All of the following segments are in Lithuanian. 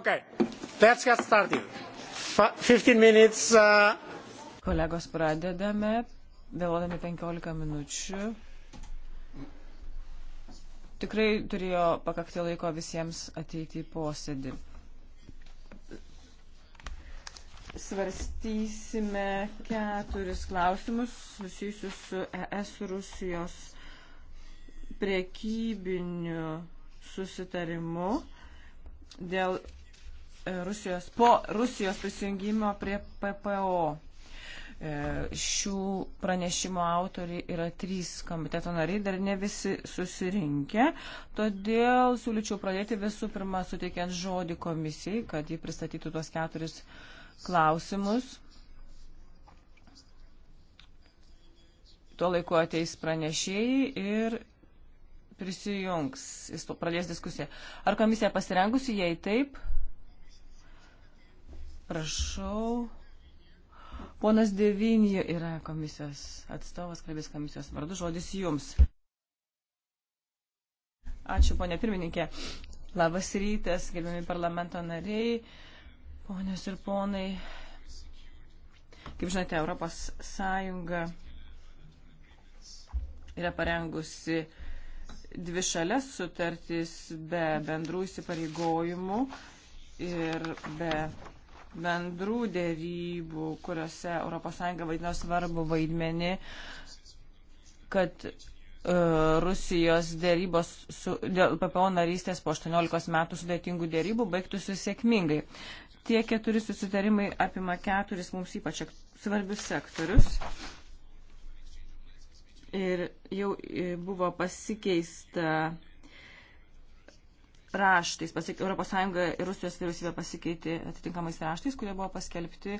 Okay. Let's get started. F 15 minutes. Uh... Kolegos pradedame, vėluodami 15 minučių. Tikrai turėjo pakakti laiko visiems ateiti į posėdį. Svarstysime keturis klausimus susijusius su ES Rusijos priekybiniu susitarimu dėl E, Rusijos, po Rusijos prisijungimo prie PPO. E, šių pranešimo autoriai yra trys komiteto nariai, dar ne visi susirinkę, todėl siūlyčiau pradėti visų pirma suteikiant žodį komisijai, kad ji pristatytų tuos keturis klausimus. Tuo laiku ateis pranešėjai ir prisijungs, jis pradės diskusiją. Ar komisija pasirengusi, jei taip, Prašau. Ponas Devinė yra komisijos atstovas, kalbės komisijos vardu, žodis jums. Ačiū, ponė pirmininkė. Labas rytas, gerbiami parlamento nariai, ponios ir ponai. Kaip žinote, Europos Sąjunga yra parengusi dvi šalias sutartys be bendrų įsipareigojimų ir be bendrų dėrybų, kuriuose ES vaidino svarbu vaidmenį, kad e, Rusijos dėrybos su, dėl PPO narystės po 18 metų sudėtingų dėrybų baigtųsi sėkmingai. Tie keturi susitarimai apima keturis mums ypač svarbius sektorius. Ir jau e, buvo pasikeista raštais. Pasik, ES ir Rusijos vyriausybė pasikeitė atitinkamais raštais, kurie buvo paskelbti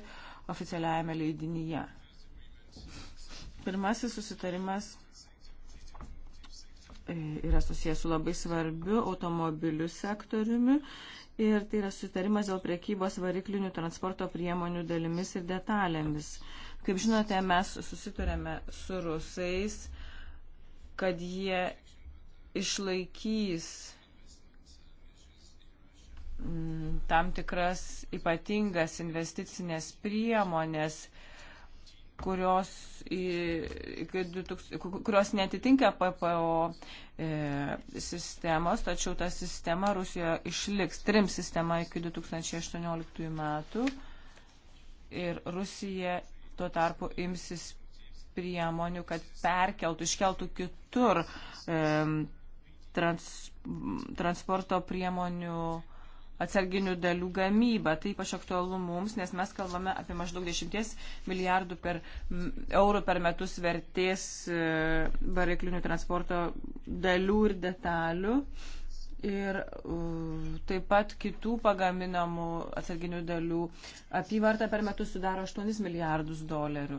oficialiajame leidinyje. Pirmasis susitarimas e, yra susijęs su labai svarbiu automobilių sektoriumi ir tai yra susitarimas dėl priekybos variklinių transporto priemonių dalimis ir detalėmis. Kaip žinote, mes susitarėme su rusais, kad jie išlaikys Mm, tam tikras ypatingas investicinės priemonės, kurios, į, kurios netitinka PPO e, sistemos, tačiau ta sistema Rusijoje išliks trim sistema iki 2018 metų ir Rusija tuo tarpu imsis priemonių, kad perkeltų, iškeltų kitur e, trans, transporto priemonių atsarginių dalių gamybą. Tai ypač aktualu mums, nes mes kalbame apie maždaug 10 milijardų per, eurų per metus vertės e, variklinių transporto dalių ir detalių. Ir uh, taip pat kitų pagaminamų atsarginių dalių apyvarta per metus sudaro 8 milijardus dolerių.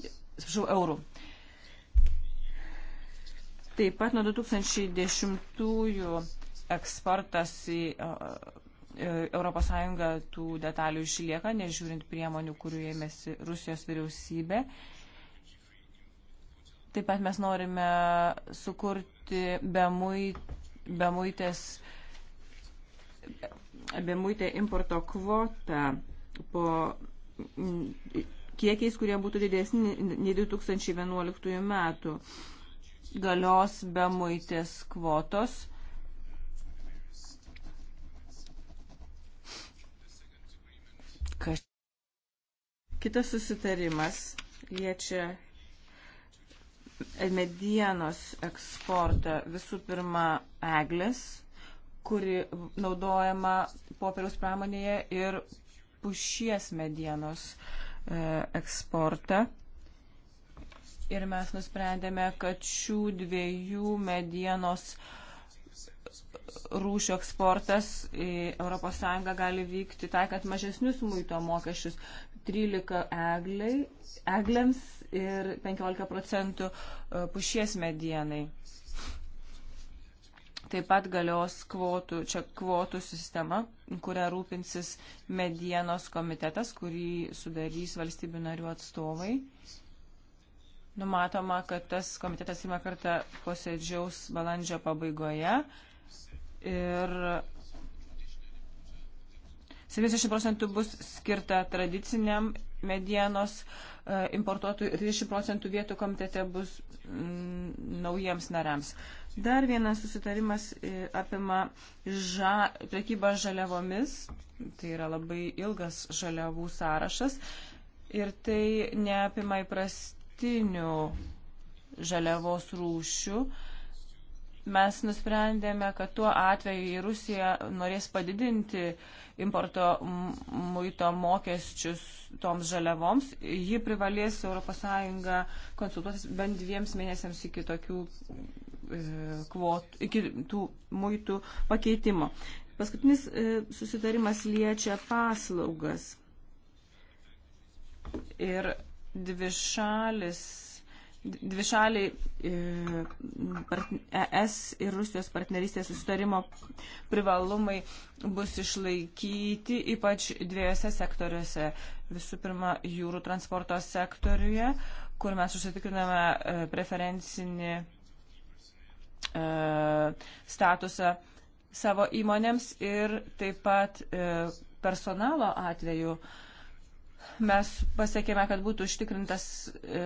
Atsiprašau, eurų. Taip pat nuo 2010 eksportas į uh, ES tų detalių išlieka, nežiūrint priemonių, kurių ėmėsi Rusijos vyriausybė. Taip pat mes norime sukurti bemuitės, bemuitę importo kvotą po kiekiais, kurie būtų didesni nei 2011 metų. Galios bemuitės kvotos Kitas susitarimas liečia medienos eksportą visų pirma eglės, kuri naudojama popieriaus pramonėje ir pušies medienos e, eksportą. Ir mes nusprendėme, kad šių dviejų medienos uh, rūšių eksportas į ES gali vykti taikant mažesnius muito mokesčius 13 egliai, eglėms ir 15 procentų e, pušies medienai. Taip pat galios kvotų, čia kvotų sistema, kurią rūpinsis medienos komitetas, kurį sudarys valstybių narių atstovai. Numatoma, kad tas komitetas pirmą kartą posėdžiaus balandžio pabaigoje ir 70 procentų bus skirta tradiciniam medienos e, importuotojų ir 30 procentų vietų komitete bus mm, naujiems nariams. Dar vienas susitarimas e, apima ža, prekybą žaliavomis, tai yra labai ilgas žaliavų sąrašas ir tai neapima įprastinių žaliavos rūšių. Uh, mes nusprendėme, kad tuo atveju Rusija norės padidinti importo muito mokesčius toms žaliavoms. Ji privalės ES konsultuotis bent dviems mėnesiams iki tokių e, kvotų, iki tų muitų pakeitimo. Paskutinis e, susitarimas liečia paslaugas. Ir dvišalis dvišaliai ES e ir Rusijos partnerystės sustarimo privalumai bus išlaikyti, ypač dviejose sektoriuose. Visų pirma, jūrų transporto sektoriuje, kur mes užsitikriname e, preferencinį e, statusą savo įmonėms ir taip pat personalo atveju. Uh, mes pasiekėme, kad būtų užtikrintas e,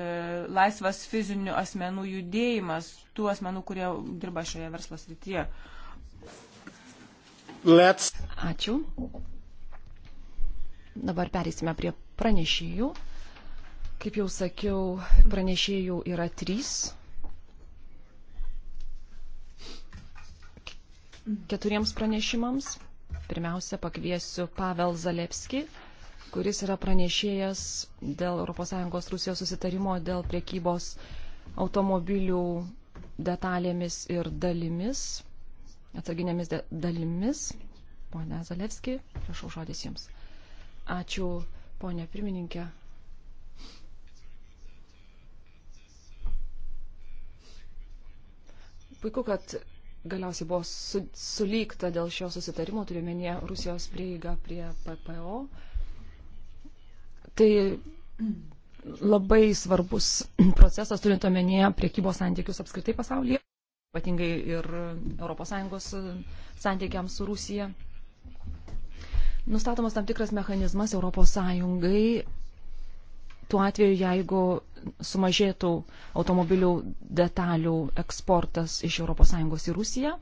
laisvas fizinių asmenų judėjimas, tų asmenų, kurie dirba šioje verslo srityje. Let's. Ačiū. Dabar perėsime prie pranešėjų. Kaip jau sakiau, pranešėjų yra trys. Keturiems pranešimams. Pirmiausia, pakviesiu Pavel Zalepski, kuris yra pranešėjas dėl ES Rusijos susitarimo dėl priekybos automobilių detalėmis ir dalimis, atsarginėmis de dalimis. Pone Zalevski, prašau žodis Jums. Ačiū, ponė pirmininkė. Puiku, kad galiausiai buvo su, sulygta dėl šio susitarimo, turiuomenė Rusijos prieiga prie PPO. Uh, Tai labai svarbus procesas, turint omenyje priekybos santykius apskritai pasaulyje, ypatingai ir ES santykiams su Rusija. Nustatomas tam tikras mechanizmas ES tuo atveju, jeigu sumažėtų automobilių detalių eksportas iš ES į Rusiją.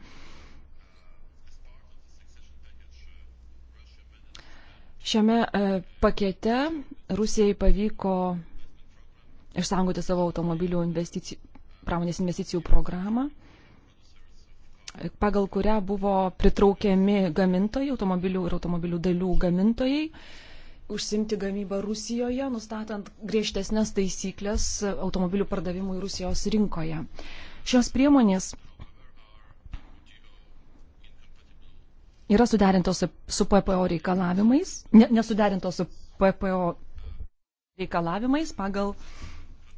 Šiame e, pakete Rusijai pavyko išsaugoti savo automobilių investicijų, pramonės investicijų programą, e, pagal kurią buvo pritraukiami gamintojai, automobilių ir automobilių dalių gamintojai, užsimti gamybą Rusijoje, nustatant griežtesnės taisyklės automobilių pardavimui Rusijos rinkoje. Šios priemonės yra suderintos su PPO reikalavimais, ne, nesuderintos su PPO reikalavimais pagal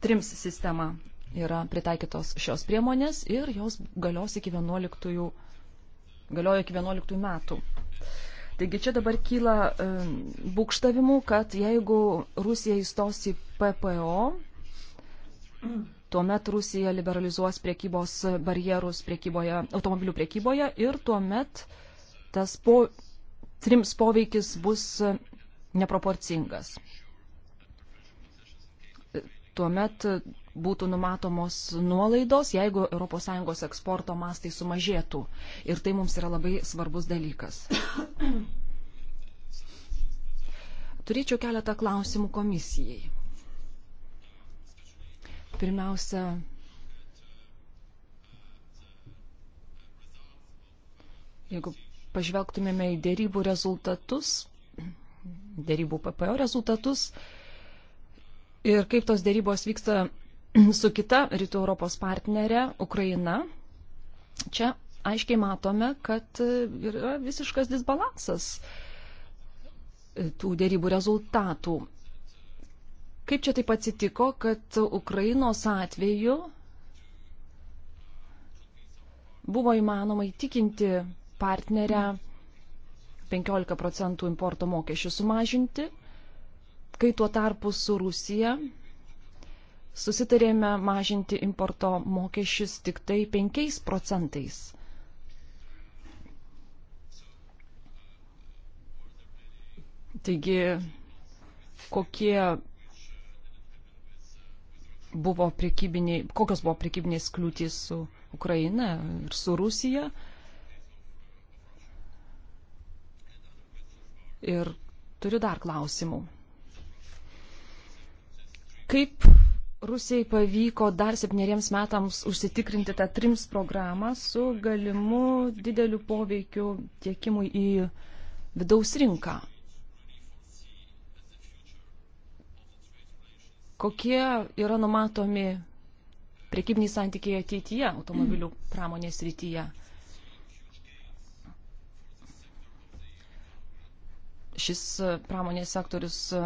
trims sistemą yra pritaikytos šios priemonės ir jos galios iki 11, galioja iki 11 metų. Taigi čia dabar kyla e, būkštavimų, kad jeigu Rusija įstos į PPO, tuomet Rusija liberalizuos priekybos barjerus priekyboje, automobilių priekyboje ir tuomet uh, tas po, trims poveikis bus e, neproporcingas. Tuomet būtų numatomos nuolaidos, jeigu ES eksporto mastai sumažėtų. Ir tai mums yra labai svarbus dalykas. Turėčiau keletą klausimų komisijai. Pirmiausia, jeigu pažvelgtumėme į dėrybų rezultatus, dėrybų PPO rezultatus ir kaip tos dėrybos vyksta su kita rytų Europos partnerė Ukraina, čia aiškiai matome, kad yra visiškas disbalansas tų dėrybų rezultatų. Kaip čia taip atsitiko, kad Ukrainos atveju buvo įmanoma įtikinti partnerę 15 procentų importo mokesčių sumažinti, kai tuo tarpu su Rusija susitarėme mažinti importo mokesčius tik tai 5 procentais. Taigi, kokie buvo prekybiniai, kokios buvo prekybinės kliūtys su Ukraina ir su Rusija? Ir turiu dar klausimų. Kaip Rusijai pavyko dar septyneriems metams užsitikrinti tą trims programą su galimu dideliu poveikiu tiekimui į vidaus rinką? Kokie yra numatomi priekybiniai santykiai ateityje automobilių pramonės rytyje? Šis e, pramonės sektorius e,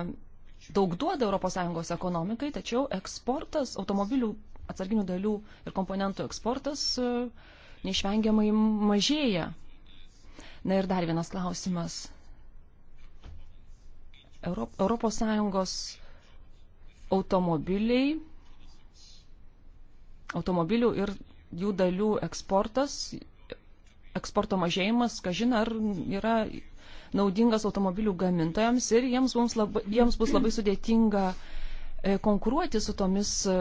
daug duoda ES ekonomikai, tačiau eksportas, automobilių atsarginių dalių ir komponentų eksportas e, neišvengiamai mažėja. Na ir dar vienas klausimas. ES automobiliai, automobilių ir jų dalių eksportas, eksporto mažėjimas, kažin ar yra naudingas automobilių gamintojams ir jiems, labai, jiems bus labai sudėtinga e, konkuruoti su tomis e,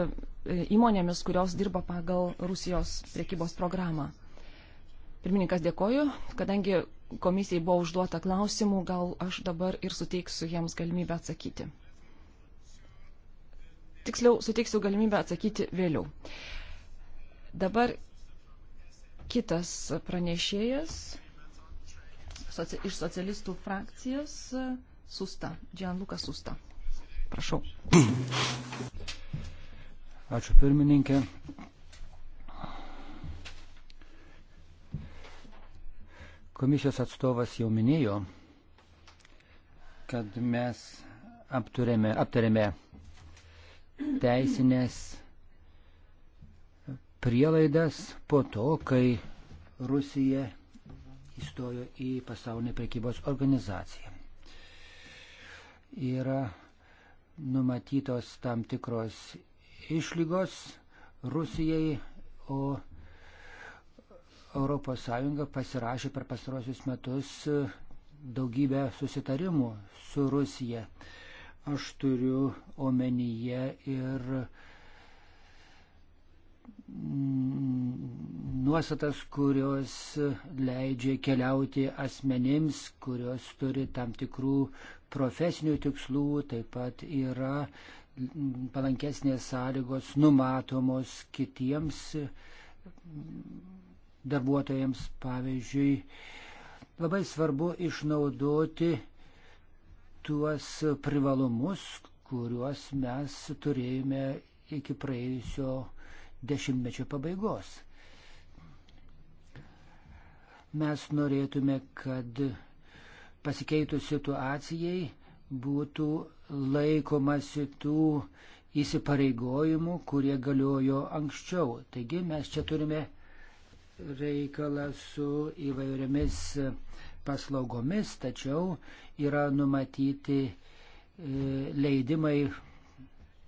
įmonėmis, kurios dirba pagal Rusijos priekybos programą. Pirmininkas dėkoju, kadangi komisijai buvo užduota klausimų, gal aš dabar ir suteiksiu jiems galimybę atsakyti. Tiksliau, suteiksiu galimybę atsakyti vėliau. Dabar kitas pranešėjas soci, iš socialistų frakcijos e, Susta, Džianluka Susta. Prašau. Ačiū pirmininkė. Komisijos atstovas jau minėjo, kad mes apturėme, aptarėme teisinės prielaidas po to, kai Rusija įstojo į pasaulinę prekybos organizaciją. Yra numatytos tam tikros išlygos Rusijai, o ES pasirašė per pastarosius metus daugybę susitarimų su Rusija. Aš turiu omenyje ir uh, nuostatas, kurios leidžia keliauti asmenims, kurios turi tam tikrų profesinių tikslų, taip pat yra palankesnės sąlygos numatomos kitiems darbuotojams, pavyzdžiui, labai svarbu išnaudoti tuos privalumus, kuriuos mes turėjome iki praėjusio dešimtmečio pabaigos. Mes norėtume, kad pasikeitus situacijai būtų laikomasi tų įsipareigojimų, kurie galiojo anksčiau. Taigi mes čia turime reikalą su įvairiomis paslaugomis, tačiau yra numatyti e, leidimai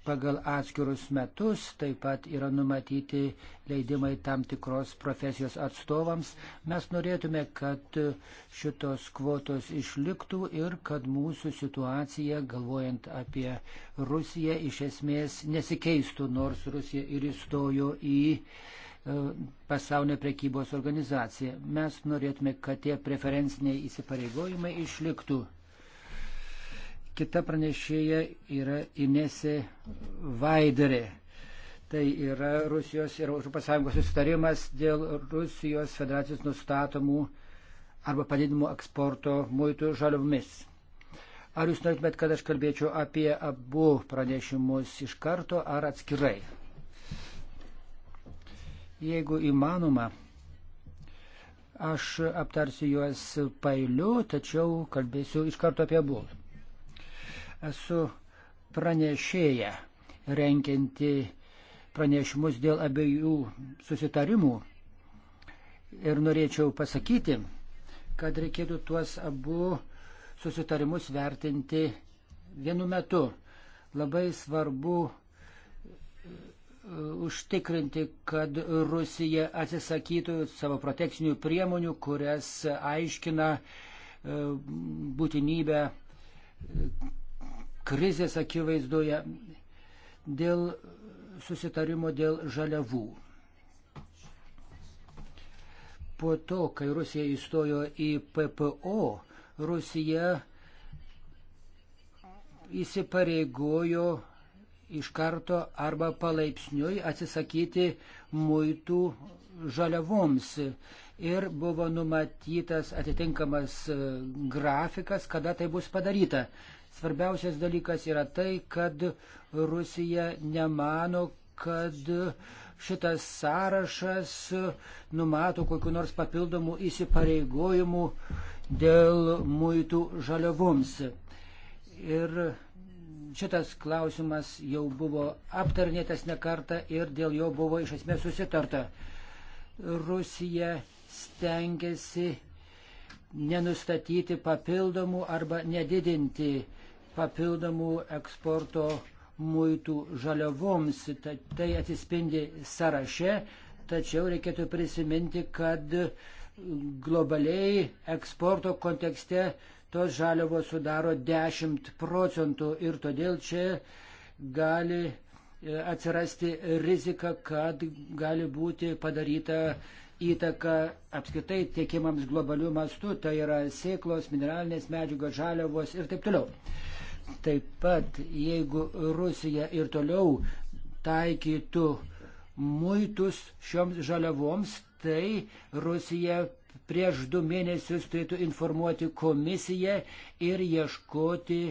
pagal atskirus metus, taip pat yra numatyti leidimai tam tikros profesijos atstovams. Mes norėtume, kad šitos kvotos išliktų ir kad mūsų situacija, galvojant apie Rusiją, iš esmės nesikeistų, nors Rusija ir įstojo į e, pasaulio prekybos organizacija. Mes norėtume, kad tie preferenciniai įsipareigojimai išliktų. Kita pranešėja yra Inesė Vaidarė. Tai yra Rusijos ir ES susitarimas dėl Rusijos federacijos nustatomų arba padidinimų eksporto muitų žaliomis. Ar jūs norėtumėt, kad aš kalbėčiau apie abu pranešimus iš karto ar atskirai? Jeigu įmanoma, aš aptarsiu juos pailiu, tačiau kalbėsiu iš karto apie abu. Esu pranešėja renkinti pranešimus dėl abiejų susitarimų. Ir norėčiau pasakyti, kad reikėtų tuos abu susitarimus vertinti vienu metu. Labai svarbu e, užtikrinti, kad Rusija atsisakytų savo protekcinių priemonių, kurias aiškina e, būtinybę krizės akivaizdoje dėl susitarimo dėl žaliavų. Po to, kai Rusija įstojo į PPO, Rusija įsipareigojo iš karto arba palaipsniui atsisakyti muitų žaliavoms. Ir buvo numatytas atitinkamas grafikas, kada tai bus padaryta. Svarbiausias dalykas yra tai, kad Rusija nemano, kad šitas sąrašas numato kokiu nors papildomų įsipareigojimų dėl muitų žaliavoms. Ir šitas klausimas jau buvo aptarnėtas nekarta ir dėl jo buvo iš esmės susitarta. Rusija stengiasi nenustatyti papildomų arba nedidinti papildomų eksporto muitų žaliavoms. Tai atsispindi sąraše, tačiau reikėtų prisiminti, kad globaliai eksporto kontekste tos žaliavos sudaro 10 procentų ir todėl čia gali e, atsirasti rizika, kad gali būti padaryta įtaką apskritai tiekimams globalių mastų, tai yra sėklos, mineralinės medžiagos, žaliavos ir taip toliau. Taip pat, jeigu Rusija ir toliau taikytų muitus šioms žaliavoms, tai Rusija prieš du mėnesius turėtų informuoti komisiją ir ieškoti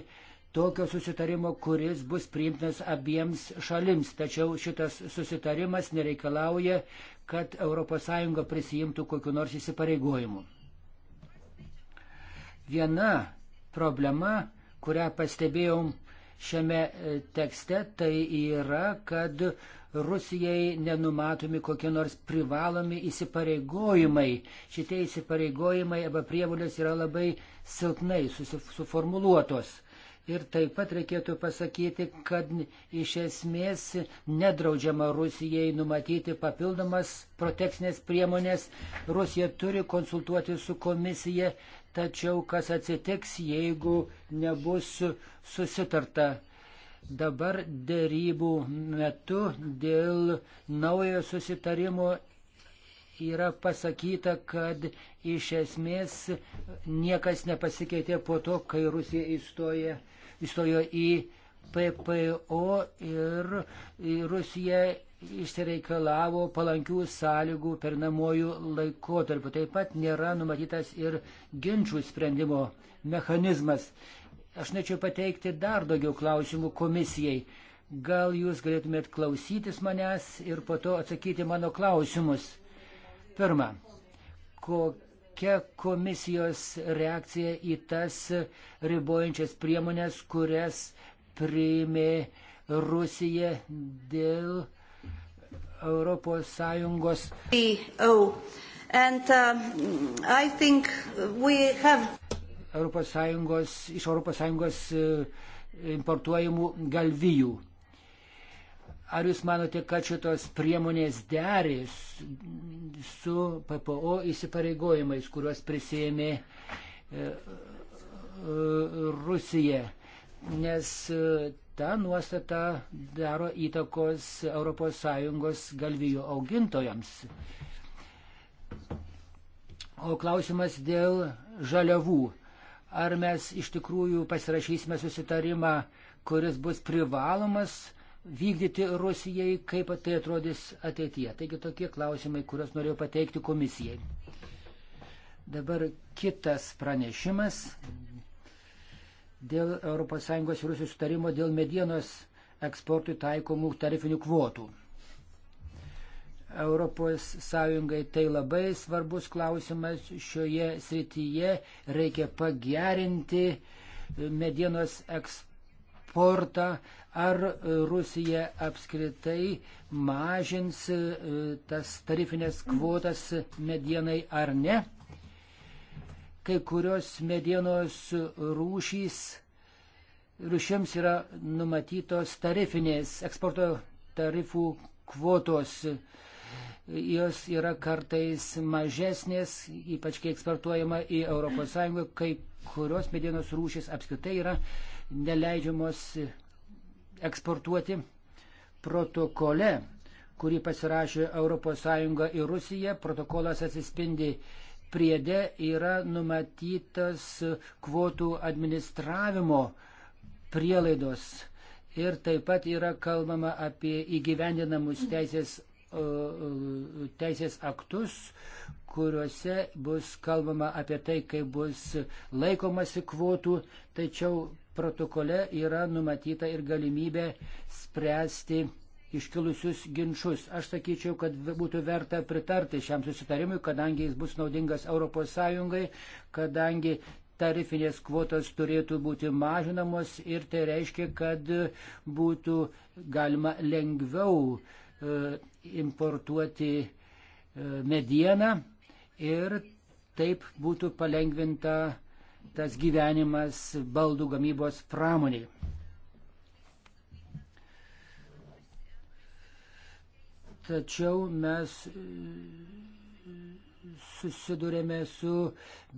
tokio susitarimo, kuris bus priimtinas abiems šalims. Tačiau šitas susitarimas nereikalauja kad ES prisijimtų kokiu nors įsipareigojimu. Viena problema, kurią pastebėjom šiame e, tekste, tai yra, kad Rusijai nenumatomi kokie nors privalomi įsipareigojimai. Šitie įsipareigojimai arba prievolės yra labai silpnai suformuluotos. Ir taip pat reikėtų pasakyti, kad iš esmės nedraudžiama Rusijai numatyti papildomas protekcinės priemonės. Rusija turi konsultuoti su komisija, tačiau kas atsitiks, jeigu nebus susitarta. Dabar dėrybų metu dėl naujo susitarimo yra pasakyta, kad iš esmės niekas nepasikeitė po to, kai Rusija įstoja įstojo į PPO ir Rusija išsireikalavo palankių sąlygų pernamojų laikotarpiu. Taip pat nėra numatytas ir ginčių sprendimo mechanizmas. Aš norėčiau pateikti dar daugiau klausimų komisijai. Gal jūs galėtumėt klausytis manęs ir po to atsakyti mano klausimus. Pirma, kokia kokia komisijos reakcija į tas ribojančias priemonės, kurias priimė Rusija dėl Europos Sąjungos. E And, uh, have... Europos Sąjungos, iš Europos Sąjungos e, importuojamų galvijų. Ar jūs manote, kad šitos priemonės derės su PPO įsipareigojimais, kuriuos prisėmė e, e, Rusija? Nes e, ta nuostata daro įtakos ES galvijų augintojams. O klausimas dėl žaliavų. Ar mes iš tikrųjų pasirašysime susitarimą, kuris bus privalomas vykdyti Rusijai, kaip tai atrodys ateityje. Taigi tokie klausimai, kuriuos norėjau pateikti komisijai. Dabar kitas pranešimas dėl ES ir Rusijos sutarimo dėl medienos eksportui taikomų tarifinių kvotų. ES tai labai svarbus klausimas šioje srityje reikia pagerinti medienos eksportą eksportą, ar Rusija apskritai mažins e, tas tarifinės kvotas medienai ar ne. Kai kurios medienos rūšys, rūšims yra numatytos tarifinės eksporto tarifų kvotos. Jos yra kartais mažesnės, ypač kai eksportuojama į ES, kai kurios medienos rūšys apskritai yra neleidžiamos eksportuoti. Protokole, kurį pasirašė ES ir Rusija, protokolas atsispindi priede, yra numatytas kvotų administravimo prielaidos ir taip pat yra kalbama apie įgyvendinamus teisės, teisės aktus, kuriuose bus kalbama apie tai, kaip bus laikomasi kvotų, tačiau protokole yra numatyta ir galimybė spręsti iškilusius ginčius. Aš sakyčiau, kad būtų verta pritarti šiam susitarimui, kadangi jis bus naudingas ES, kadangi tarifinės kvotos turėtų būti mažinamos ir tai reiškia, kad būtų galima lengviau e, importuoti e, medieną ir taip būtų palengvinta tas gyvenimas baldų gamybos pramoniai. Tačiau mes e, susidurėme su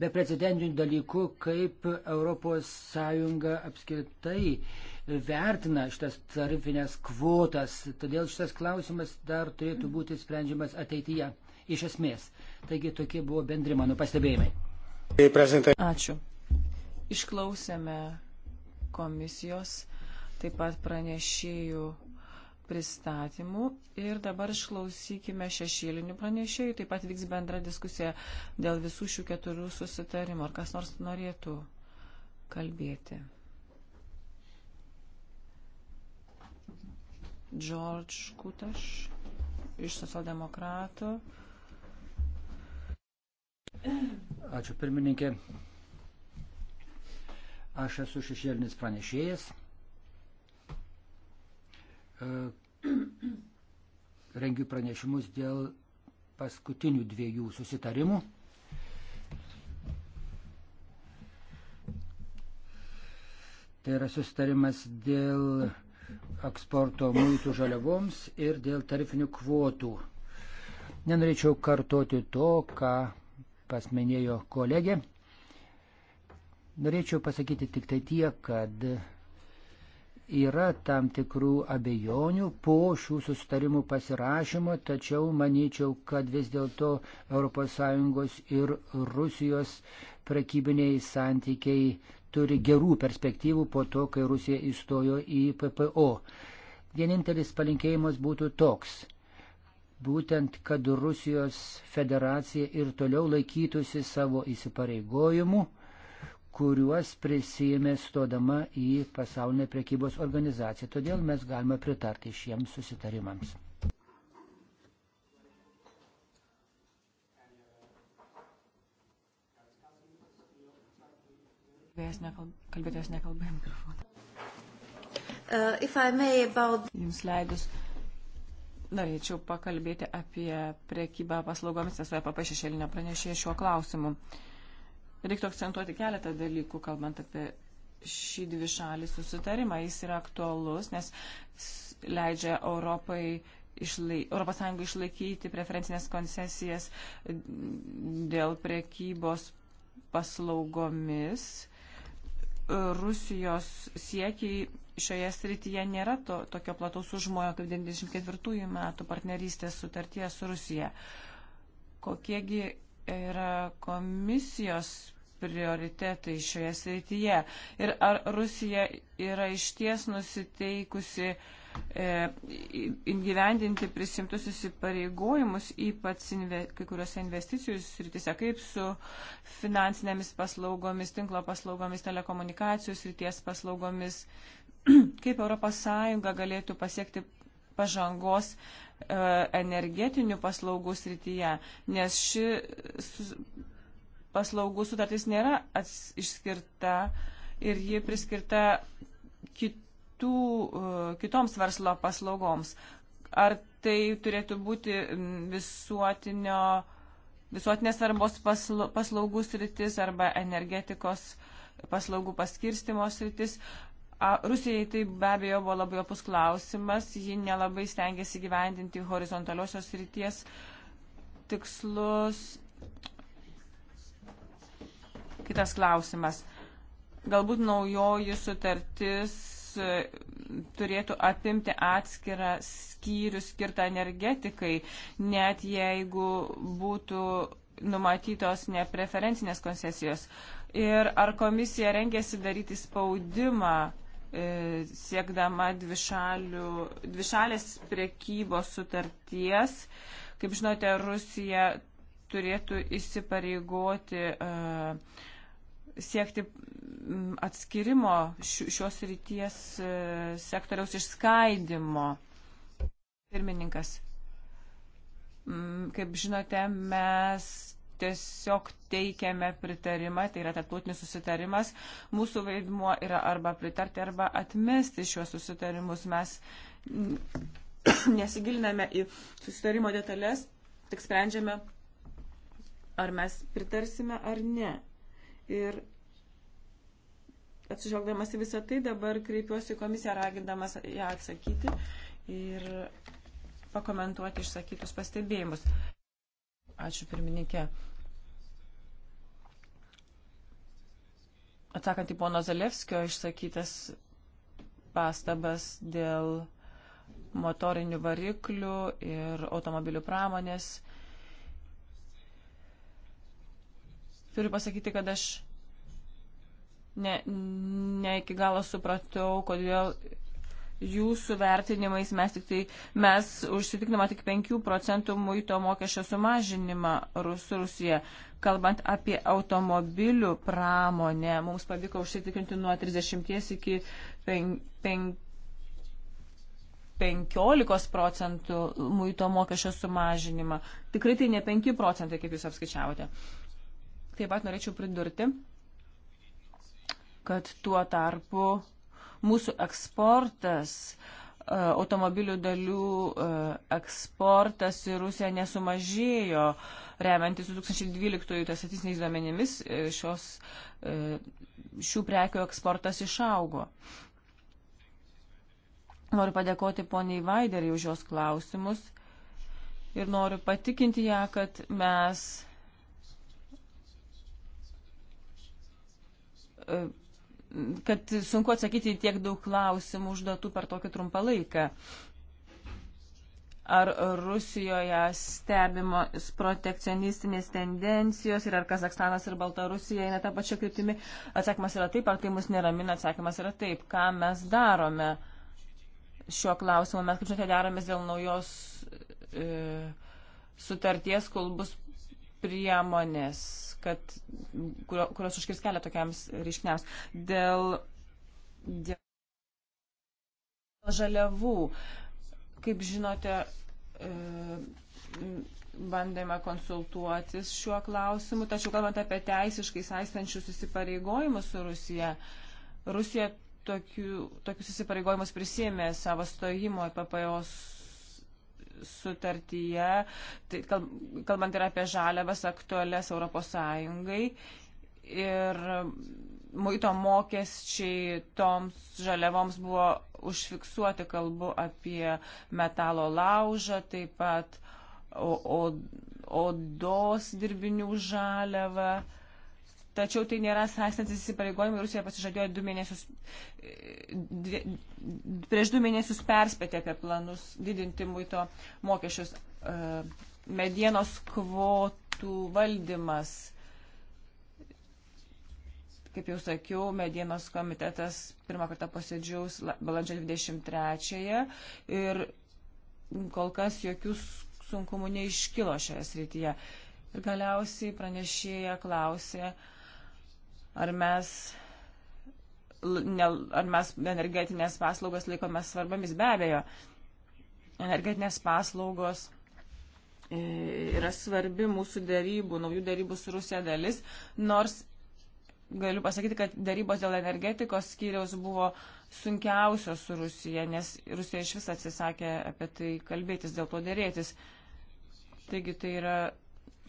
beprecedentiniu dalyku, kaip ES apskritai vertina šitas tarifinės kvotas. Todėl šitas klausimas dar turėtų būti sprendžiamas ateityje iš esmės. Taigi tokie buvo bendri mano pastebėjimai. Ačiū. Išklausėme komisijos, taip pat pranešėjų pristatymų ir dabar išklausykime šešėlinių pranešėjų. Taip pat vyks bendra diskusija dėl visų šių keturių susitarimų. Ar kas nors norėtų kalbėti? George Kutaš iš socialdemokratų. Ačiū pirmininkė. Aš esu šešėlinis pranešėjas. E, rengiu pranešimus dėl paskutinių dviejų susitarimų. Tai yra susitarimas dėl eksporto muitų žaliavoms ir dėl tarifinių kvotų. Nenorėčiau kartoti to, ką pasmenėjo kolegė. Norėčiau pasakyti tik tai tiek, kad yra tam tikrų abejonių po šių susitarimų pasirašymo, tačiau manyčiau, kad vis dėlto ES ir Rusijos prekybiniai santykiai turi gerų perspektyvų po to, kai Rusija įstojo į PPO. Vienintelis palinkėjimas būtų toks. Būtent, kad Rusijos federacija ir toliau laikytųsi savo įsipareigojimų kuriuos prisijėmė stodama į pasaulinę prekybos organizaciją. Todėl mes galime pritarti šiems susitarimams. Kalbėtojas nekalbė mikrofoną. Uh, about... Jums leidus, norėčiau pakalbėti apie prekybą paslaugomis, esu EPP šešėlinio pranešėjo šiuo klausimu. Uh, Reiktų akcentuoti keletą dalykų, kalbant apie šį dvi šalį susitarimą. Jis yra aktualus, nes leidžia Europai išlai, Europos Sąjungai išlaikyti preferencinės koncesijas dėl prekybos paslaugomis. Rusijos siekiai šioje srityje nėra to, tokio plataus užmojo kaip 94 metų partnerystės sutarties su Rusija. Kokiegi yra komisijos prioritetai šioje srityje ir ar Rusija yra išties nusiteikusi e, įgyvendinti e, prisimtus įsipareigojimus, ypač inve, kai kuriuose investicijų srityse, kaip su finansinėmis paslaugomis, tinklo paslaugomis, telekomunikacijų srities paslaugomis, kaip ES galėtų pasiekti pažangos e, energetinių paslaugų srityje, nes ši paslaugų sutartis nėra ats, išskirta ir ji priskirta kitų, e, kitoms verslo paslaugoms. Ar tai turėtų būti visuotinio, visuotinės svarbos pasla, paslaugų sritis arba energetikos paslaugų paskirstimo sritis? A, Rusijai tai be abejo buvo labai opus klausimas, ji nelabai stengiasi gyvendinti horizontaliosios ryties tikslus Kitas klausimas. Galbūt naujoji sutartis e, turėtų apimti atskirą skyrių skirtą energetikai, net jeigu būtų numatytos nepreferencinės koncesijos. Ir ar komisija rengėsi daryti spaudimą e, siekdama dvišalių, dvišalės priekybos sutarties. Kaip žinote, Rusija turėtų įsipareigoti uh, siekti mm, atskirimo šios ryties e, sektoriaus išskaidimo. Pirmininkas, mm, kaip žinote, mes tiesiog teikiame pritarimą, tai yra tarptautinis susitarimas. Mūsų vaidmuo yra arba pritarti, arba atmesti šiuos susitarimus. Mes mm, nesigiliname į susitarimo detalės, tik sprendžiame, ar mes pritarsime ar ne. Ir atsižvelgdamas į visą tai, dabar kreipiuosi komisiją ragindamas ją atsakyti ir pakomentuoti išsakytus pastebėjimus. Ačiū pirmininkė. Atsakant į pono Zalevskio išsakytas pastabas dėl motorinių variklių ir automobilių pramonės Turiu pasakyti, kad aš ne, ne iki galo supratau, kodėl jūsų vertinimais mes tik tai, mes užsitikrinama tik 5 procentų muito mokesčio sumažinimą Rus, Rusija. Kalbant apie automobilių pramonę, mums pavyko užsitikrinti nuo 30 iki 15 procentų muito mokesčio sumažinimą. Tikrai tai ne 5 procentai, kaip jūs apskaičiavote. Uh, Taip pat norėčiau pridurti, kad tuo tarpu mūsų eksportas, e, automobilių dalių e, eksportas į Rusiją nesumažėjo, remiantis 2012 tai statistiniais duomenimis, e, šios, šių prekių eksportas išaugo. Noriu padėkoti poniai Vaideriai už jos klausimus ir noriu patikinti ją, kad mes kad sunku atsakyti tiek daug klausimų užduotų per tokį trumpą laiką. Ar Rusijoje stebimos protekcionistinės tendencijos ir ar Kazakstanas ir Baltarusija eina tą pačią kryptimį? Atsakymas yra taip, ar tai mus neramina, atsakymas yra taip. Ką mes darome šiuo klausimu? Mes, kaip žinote, daromės dėl naujos e, sutarties, kol bus priemonės kad, kurios užkirs kelią tokiams reiškiniams. Dėl, dėl žaliavų, kaip žinote, e, bandėme konsultuotis šiuo klausimu, tačiau kalbant apie teisiškai saistančius įsipareigojimus su Rusija, Rusija tokių, tokius įsipareigojimus prisėmė savo stojimo į PPO sutartyje, tai kal, kalbant ir apie žaliavas aktualias Europos Sąjungai. Ir muito mokesčiai toms žaliavoms buvo užfiksuoti, kalbu apie metalo laužą, taip pat odos dirbinių žaliavą. Tačiau tai nėra sąstantis įsipareigojimai. Rusija pasižadėjo du mėnesius, dvie, prieš du mėnesius perspėti apie planus didinti muito mokesčius. E, medienos kvotų valdymas. Kaip jau sakiau, medienos komitetas pirmą kartą posėdžiaus balandžio 23-ąją ir kol kas jokių sunkumų neiškilo šioje srityje. Ir galiausiai pranešėja klausė, uh, Ar mes, ne, ar mes energetinės paslaugas laikome svarbomis? Be abejo, energetinės paslaugos e, yra svarbi mūsų dėrybų, naujų dėrybų su Rusija dalis, nors galiu pasakyti, kad dėrybos dėl energetikos skyriaus buvo sunkiausios su Rusija, nes Rusija iš vis atsisakė apie tai kalbėtis, dėl to dėrėtis. Taigi tai yra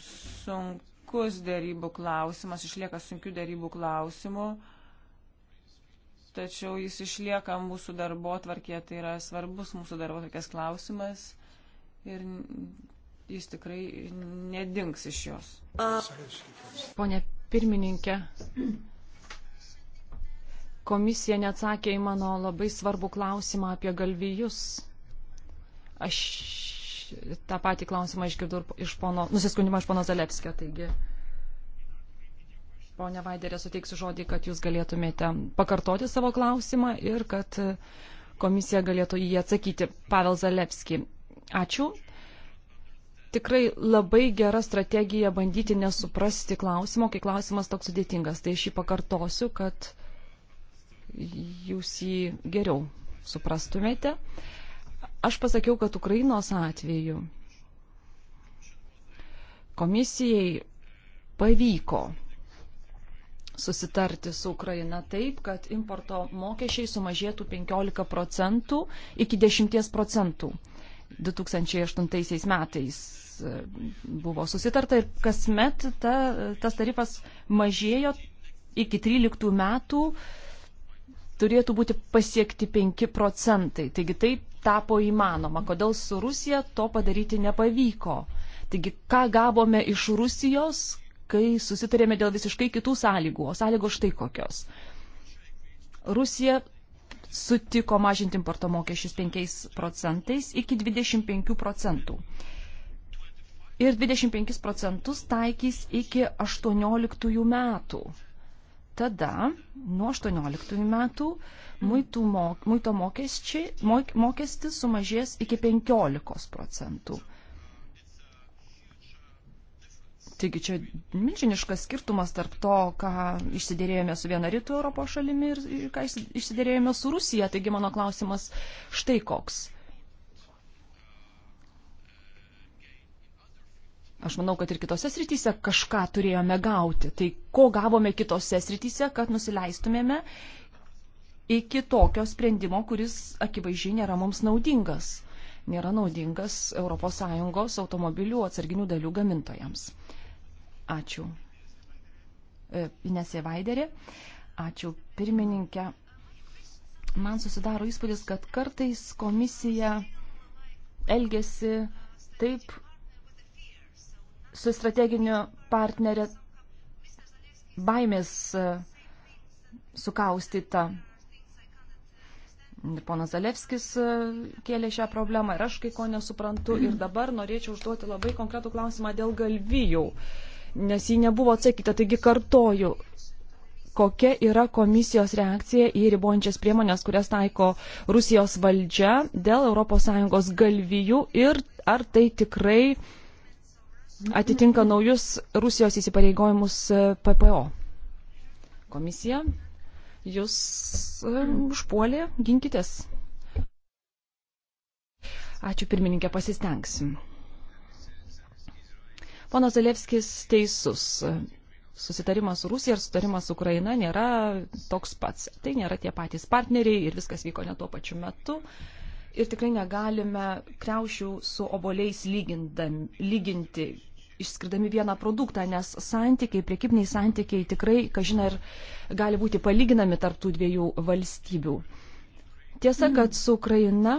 sunku sunkus dėrybų klausimas, išlieka sunkių dėrybų klausimų, tačiau jis išlieka mūsų darbo tvarkė, tai yra svarbus mūsų darbo tvarkės klausimas ir jis tikrai nedings iš jos. Pone pirmininkė, komisija neatsakė į mano labai svarbų klausimą apie galvijus. Aš tą patį klausimą išgirdau iš pono, nusiskundimą iš pono Zalevskio. Taigi, ponia Vaiderė, suteiksiu žodį, kad jūs galėtumėte pakartoti savo klausimą ir kad e, komisija galėtų jį atsakyti. Pavel Zalevski, ačiū. Tikrai labai gera strategija bandyti nesuprasti klausimo, kai klausimas toks sudėtingas. Tai aš jį pakartosiu, kad jūs jį geriau suprastumėte. Uh, Aš pasakiau, kad Ukrainos atveju komisijai pavyko susitarti su Ukraina taip, kad importo mokesčiai sumažėtų 15 procentų iki 10 procentų. 2008 metais e, buvo susitarta ir kasmet ta, tas tarifas mažėjo iki 13 metų turėtų būti pasiekti 5 procentai. Taigi taip tapo įmanoma, kodėl su Rusija to padaryti nepavyko. Taigi, ką gavome iš Rusijos, kai susitarėme dėl visiškai kitų sąlygų, o sąlygos štai kokios. Rusija sutiko mažinti importo mokesčius 5 procentais iki 25 procentų. Ir 25 procentus taikys iki 18 metų. Tada nuo 18 metų mm. muito, mok, muito mok, mokestis sumažės iki 15 procentų. Taigi čia milžiniškas skirtumas tarp to, ką išsiderėjome su viena rytų Europos šalimi ir, ir ką išsiderėjome su Rusija. Taigi mano klausimas štai koks. Aš manau, kad ir kitose srityse kažką turėjome gauti. Tai ko gavome kitose srityse, kad nusileistumėme iki tokio sprendimo, kuris akivaizdžiai nėra mums naudingas. Nėra naudingas ES automobilių atsarginių dalių gamintojams. Ačiū. E, Inesė Vaiderė. Ačiū pirmininkė. Man susidaro įspūdis, kad kartais komisija elgesi taip su strateginiu partnerė baimės e, sukaustyta. Ponas Zalevskis e, kėlė šią problemą ir aš kai ko nesuprantu. Ir dabar norėčiau užduoti labai konkretų klausimą dėl galvijų, nes jį nebuvo atsakyta. Taigi kartoju, kokia yra komisijos reakcija į ribojančias priemonės, kurias taiko Rusijos valdžia dėl ES galvijų ir ar tai tikrai uh, atitinka naujus Rusijos įsipareigojimus e, PPO. Komisija, jūs e, užpuolė, ginkitės. Ačiū pirmininkė, pasistengsim. Ponas Zalevskis teisus. Susitarimas su Rusija ir susitarimas su Ukraina nėra toks pats. Tai nėra tie patys partneriai ir viskas vyko ne tuo pačiu metu ir tikrai negalime kreušių su oboliais lyginti išskirdami vieną produktą, nes santykiai, priekybiniai santykiai tikrai, kažina, ir gali būti palyginami tarptų dviejų valstybių. Tiesa, kad su Ukraina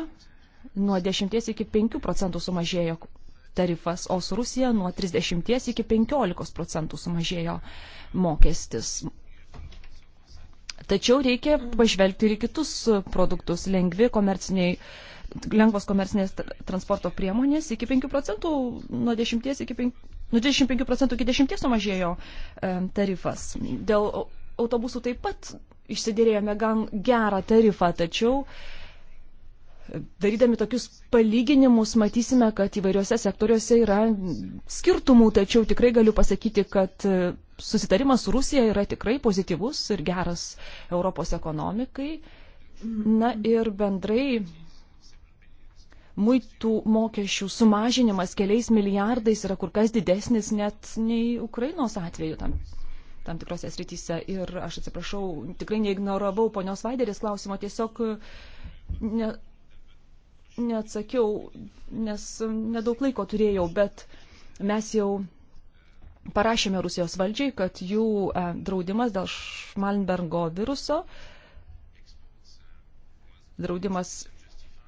nuo 10 iki 5 procentų sumažėjo tarifas, o su Rusija nuo 30 iki 15 procentų sumažėjo mokestis. Tačiau reikia pažvelgti ir kitus produktus. Lengvi komerciniai, lengvos komercinės transporto priemonės iki 5 procentų, nuo 10 iki 5, nuo 25 procentų iki 10 sumažėjo e, tarifas. Dėl autobusų taip pat išsidėrėjome gan gerą tarifą, tačiau e, darydami tokius palyginimus matysime, kad įvairiuose sektoriuose yra skirtumų, tačiau tikrai galiu pasakyti, kad e, susitarimas su Rusija yra tikrai pozityvus ir geras Europos ekonomikai. Na ir bendrai muitų mokesčių sumažinimas keliais milijardais yra kur kas didesnis net nei Ukrainos atveju tam, tam tikrose srityse. Ir aš atsiprašau, tikrai neignoravau ponios Vaiderės klausimo, tiesiog ne, neatsakiau, nes nedaug laiko turėjau, bet mes jau parašėme Rusijos valdžiai, kad jų e, draudimas dėl Šmalnbergo viruso, draudimas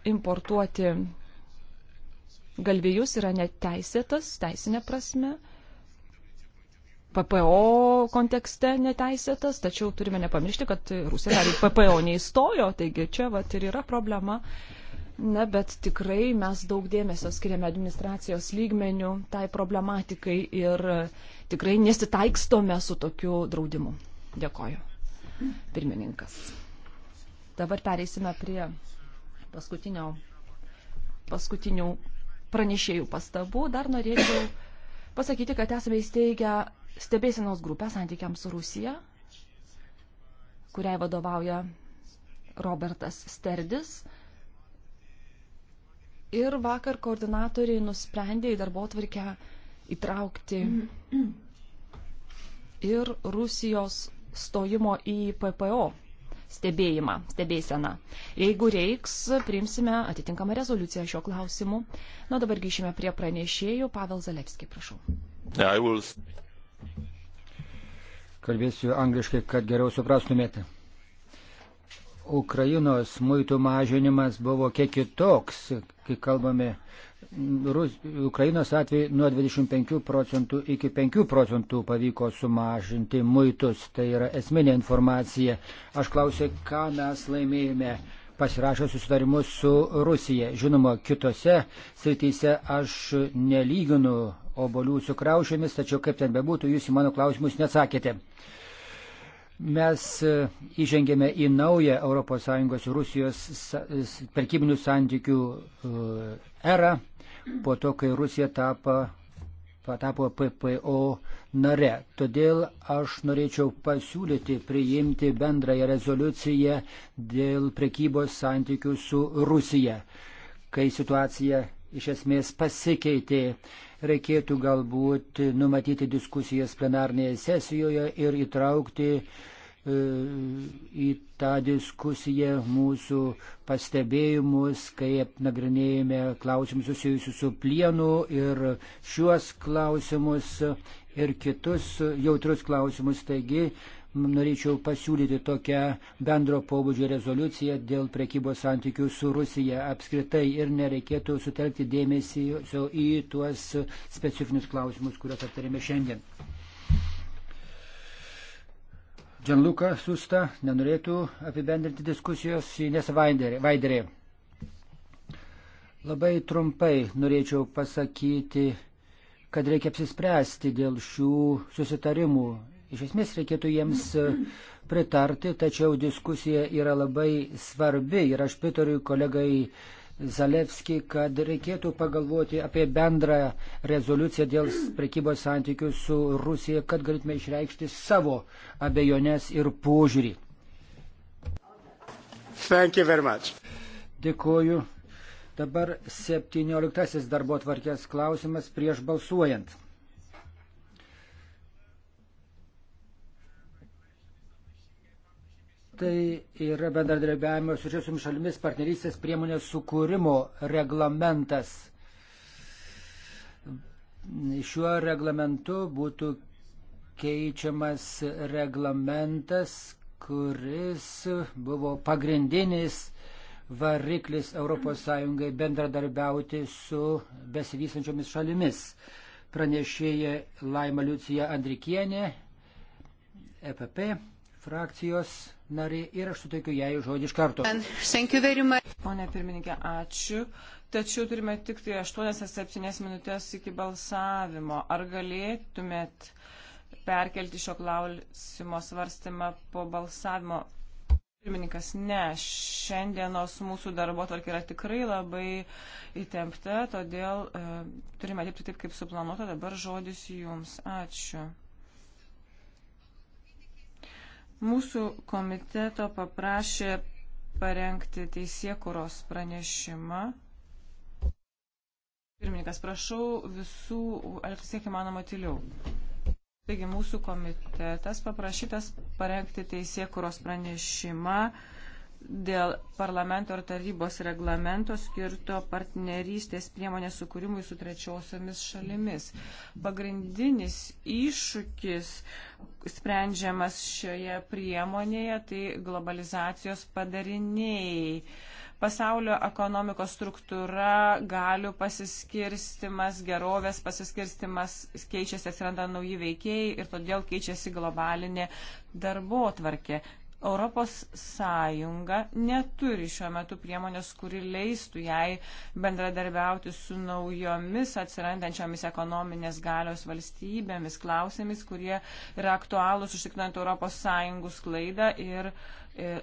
importuoti galvijus yra neteisėtas, teisinė prasme, PPO kontekste neteisėtas, tačiau turime nepamiršti, kad Rusija dar į PPO neįstojo, taigi čia vat ir yra problema. Na, bet tikrai mes daug dėmesio skiriame administracijos lygmenių tai problematikai ir tikrai nesitaikstome su tokiu draudimu. Dėkoju. Pirmininkas. Dabar pereisime prie paskutinio, paskutinių pranešėjų pastabų, dar norėčiau pasakyti, kad esame įsteigę stebėsinos grupę santykiams su Rusija, kuriai vadovauja Robertas Sterdis. Ir vakar koordinatoriai nusprendė į darbo tvarkę įtraukti ir Rusijos stojimo į PPO stebėjimą, stebėseną. Jeigu reiks, priimsime atitinkamą rezoliuciją šiuo klausimu. Na, dabar grįšime prie pranešėjų. Pavel Zalevski, prašau. Yeah, will... Kalbėsiu angliškai, kad geriau suprastumėte. Ukrainos muitų mažinimas buvo kiek kitoks, kai kalbame Rus, Ukrainos atveju nuo 25 procentų iki 5 procentų pavyko sumažinti muitus. Tai yra esminė informacija. Aš klausiu, ką mes laimėjome pasirašę susitarimus su Rusija. Žinoma, kitose srityse aš nelyginu obolių su kraušėmis, tačiau kaip ten bebūtų, jūs į mano klausimus neatsakėte. Mes e, įžengėme į naują ES ir Rusijos prekybinių santykių e, erą po to, kai Rusija tapo, patapo PPO nare. Todėl aš norėčiau pasiūlyti priimti bendrąją rezoliuciją dėl prekybos santykių su Rusija. Kai situacija iš esmės pasikeitė, reikėtų galbūt numatyti diskusijas plenarnėje sesijoje ir įtraukti uh, E, į tą diskusiją mūsų pastebėjimus, kaip nagrinėjame klausimus susijusius su plienu ir šiuos klausimus ir kitus jautrus klausimus. Taigi, norėčiau pasiūlyti tokią bendro pobūdžio rezoliuciją dėl prekybos santykių su Rusija apskritai ir nereikėtų sutelkti dėmesį į tuos specifinius klausimus, kuriuos aptarėme šiandien. Džanluka Susta nenorėtų apibendrinti diskusijos Ines Vaiderė. Labai trumpai norėčiau pasakyti, kad reikia apsispręsti dėl šių susitarimų. Iš esmės reikėtų jiems pritarti, tačiau diskusija yra labai svarbi ir aš pritariu kolegai Zalevski, kad reikėtų pagalvoti apie bendrą rezoliuciją dėl prekybos santykių su Rusija, kad galėtume išreikšti savo abejonės ir požiūrį. Dėkuoju. Dabar 17 darbo tvarkės klausimas prieš balsuojant. Tai yra bendradarbiavimo su šiomis šalimis partnerystės priemonės sukūrimo reglamentas. Šiuo reglamentu būtų keičiamas reglamentas, kuris buvo pagrindinis variklis ES bendradarbiauti su besivystančiomis šalimis. Pranešėja Laima Liucija Andrikienė, EPP frakcijos nariai ir aš suteikiu jai žodį iš karto. Pone pirmininkė, ačiū. Tačiau turime tik tai 8-7 minutės iki balsavimo. Ar galėtumėt perkelti šio klausimo svarstymą po balsavimo? Pirmininkas, ne, šiandienos mūsų darbo tvarkė yra tikrai labai įtempta, todėl e, turime dirbti taip, kaip suplanuota. Dabar žodis jums. Ačiū. Mūsų komiteto paprašė parengti teisėkuros pranešimą. Pirmininkas, prašau visų elgtis kiek įmanoma tyliau. Taigi mūsų komitetas paprašytas parengti teisėkuros pranešimą dėl parlamento ir tarybos reglamento skirto partnerystės priemonės sukūrimui su trečiosiomis šalimis. Pagrindinis iššūkis sprendžiamas šioje priemonėje tai globalizacijos padariniai. Pasaulio ekonomikos struktūra, galių pasiskirstimas, gerovės pasiskirstimas keičiasi, atsiranda nauji veikėjai ir todėl keičiasi globalinė darbo tvarkė. Europos Sąjunga neturi šiuo metu priemonės, kuri leistų jai bendradarbiauti su naujomis atsirandančiomis ekonominės galios valstybėmis, klausimais, kurie yra aktualūs užtikrinant Europos Sąjungų sklaidą ir e,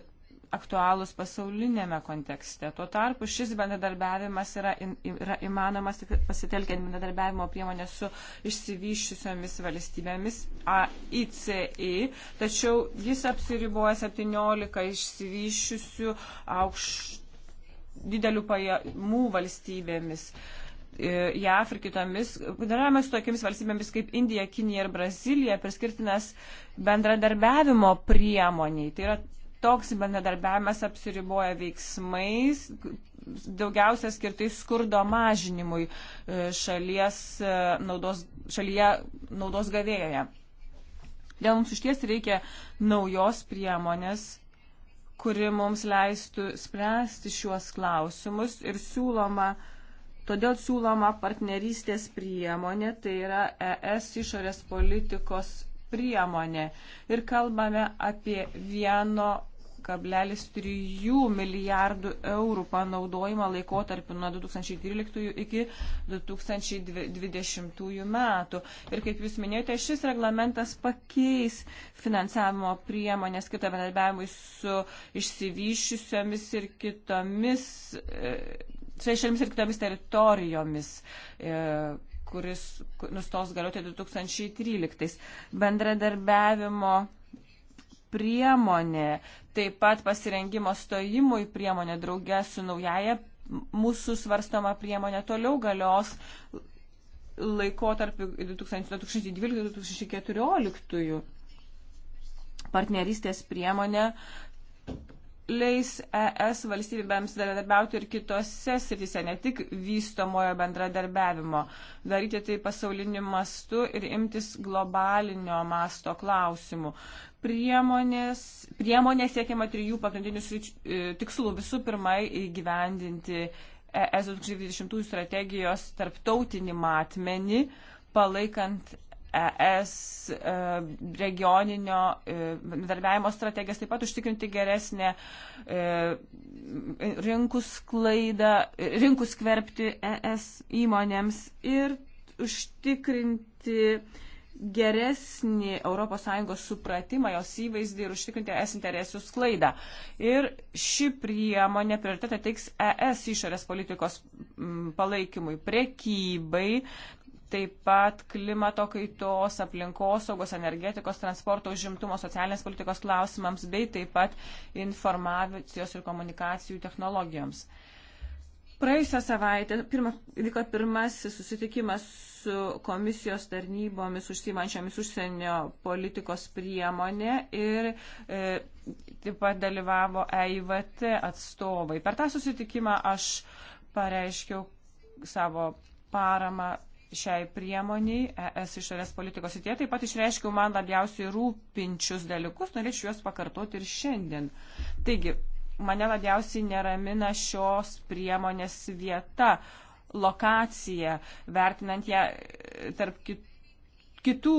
aktualūs pasaulinėme kontekste. Tuo tarpu šis bendradarbiavimas yra, yra įmanomas pasitelkiant bendradarbiavimo priemonę su išsivyščiusiomis valstybėmis AICI, tačiau jis apsiriboja 17 išsivyščiusių aukš, didelių pajamų valstybėmis. E, JAF ir kitomis, bendravimas su tokiamis valstybėmis kaip Indija, Kinija ir Brazilija priskirtinas bendradarbiavimo priemoniai. Tai yra Toks bendradarbiavimas apsiriboja veiksmais, daugiausia skirtais skurdo mažinimui e, šalies e, naudos, šalyje naudos gavėjoje. Dėl mums išties reikia naujos priemonės, kuri mums leistų spręsti šiuos klausimus ir siūloma Todėl siūloma partnerystės priemonė, tai yra ES išorės politikos priemonė. Ir kalbame apie vieno 1,3 milijardų eurų panaudojimą laikotarpiu nuo 2013 iki 2020 metų. Ir kaip Jūs minėjote, šis reglamentas pakeis finansavimo priemonės kitą bendarbiavimui su išsivyščiusiomis ir kitomis, e, su išėlimis ir kitomis teritorijomis. E, kuris nustos galioti 2013. Bendradarbiavimo priemonė, taip pat pasirengimo stojimui priemonė draugė su naujaja mūsų svarstoma priemonė toliau galios laikotarpiu 2012-2014 partnerystės priemonė leis ES valstybėms bendradarbiauti ir kitose sritise, ne tik vystomojo bendradarbiavimo, daryti tai pasauliniu mastu ir imtis globalinio masto klausimų priemonės, priemonė siekiama trijų pagrindinių e, tikslų. Visų pirma, įgyvendinti ES 2020 strategijos tarptautinį matmenį, palaikant ES e, regioninio e, bendarbiavimo strategijas, taip pat užtikrinti geresnę rinkų sklaidą, rinkų skverbti ES įmonėms ir užtikrinti geresnį ES supratimą, jos įvaizdį ir užtikrinti es interesų sklaidą. Ir ši priemonė prioritetą teiks ES išorės politikos palaikymui, prekybai, taip pat klimato kaitos, aplinkosaugos, energetikos, transporto, užimtumo, socialinės politikos klausimams, bei taip pat informacijos ir komunikacijų technologijoms. Praėjusią savaitę pirma, vyko pirmasis susitikimas su komisijos tarnybomis užsimančiomis užsienio politikos priemonė ir e, taip pat dalyvavo EIVT atstovai. Per tą susitikimą aš pareiškiau savo paramą šiai priemoniai ES išorės politikos įtie, taip pat išreiškiau man labiausiai rūpinčius dalykus, norėčiau juos pakartoti ir šiandien. Taigi, mane labiausiai neramina šios priemonės vieta, lokacija, vertinant ją tarp kitų kitų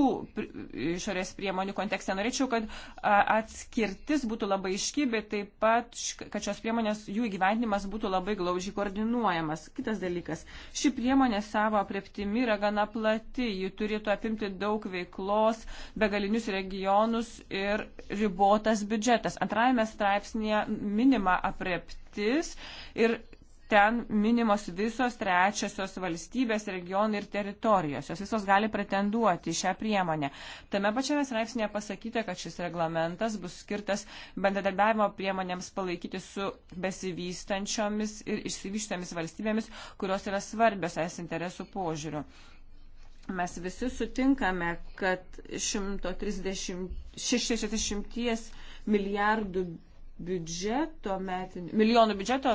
išorės priemonių kontekste. Norėčiau, kad atskirtis būtų labai iški, bet taip pat, kad šios priemonės, jų įgyvendinimas būtų labai glaužiai koordinuojamas. Kitas dalykas. Ši priemonė savo apreptimi yra gana plati. Ji turėtų apimti daug veiklos, begalinius regionus ir ribotas biudžetas. Antrajame straipsnėje minima apreptis ir ten minimos visos trečiosios valstybės, regionai ir teritorijos. Jos visos gali pretenduoti į šią priemonę. Tame pačiame straipsnėje pasakyta, kad šis reglamentas bus skirtas bendradarbiavimo priemonėms palaikyti su besivystančiomis ir išsivyštomis valstybėmis, kurios yra svarbios es interesų požiūriu. Mes visi sutinkame, kad 130, 660 milijardų biudžeto metinio, milijonų biudžeto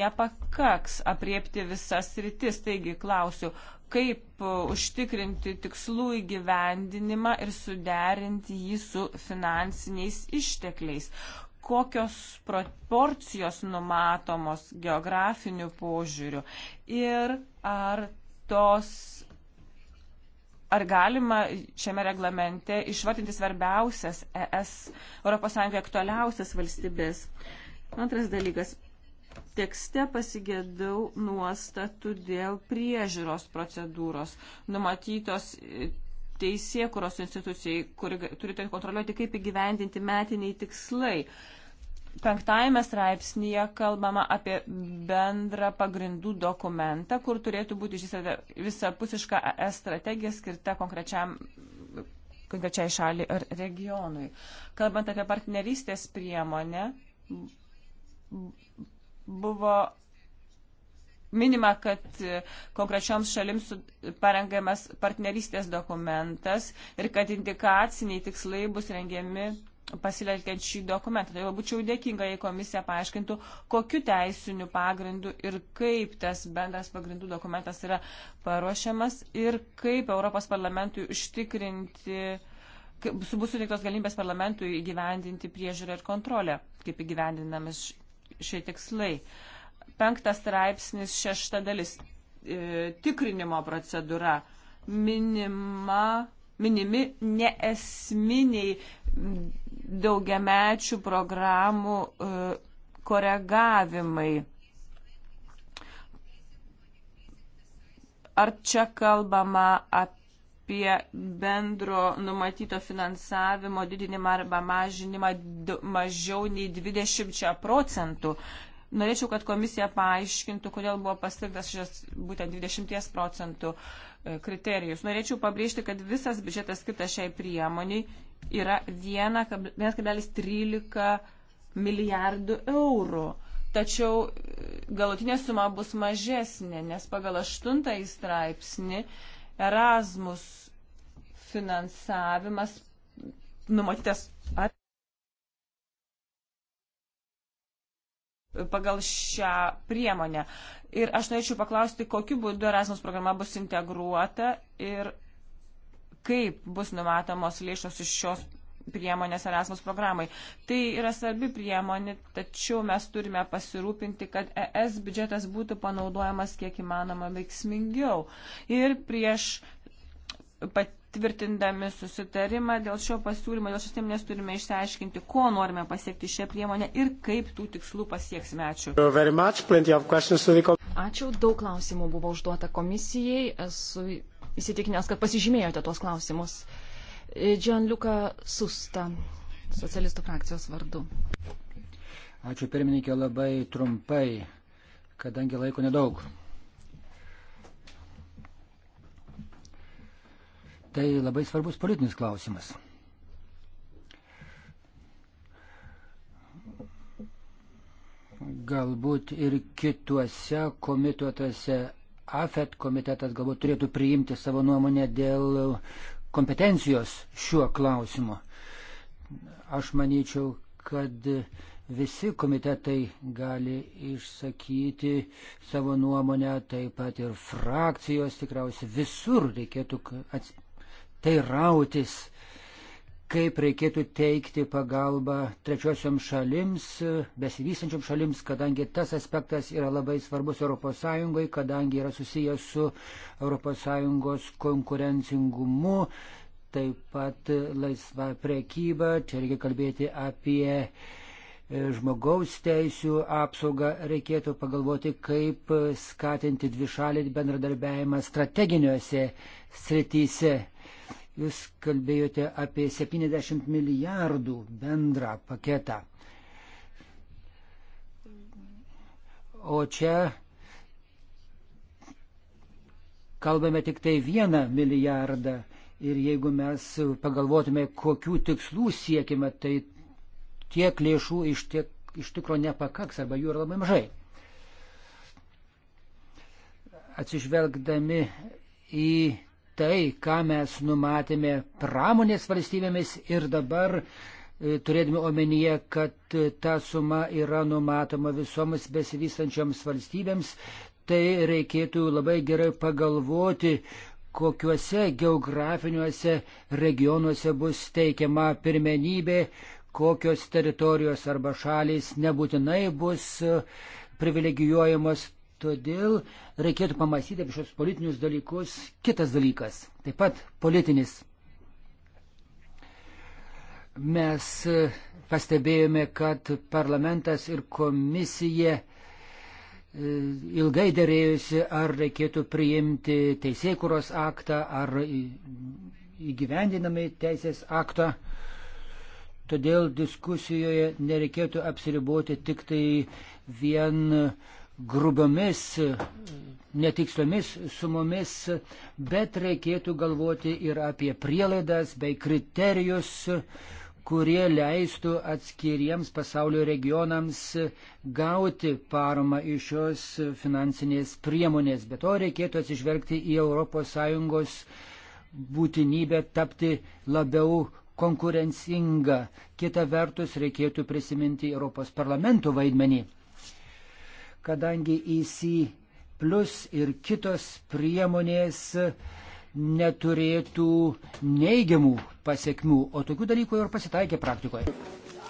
nepakaks apriepti visas rytis. Taigi klausiu, kaip užtikrinti tikslų įgyvendinimą ir suderinti jį su finansiniais ištekliais. Kokios proporcijos numatomos geografiniu požiūriu ir ar tos ar galima šiame reglamente išvardinti svarbiausias ES, ES aktualiausias valstybės? Antras dalykas. Tekste pasigėdau nuostatų dėl priežiūros procedūros numatytos e, teisėkuros institucijai, kuri turi kontroliuoti, kaip įgyvendinti metiniai tikslai. Uh, Penktajame straipsnėje kalbama apie bendrą pagrindų dokumentą, kur turėtų būti visapusiška ES strategija skirta konkrečiam konkrečiai šaliai ar regionui. Kalbant apie partnerystės priemonę, buvo minima, kad konkrečioms šalims parengiamas partnerystės dokumentas ir kad indikaciniai tikslai bus rengiami pasilekiant šį dokumentą. Tai būčiau dėkinga, jei komisija paaiškintų, kokiu teisiniu pagrindu ir kaip tas bendras pagrindų dokumentas yra paruošiamas ir kaip Europos parlamentui užtikrinti, kaip bus suteiktos galimybės parlamentui įgyvendinti priežiūrą ir kontrolę, kaip įgyvendinami šie tikslai. Penktas straipsnis, šešta dalis. E, tikrinimo procedūra minima minimi neesminiai daugiamečių programų e, koregavimai. Ar čia kalbama apie bendro numatyto finansavimo didinimą arba mažinimą mažiau nei 20 procentų? Norėčiau, kad komisija paaiškintų, kodėl buvo pasirinktas šis būtent 20 procentų e, kriterijus. Norėčiau pabrėžti, kad visas biudžetas skirtas šiai priemoniai yra 1,13 milijardų eurų. Tačiau e, galutinė suma bus mažesnė, nes pagal aštuntąjį straipsnį Erasmus finansavimas numatytas at... pagal šią priemonę. Ir aš norėčiau paklausti, kokiu būdu Erasmus programa bus integruota ir kaip bus numatomos lėšos iš šios priemonės Erasmus programai. Tai yra svarbi priemonė, tačiau mes turime pasirūpinti, kad ES biudžetas būtų panaudojamas kiek įmanoma veiksmingiau. Ir prieš patvirtindami susitarimą dėl šio pasiūlymo, dėl šios teminės turime išsiaiškinti, ko norime pasiekti šią priemonę ir kaip tų tikslų pasieksime. Ačiū. Ačiū, daug klausimų buvo užduota komisijai. Esu įsitikinęs, kad pasižymėjote tuos klausimus. Gianluca Susta, socialistų frakcijos vardu. Ačiū pirmininkė labai trumpai, kadangi laiko nedaug. Tai labai svarbus politinis klausimas. Galbūt ir kituose komitetuose AFET komitetas galbūt turėtų priimti savo nuomonę dėl kompetencijos šiuo klausimu. Aš manyčiau, kad visi komitetai gali išsakyti savo nuomonę, taip pat ir frakcijos tikriausiai visur reikėtų tai rautis kaip reikėtų teikti pagalbą trečiosiam šalims, besivystančiam šalims, kadangi tas aspektas yra labai svarbus ES, kadangi yra susijęs su ES konkurencingumu, taip pat laisva priekyba, čia reikia kalbėti apie e, žmogaus teisų apsaugą reikėtų pagalvoti, kaip skatinti dvišalį bendradarbiavimą strateginiuose srityse. Jūs kalbėjote apie 70 milijardų bendrą paketą. O čia kalbame tik tai vieną milijardą. Ir jeigu mes pagalvotume, kokių tikslų siekime, tai tiek lėšų iš, tiek, iš tikro nepakaks arba jų yra labai mažai. Atsižvelgdami į tai, ką mes numatėme pramonės valstybėmis ir dabar e, turėdami omenyje, kad e, ta suma yra numatoma visoms besivystančioms valstybėms, tai reikėtų labai gerai pagalvoti, kokiuose geografiniuose regionuose bus teikiama pirmenybė, kokios teritorijos arba šalys nebūtinai bus e, privilegijuojamos Todėl reikėtų pamastyti apie šios politinius dalykus. Kitas dalykas, taip pat politinis. Mes pastebėjome, kad parlamentas ir komisija e, ilgai dėrėjusi, ar reikėtų priimti teisėkuros aktą, ar įgyvendinami teisės aktą. Todėl diskusijoje nereikėtų apsiriboti tik tai vien uh, grubiomis, netiksliomis sumomis, bet reikėtų galvoti ir apie prielaidas bei kriterijus, kurie leistų atskiriems pasaulio regionams gauti paramą iš šios finansinės priemonės. Be to reikėtų atsižvelgti į ES būtinybę tapti labiau konkurencinga. Kita vertus reikėtų prisiminti Europos parlamento vaidmenį kadangi EC plus ir kitos priemonės neturėtų neigiamų pasiekmių, o tokių dalykų ir pasitaikė praktikoje.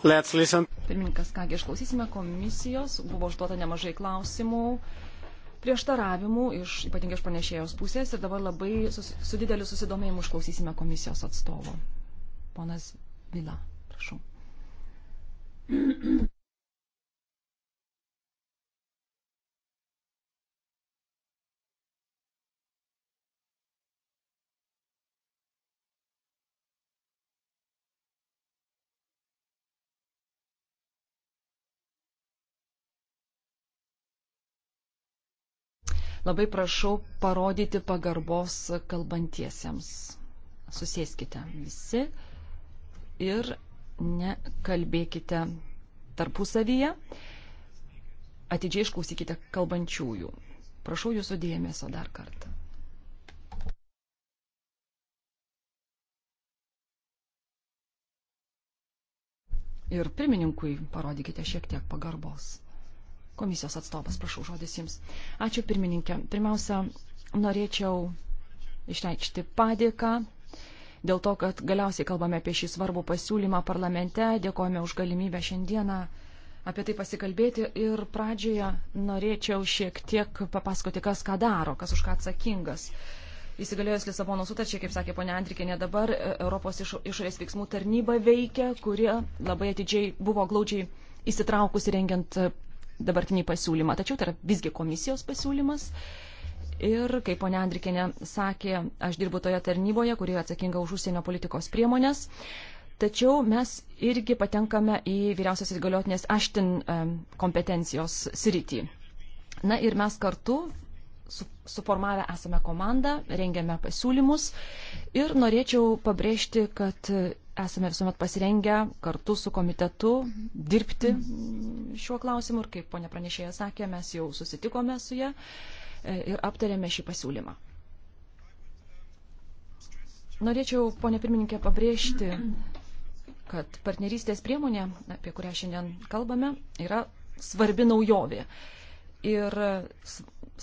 Pirmininkas, kągi išklausysime komisijos, buvo užduota nemažai klausimų, prieštaravimų, iš, ypatingai iš panešėjos pusės ir dabar labai sus, su dideliu susidomėjimu išklausysime komisijos atstovo. Ponas Vila, prašau. Labai prašau parodyti pagarbos kalbantiesiems. Susėskite visi ir nekalbėkite tarpusavyje. Atidžiai išklausykite kalbančiųjų. Prašau jūsų dėmesio dar kartą. ir pirmininkui parodykite šiek tiek pagarbos. Komisijos atstovas, prašau, žodis jums. Ačiū pirmininkė. Pirmiausia, norėčiau išreikšti padėką dėl to, kad galiausiai kalbame apie šį svarbų pasiūlymą parlamente. Dėkojame už galimybę šiandieną apie tai pasikalbėti ir pradžioje norėčiau šiek tiek papasakoti, kas ką daro, kas už ką atsakingas. Įsigaliojus Lisabono sutarčiai, kaip sakė ponia Andrikinė, dabar e, Europos išorės veiksmų tarnyba veikia, kuri labai atidžiai buvo glaudžiai įsitraukusi rengiant e, dabartinį pasiūlymą. Tačiau tai yra visgi komisijos pasiūlymas. Ir, kaip ponia Andrikinė sakė, aš dirbu toje tarnyboje, kuri atsakinga už užsienio politikos priemonės. Tačiau mes irgi patenkame į vyriausios įgaliotinės Ashton e, kompetencijos sritį. Na ir mes kartu suformavę esame komandą, rengiame pasiūlymus ir norėčiau pabrėžti, kad esame visuomet pasirengę kartu su komitetu dirbti šiuo klausimu ir kaip ponia pranešėja sakė, mes jau susitikome su ją e, ir aptarėme šį pasiūlymą. Norėčiau, ponia pirmininkė, pabrėžti, kad partnerystės priemonė, apie kurią šiandien kalbame, yra svarbi naujovė. Ir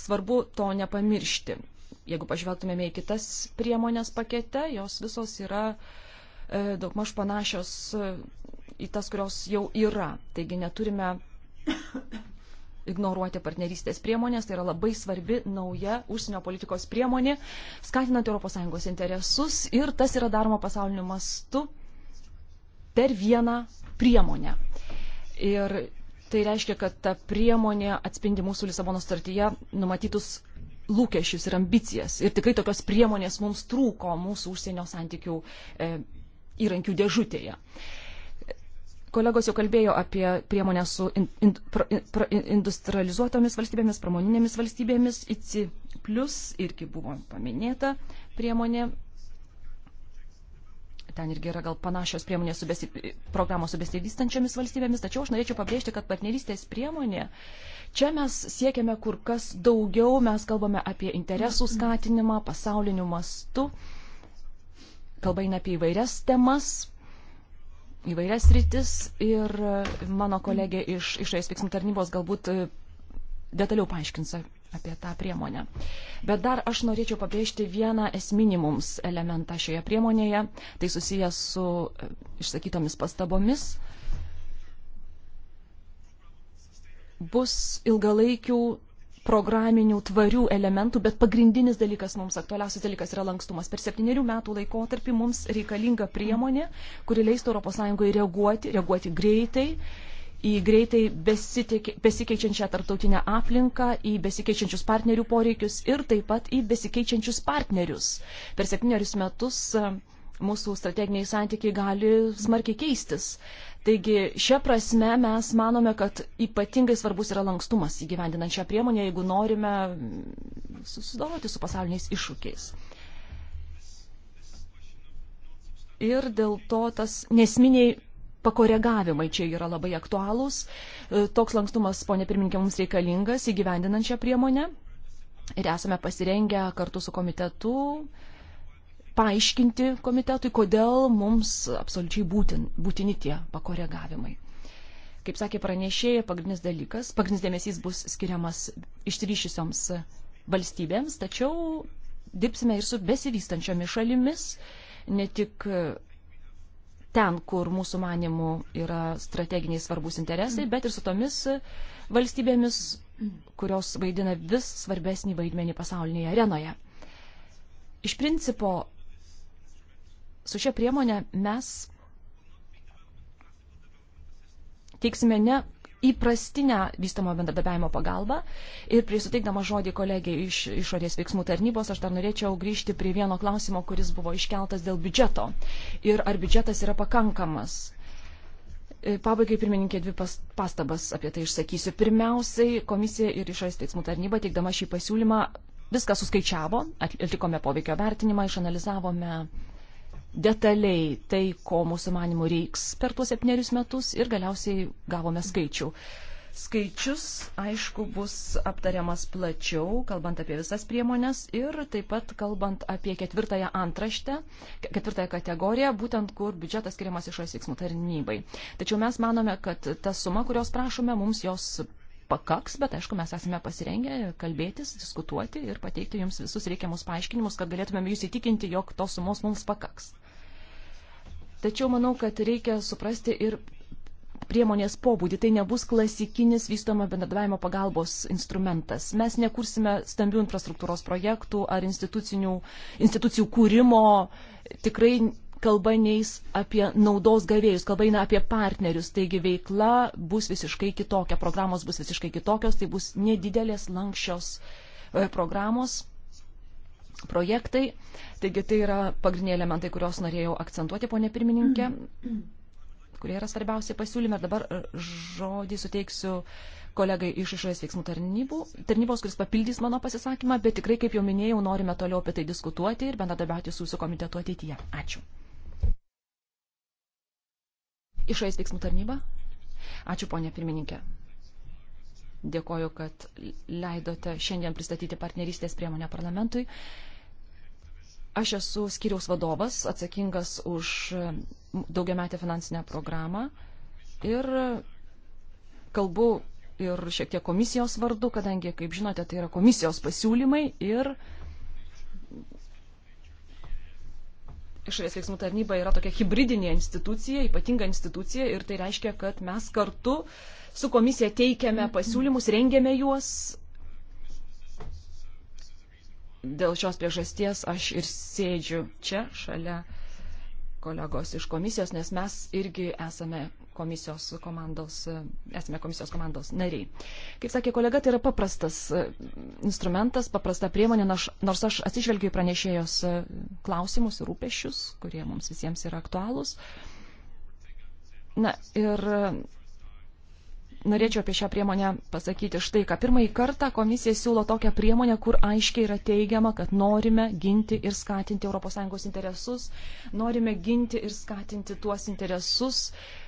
svarbu to nepamiršti. Jeigu pažvelgtumėme į kitas priemonės pakete, jos visos yra uh, E, daugmaž panašios e, į tas, kurios jau yra. Taigi neturime ignoruoti partnerystės priemonės, tai yra labai svarbi nauja užsienio politikos priemonė, skatinant ES interesus ir tas yra daroma pasauliniu mastu per vieną priemonę. Ir tai reiškia, kad ta priemonė atspindi mūsų Lisabono startyje numatytus lūkesčius ir ambicijas. Ir tikrai tokios priemonės mums trūko mūsų užsienio santykių e, įrankių dėžutėje. Kolegos jau kalbėjo apie priemonę su in, in, pra, pra, industrializuotomis valstybėmis, pramoninėmis valstybėmis, ICI plus irgi buvo paminėta priemonė. Ten irgi yra gal panašios priemonės su besi, programos su besivystančiomis valstybėmis, tačiau aš norėčiau pabrėžti, kad partnerystės priemonė, čia mes siekiame kur kas daugiau, mes kalbame apie interesų skatinimą pasauliniu mastu. Mm kalba eina apie įvairias temas, įvairias rytis ir mano kolegė iš išorės veiksmų tarnybos galbūt e, detaliau paaiškins apie tą priemonę. Bet dar aš norėčiau pabrėžti vieną esminį mums elementą šioje priemonėje, tai susijęs su e, išsakytomis pastabomis. Bus ilgalaikių programinių tvarių elementų, bet pagrindinis dalykas mums, aktualiausias dalykas yra lankstumas. Per septyniarių metų laikotarpį mums reikalinga priemonė, kuri leistų ES reaguoti, reaguoti greitai į greitai besikeičiančią tarptautinę aplinką, į besikeičiančius partnerių poreikius ir taip pat į besikeičiančius partnerius. Per septynerius metus e, mūsų strateginiai santykiai gali smarkiai keistis. Taigi šią prasme mes manome, kad ypatingai svarbus yra lankstumas įgyvendinant šią priemonę, jeigu norime mm, susidoroti su pasauliniais iššūkiais. Ir dėl to tas nesminiai pakoregavimai čia yra labai aktualūs. E, toks lankstumas, ponė pirmininkė, mums reikalingas įgyvendinant šią priemonę. Ir esame pasirengę kartu su komitetu uh, paaiškinti komitetui, kodėl mums absoliučiai būtin, būtini tie pakoregavimai. Kaip sakė pranešėja, pagrindinis dalykas, pagrindinis dėmesys bus skiriamas išryšysioms valstybėms, tačiau dirbsime ir su besivystančiomis šalimis, ne tik ten, kur mūsų manimų yra strateginiai svarbus interesai, bet ir su tomis valstybėmis, kurios vaidina vis svarbesnį vaidmenį pasaulinėje arenoje. Iš principo, su šia priemonė mes teiksime ne įprastinę vystamo bendradarbiavimo pagalbą. Ir prieš suteikdama žodį kolegijai iš išorės veiksmų tarnybos, aš dar norėčiau grįžti prie vieno klausimo, kuris buvo iškeltas dėl biudžeto. Ir ar biudžetas yra pakankamas? E, pabaigai pirmininkė dvi pastabas apie tai išsakysiu. Pirmiausiai, komisija ir išorės veiksmų tarnyba, teikdama šį pasiūlymą, viską suskaičiavo, atlikome poveikio vertinimą, išanalizavome detaliai tai, ko mūsų manimų reiks per tuos septynerius metus ir galiausiai gavome skaičių. Skaičius, aišku, bus aptariamas plačiau, kalbant apie visas priemonės ir taip pat kalbant apie ketvirtąją antraštę, ketvirtąją kategoriją, būtent kur biudžetas skiriamas išorės veiksmų tarnybai. Tačiau mes manome, kad ta suma, kurios prašome, mums jos pakaks, bet aišku, mes esame pasirengę kalbėtis, diskutuoti ir pateikti jums visus reikiamus paaiškinimus, kad galėtumėm jūs įtikinti, jog tos sumos mums pakaks. Tačiau manau, kad reikia suprasti ir priemonės pobūdį. Tai nebus klasikinis vystomo bendradavimo pagalbos instrumentas. Mes nekursime stambių infrastruktūros projektų ar institucijų kūrimo. Tikrai kalba neis apie naudos gavėjus, kalba eina apie partnerius. Taigi veikla bus visiškai kitokia, programos bus visiškai kitokios, tai bus nedidelės lankščios e, programos projektai. Taigi tai yra pagrindiniai elementai, kuriuos norėjau akcentuoti, ponė pirmininkė, kurie yra svarbiausi pasiūlymai. Ir dabar žodį suteiksiu kolegai iš išorės veiksmų tarnybų, tarnybos, kuris papildys mano pasisakymą, bet tikrai, kaip jau minėjau, norime toliau apie tai diskutuoti ir bendradarbiauti su jūsų komitetu ateityje. Ačiū. Išorės veiksmų tarnyba. Ačiū, ponė pirmininkė. Dėkoju, kad leidote šiandien pristatyti partnerystės priemonę parlamentui. Aš esu skiriaus vadovas, atsakingas už daugiametę finansinę programą ir kalbu ir šiek tiek komisijos vardu, kadangi, kaip žinote, tai yra komisijos pasiūlymai ir uh, išorės veiksmų tarnyba yra tokia hybridinė institucija, ypatinga institucija ir tai reiškia, kad mes kartu su komisija teikiame pasiūlymus, rengiame juos. Dėl šios priežasties aš ir sėdžiu čia šalia kolegos iš komisijos, nes mes irgi esame komisijos komandos, esame komisijos komandos nariai. Kaip sakė kolega, tai yra paprastas e, instrumentas, paprasta priemonė, nors aš atsižvelgiu į pranešėjos e, klausimus ir rūpešius, kurie mums visiems yra aktualūs. Na ir e, norėčiau apie šią priemonę pasakyti štai, ką pirmąjį kartą komisija siūlo tokią priemonę, kur aiškiai yra teigiama, kad norime ginti ir skatinti ES interesus, norime ginti ir skatinti tuos interesus, uh,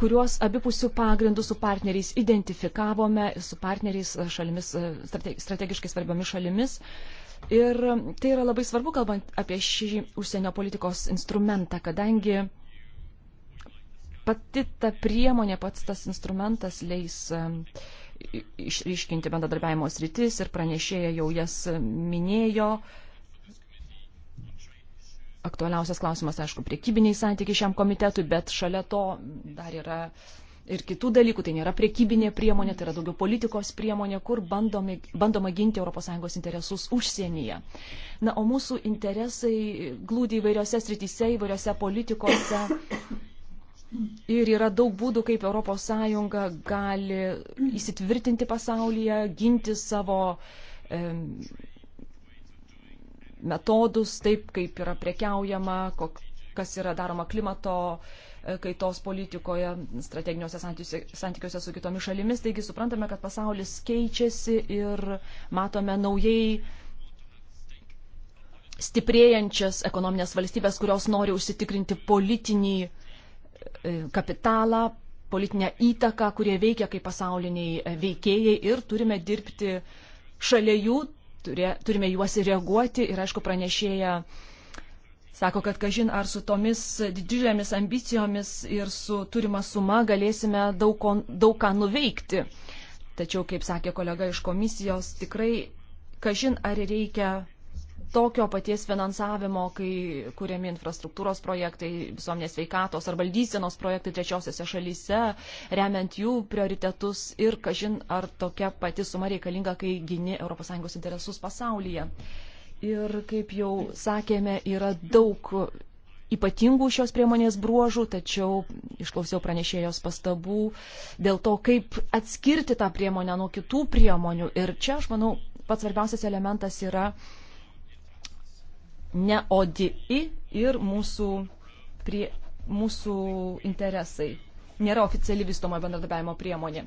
kuriuos abipusių pagrindų su partneriais identifikavome, su partneriais e, šalimis, e, strategiškai svarbiomis šalimis. Ir e, tai yra labai svarbu, kalbant apie šį užsienio politikos instrumentą, kadangi pati ta priemonė, pats tas instrumentas leis išryškinti bendradarbiavimo sritis ir pranešėja jau jas minėjo. Uh, aktualiausias klausimas, aišku, priekybiniai santykiai šiam komitetui, bet šalia to dar yra ir kitų dalykų. Tai nėra priekybinė priemonė, tai yra daugiau politikos priemonė, kur bandomi, bandoma ginti ES interesus užsienyje. Na, o mūsų interesai glūdi įvairiose srityse, įvairiose politikose. Ir yra daug būdų, kaip ES gali įsitvirtinti pasaulyje, ginti savo e, metodus, taip kaip yra prekiaujama, kok, kas yra daroma klimato e, kaitos politikoje, strateginiuose santykiuose su kitomis šalimis. Taigi suprantame, kad pasaulis keičiasi ir matome naujai stiprėjančias ekonominės valstybės, kurios nori užsitikrinti politinį e, kapitalą, politinę įtaką, kurie veikia kaip pasauliniai veikėjai ir turime dirbti šalia jų turė, turime juos reaguoti ir, aišku, pranešėja sako, kad kažin ar su tomis didžiulėmis ambicijomis ir su turima suma galėsime daug, ko, daug ką nuveikti. Tačiau, kaip sakė kolega iš komisijos, tikrai kažin ar reikia tokio paties finansavimo, kai kuriami infrastruktūros projektai, visuomenės veikatos ar valdysenos projektai trečiosiose šalyse, remiant jų prioritetus ir, kažin, ar tokia pati suma reikalinga, kai gini ES interesus pasaulyje. Ir kaip jau sakėme, yra daug ypatingų šios priemonės bruožų, tačiau išklausiau pranešėjos pastabų dėl to, kaip atskirti tą priemonę nuo kitų priemonių. Ir čia, aš manau, pats svarbiausias elementas yra uh, ne ODI ir mūsų, prie, mūsų interesai. Nėra oficiali vystomo bendradarbiavimo priemonė.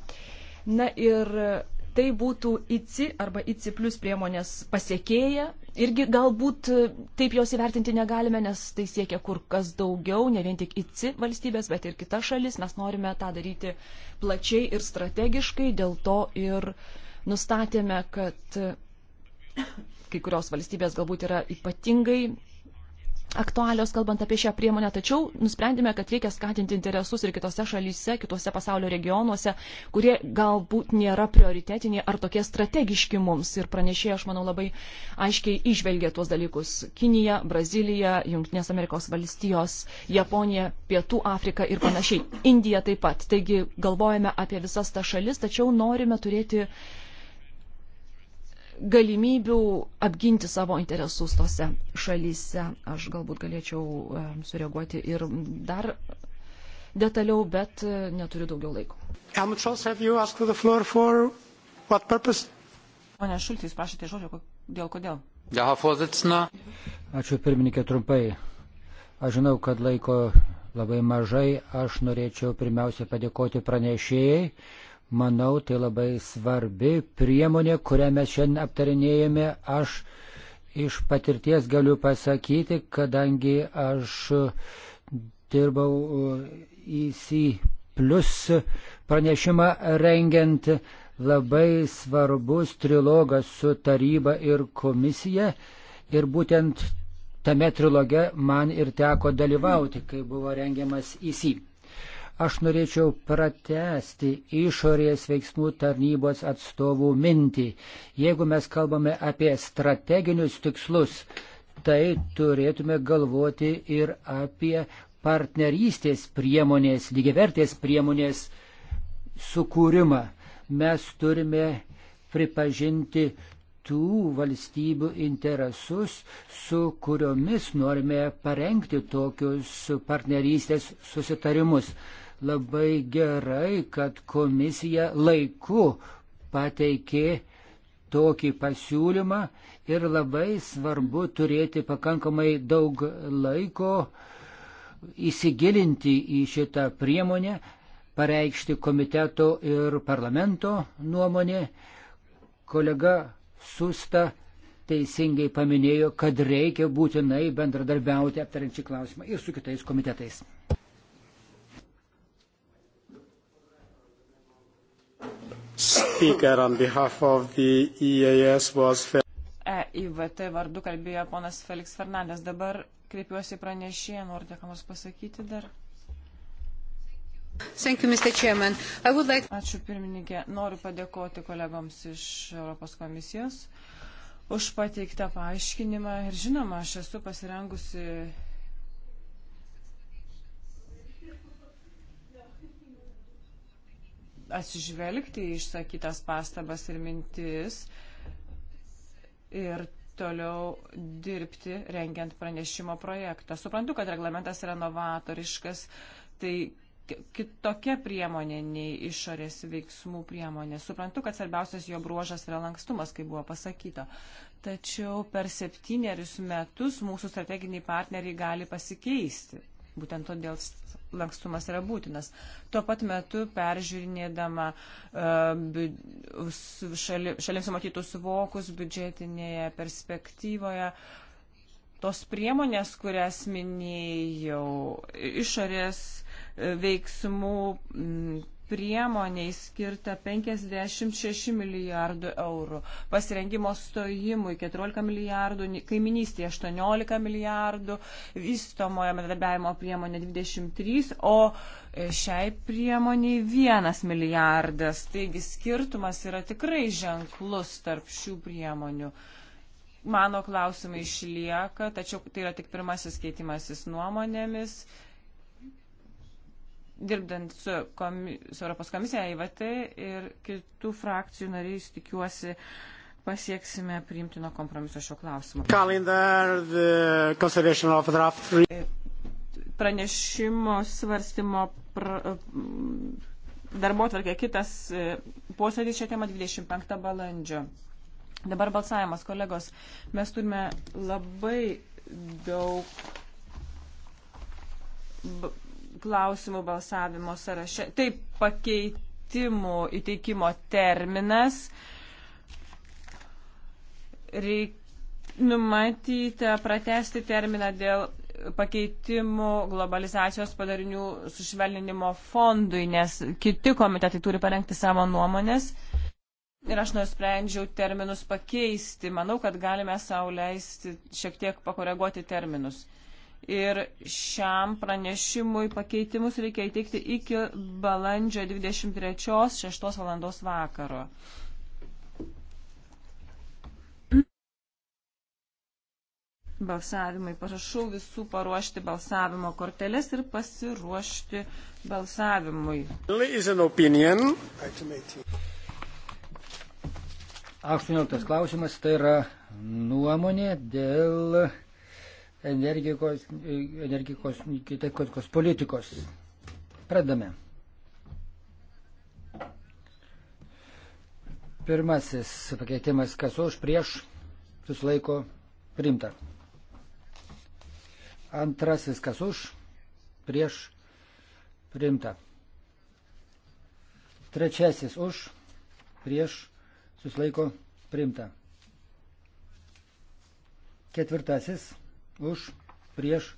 Na ir tai būtų ICI arba ICI plus priemonės pasiekėja. Irgi galbūt taip jos įvertinti negalime, nes tai siekia kur kas daugiau, ne vien tik ICI valstybės, bet ir kita šalis. Mes norime tą daryti plačiai ir strategiškai, dėl to ir nustatėme, kad kai kurios valstybės galbūt yra ypatingai aktualios, kalbant apie šią priemonę, tačiau nusprendėme, kad reikia skatinti interesus ir kitose šalyse, kitose pasaulio regionuose, kurie galbūt nėra prioritetiniai ar tokie strategiški mums. Ir pranešėjai, aš manau, labai aiškiai išvelgė tuos dalykus. Kinija, Brazilija, Junktinės Amerikos valstijos, Japonija, Pietų Afrika ir panašiai. Indija taip pat. Taigi galvojame apie visas tas šalis, tačiau norime turėti galimybių apginti savo interesus tose šalyse. Aš galbūt galėčiau e, sureaguoti ir dar detaliau, bet e, neturiu daugiau laiko. Pone Šulcai, jūs prašėte žodžio, dėl kodėl? Ačiū pirmininkė trumpai. Aš žinau, kad laiko labai mažai. Aš norėčiau pirmiausia padėkoti pranešėjai Manau, tai labai svarbi priemonė, kurią mes šiandien aptarinėjame. Aš iš patirties galiu pasakyti, kadangi aš dirbau įsi uh, e plus pranešimą rengiant labai svarbus trilogas su taryba ir komisija. Ir būtent tame triloge man ir teko dalyvauti, kai buvo rengiamas įsi. E Aš norėčiau pratesti išorės veiksmų tarnybos atstovų mintį. Jeigu mes kalbame apie strateginius tikslus, tai turėtume galvoti ir apie partnerystės priemonės, lygiavertės priemonės sukūrimą. Mes turime pripažinti tų valstybių interesus, su kuriomis norime parengti tokius partnerystės susitarimus. Labai gerai, kad komisija laiku pateikė tokį pasiūlymą ir labai svarbu turėti pakankamai daug laiko įsigilinti į šitą priemonę, pareikšti komiteto ir parlamento nuomonė. Kolega Susta teisingai paminėjo, kad reikia būtinai bendradarbiauti aptariant šį klausimą ir su kitais komitetais. speaker on behalf of the EAS was EIVT e vardu kalbėjo ponas Felix Fernandes. Dabar kreipiuosi pranešėją, norite ką nors pasakyti dar? Thank you, Mr. Chairman. I would like... Ačiū pirmininkė. Noriu padėkoti kolegoms iš Europos komisijos už pateiktą paaiškinimą ir žinoma, aš esu pasirengusi atsižvelgti išsakytas pastabas ir mintis ir toliau dirbti rengiant pranešimo projektą. Suprantu, kad reglamentas yra novatoriškas, tai kitokia priemonė nei išorės veiksmų priemonė. Suprantu, kad svarbiausias jo bruožas yra lankstumas, kaip buvo pasakyta. Tačiau per septynerius metus mūsų strateginiai partneriai gali pasikeisti. Būtent todėl lankstumas yra būtinas. Tuo pat metu peržiūrinėdama uh, šali, šalims matytus vokus biudžetinėje perspektyvoje, tos priemonės, kurias minėjau, išorės e, veiksmų. M, priemoniai skirta 56 milijardų eurų, pasirengimo stojimui 14 milijardų, kaiminystėje 18 milijardų, vystomojo bendradarbiavimo priemonė 23, o e, šiai priemoniai 1 milijardas. Taigi skirtumas yra tikrai ženklus tarp šių priemonių. Mano klausimai išlieka, tačiau tai yra tik pirmasis keitimasis nuomonėmis dirbdant su, komi, su Europos komisija, IVT ir kitų frakcijų nariais tikiuosi pasieksime priimtino kompromiso šio klausimu. Calendar, e, Pranešimo svarstymo pr... E, darbo tvarkė kitas e, posėdis šią temą 25 balandžio. Dabar balsavimas, kolegos, mes turime labai daug klausimų balsavimo sąraše. Taip, pakeitimų įteikimo terminas. Reik numatyta pratesti terminą dėl pakeitimų globalizacijos padarinių sušvelninimo fondui, nes kiti komitetai turi parengti savo nuomonės. Ir aš nusprendžiau terminus pakeisti. Manau, kad galime sauliaisti šiek tiek pakoreguoti terminus. Ir šiam pranešimui pakeitimus reikia įteikti iki balandžio 23.06 val. vakaro. Balsavimai. Prašau visų paruošti balsavimo korteles ir pasiruošti balsavimui. Aštuonioliktas klausimas tai yra nuomonė dėl energikos, energikos, kitokios politikos. Pradame. Pirmasis pakeitimas, kas už prieš, susilaiko primta. Antrasis, kas už, prieš, primta. Trečiasis už, prieš, susilaiko primta. Ketvirtasis, už, prieš,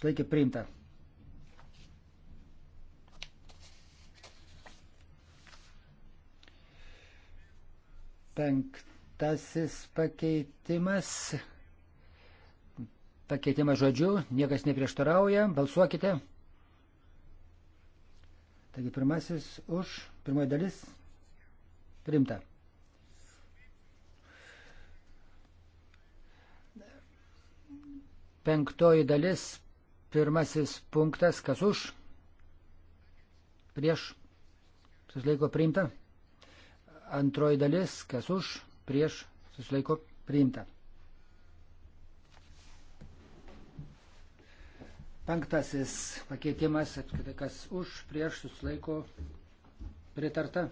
sulaikė priimta. Penktasis pakeitimas. Pakeitimas žodžiu, niekas neprieštarauja, balsuokite. Taigi pirmasis už, pirmoji dalis, priimta. Penktoji dalis, pirmasis punktas, kas už, prieš, susilaiko priimta. Antroji dalis, kas už, prieš, susilaiko priimta. Penktasis pakeitimas, kas už, prieš, susilaiko pritarta.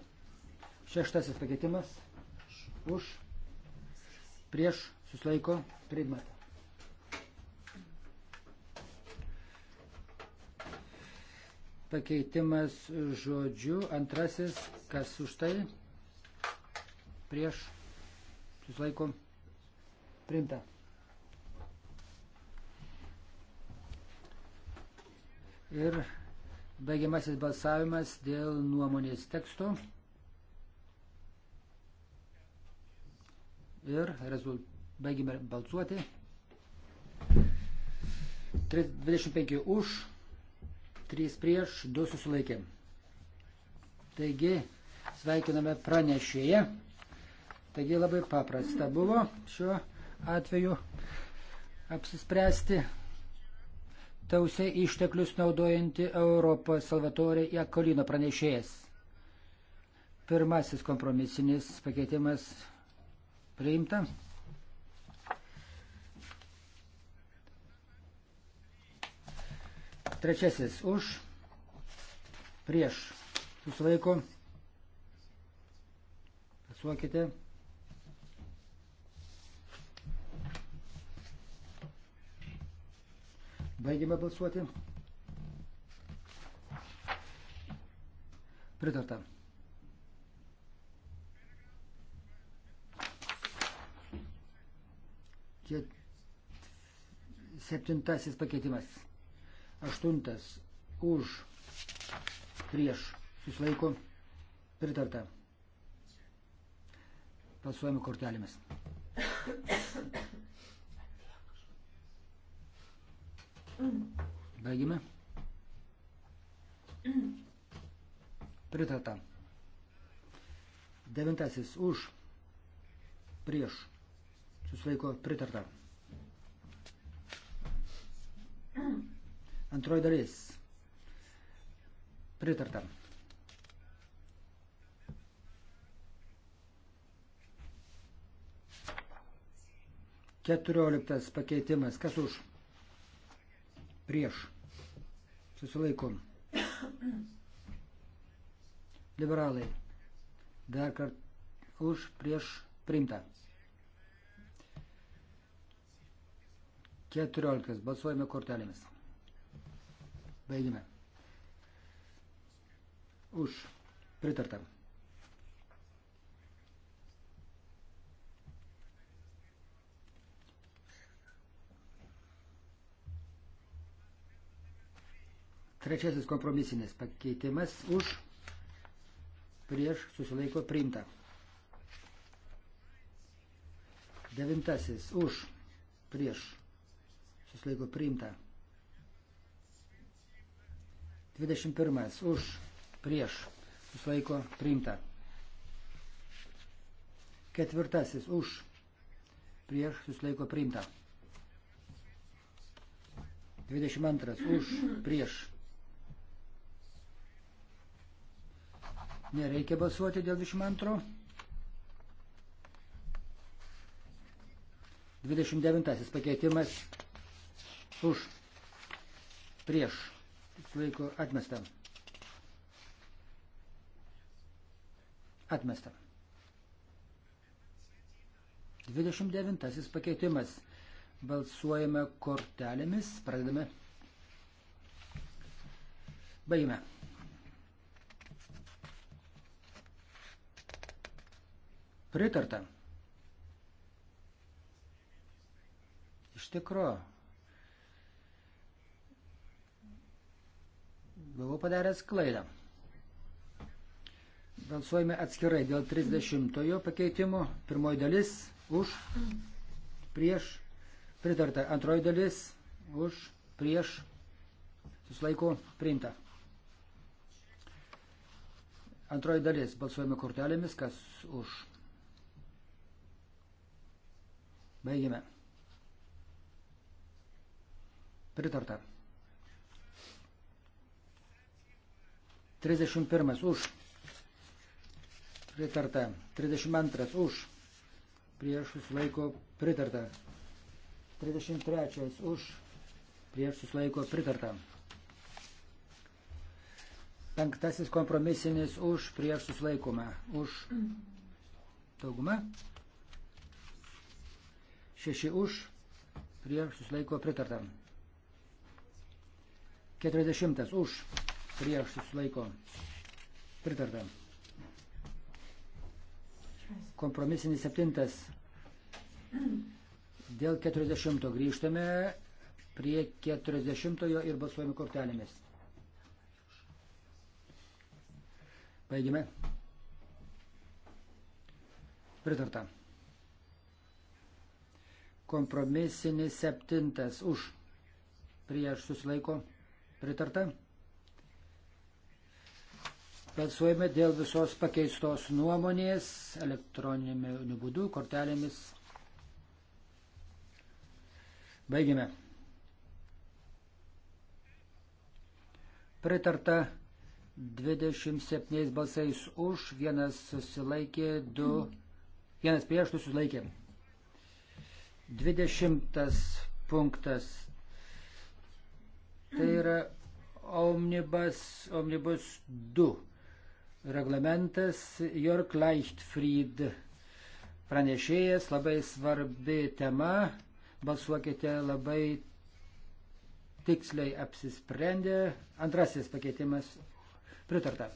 Šeštasis pakeitimas, už, prieš, susilaiko priimta. Pakeitimas žodžiu. Antrasis, kas už tai? Prieš. Susilaikom. Primta. Ir baigiamasis balsavimas dėl nuomonės teksto. Ir rezult... baigime balsuoti. 25 už. 3 prieš, 2 susilaikė. Taigi, sveikiname pranešėją. Taigi labai paprasta buvo šiuo atveju apsispręsti tausiai išteklius naudojanti Europą Salvatorė Jakolino pranešėjas. Pirmasis kompromisinis pakeitimas priimta. Trečiasis už, prieš, susilaiko. Pasuokite. Baigime balsuoti. Pritarta. Čia septintasis pakeitimas. Aštuntas už prieš susilaiko pritarta. Balsuojame kortelėmis. Baigime. Pritarta. Devintasis už prieš susilaiko pritarta. Antroji dalis. Pritarta. Keturioliktas pakeitimas. Kas už? Prieš. Susilaikom. Liberalai. Dar kartą už prieš primtą. 14. Balsuojame kortelėmis. Baigime. Už. Pritartam. Trečiasis kompromisinis pakeitimas už prieš susilaiko priimta. Devintasis už prieš susilaiko priimta. 21 už prieš susilaiko priimta. Ketvirtasis už prieš susilaiko priimta. 22 už prieš. Nereikia balsuoti dėl 22. 29 pakeitimas už prieš Sulaiko atmesta. Atmesta. 29 pakeitimas. Balsuojame kortelėmis. Pradedame. Baigime. Pritarta. Iš tikro, Buvau padaręs klaidą. Balsuojame atskirai dėl 30 pakeitimo. Pirmoji dalis už, prieš, pritarta. Antroji dalis už, prieš, susilaiko, priimta. Antroji dalis balsuojame kortelėmis, kas už. Baigime. Pritarta. 31 už. Pritarta. 32 už. Prieš susilaiko pritarta. 33 už. Prieš susilaiko pritarta. Penktasis kompromisinis už prieš susilaikumą. Už daugumą. Šeši už prieš susilaiko pritartą. Keturiasdešimtas už prieš susilaiko pritarta. Kompromisinis septintas. Dėl 40 grįžtame prie 40 ir balsuojame kortelėmis. Baigime. Pritarta. Kompromisinis septintas už prieš susilaiko pritarta. Balsuojame dėl visos pakeistos nuomonės elektroniniu būdu, kortelėmis. Baigime. Pritarta 27 balsais už, vienas susilaikė, du, vienas prieš, du susilaikė. 20 punktas. Tai yra omnibus, omnibus 2 reglamentas Jörg Leichtfried pranešėjas, labai svarbi tema, balsuokite labai tiksliai apsisprendė. Antrasis pakeitimas pritarta.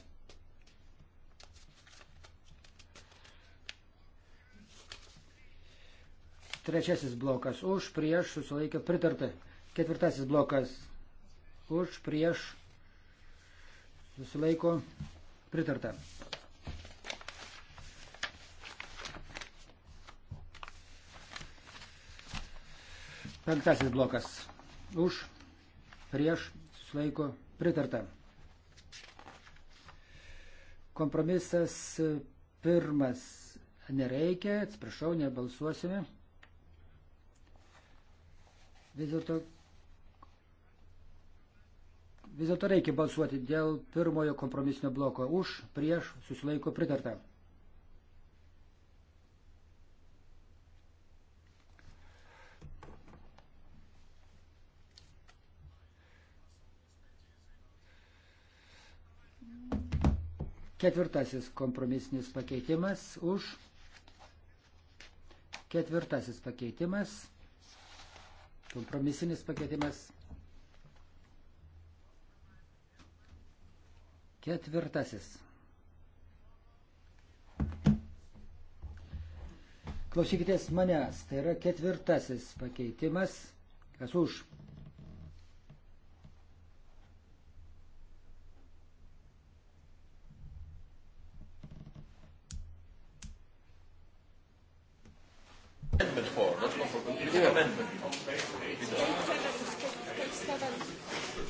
Trečiasis blokas už, prieš, susilaikė pritarta. Ketvirtasis blokas už, prieš, susilaiko pritarta. Pritarta. Penktasis blokas. Už, prieš, susilaiko, pritarta. Kompromisas pirmas nereikia, atsiprašau, nebalsuosime. Vis dėlto Vis dėlto reikia balsuoti dėl pirmojo kompromisinio bloko už, prieš, susilaiko pritarta. Ketvirtasis kompromisinis pakeitimas už. Ketvirtasis pakeitimas. Kompromisinis pakeitimas Ketvirtasis. Klausykitės manęs, tai yra ketvirtasis pakeitimas. Kas už?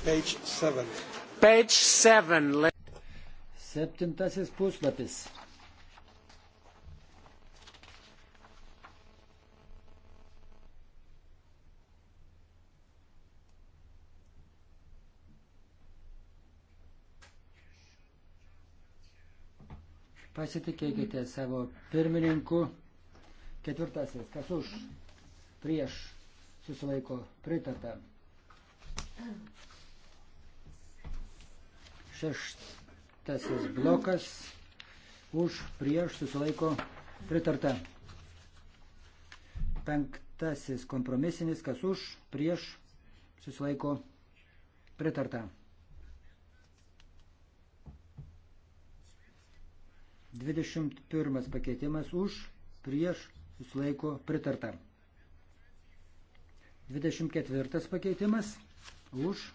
Page 7. Page 7. Septintasis puslapis. Pasitikėkite savo pirmininku. Ketvirtasis. Kas už? Prieš susilaiko pritarta. Šeštas Penktasis blokas už prieš susilaiko pritarta. Penktasis kompromisinis, kas už prieš susilaiko pritarta. 21 pakeitimas už prieš susilaiko pritarta. 24 pakeitimas už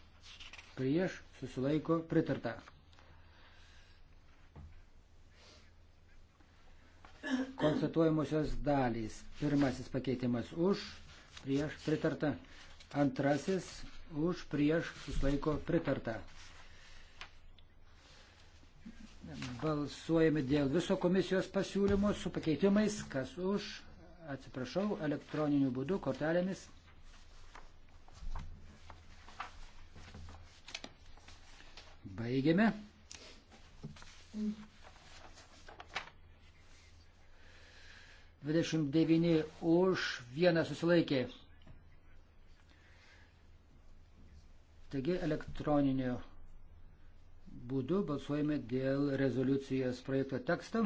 prieš susilaiko pritarta. Konstatuojamosios dalys. Pirmasis pakeitimas už, prieš pritarta. Antrasis už, prieš susilaiko pritarta. Balsuojame dėl viso komisijos pasiūlymo su pakeitimais, kas už, atsiprašau, elektroniniu būdu, kortelėmis. Baigiame. Mm. 29 už, vieną susilaikė. Taigi elektroniniu būdu balsuojame dėl rezoliucijos projekto teksto.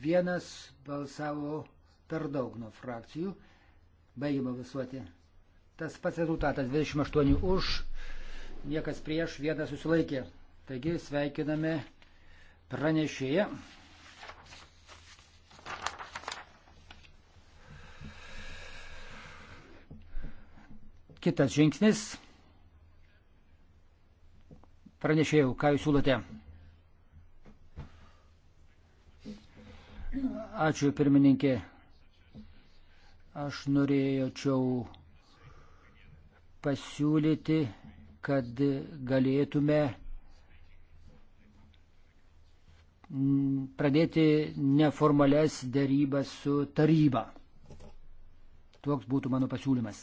Vienas balsavo per daug nuo frakcijų. Baigiame balsuoti. Tas pats rezultatas 28 už, niekas prieš, vienas susilaikė. Taigi sveikiname pranešėją. Kitas žingsnis. Pranešėjau, ką jūs siūlote? Ačiū pirmininkė. Aš norėčiau pasiūlyti, kad galėtume pradėti neformales dėrybas su taryba. Toks būtų mano pasiūlymas.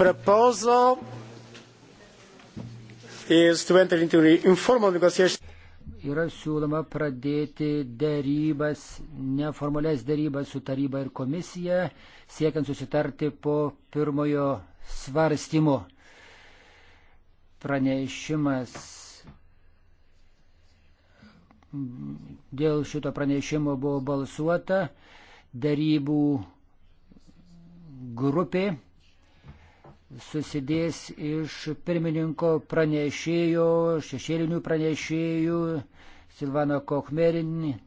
Proposal is to enter into informal negotiations yra siūloma pradėti dėrybas, neformalias dėrybas su taryba ir komisija, siekiant susitarti po pirmojo svarstymo. Pranešimas dėl šito pranešimo buvo balsuota, dėrybų grupė susidės iš pirmininko pranešėjo, šešėlinių pranešėjų, Silvano Kochmerin,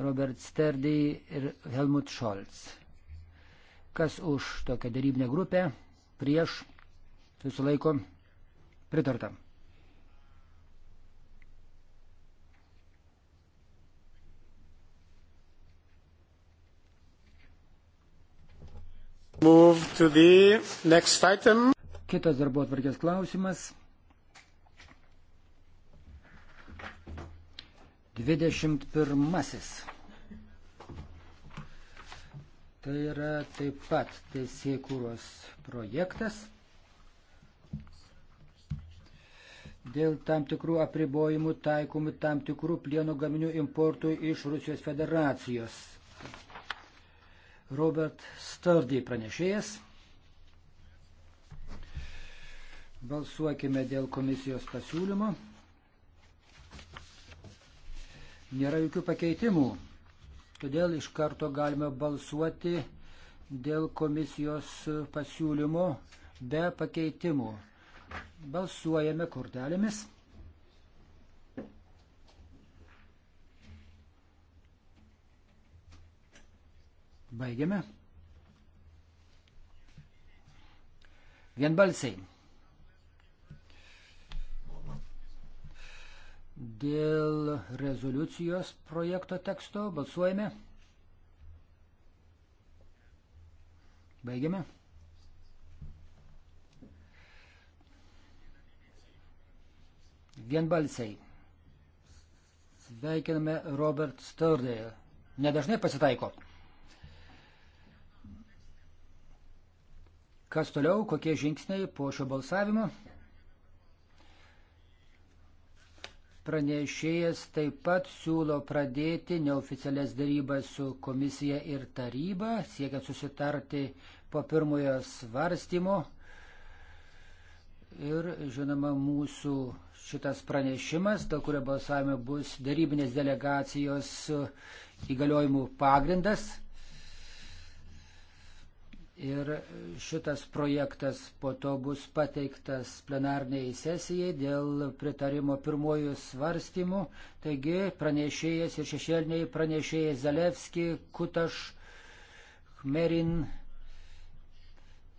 Robert Sterdy ir Helmut Scholz. Kas už tokią darybinę grupę, prieš, susilaiko, pritartam. Kitas darbo atvarkės klausimas. 21. Tai yra taip pat teisėkūros projektas dėl tam tikrų apribojimų taikomų tam tikrų plieno gaminių importų iš Rusijos federacijos. Robert Sturdy pranešėjas. Balsuokime dėl komisijos pasiūlymo. Nėra jokių pakeitimų. Todėl iš karto galime balsuoti dėl komisijos pasiūlymo be pakeitimų. Balsuojame kortelėmis. Baigiame. Vienbalsiai. dėl rezoliucijos projekto teksto. Balsuojame. Baigiame. Vienbalsiai. Sveikiname Robert Sturdale. Nedažnai pasitaiko. Kas toliau, kokie žingsniai po šio balsavimo? Pranešėjas taip pat siūlo pradėti neoficialias darybas su komisija ir taryba, siekiant susitarti po pirmojo svarstymo. Ir žinoma, mūsų šitas pranešimas, dėl kurio balsavime bus darybinės delegacijos įgaliojimų pagrindas. Ir šitas projektas po to bus pateiktas plenarniai sesijai dėl pritarimo pirmojų svarstymų. Taigi pranešėjas ir šešėliniai pranešėjai Zalevski, Kutaš, Merin,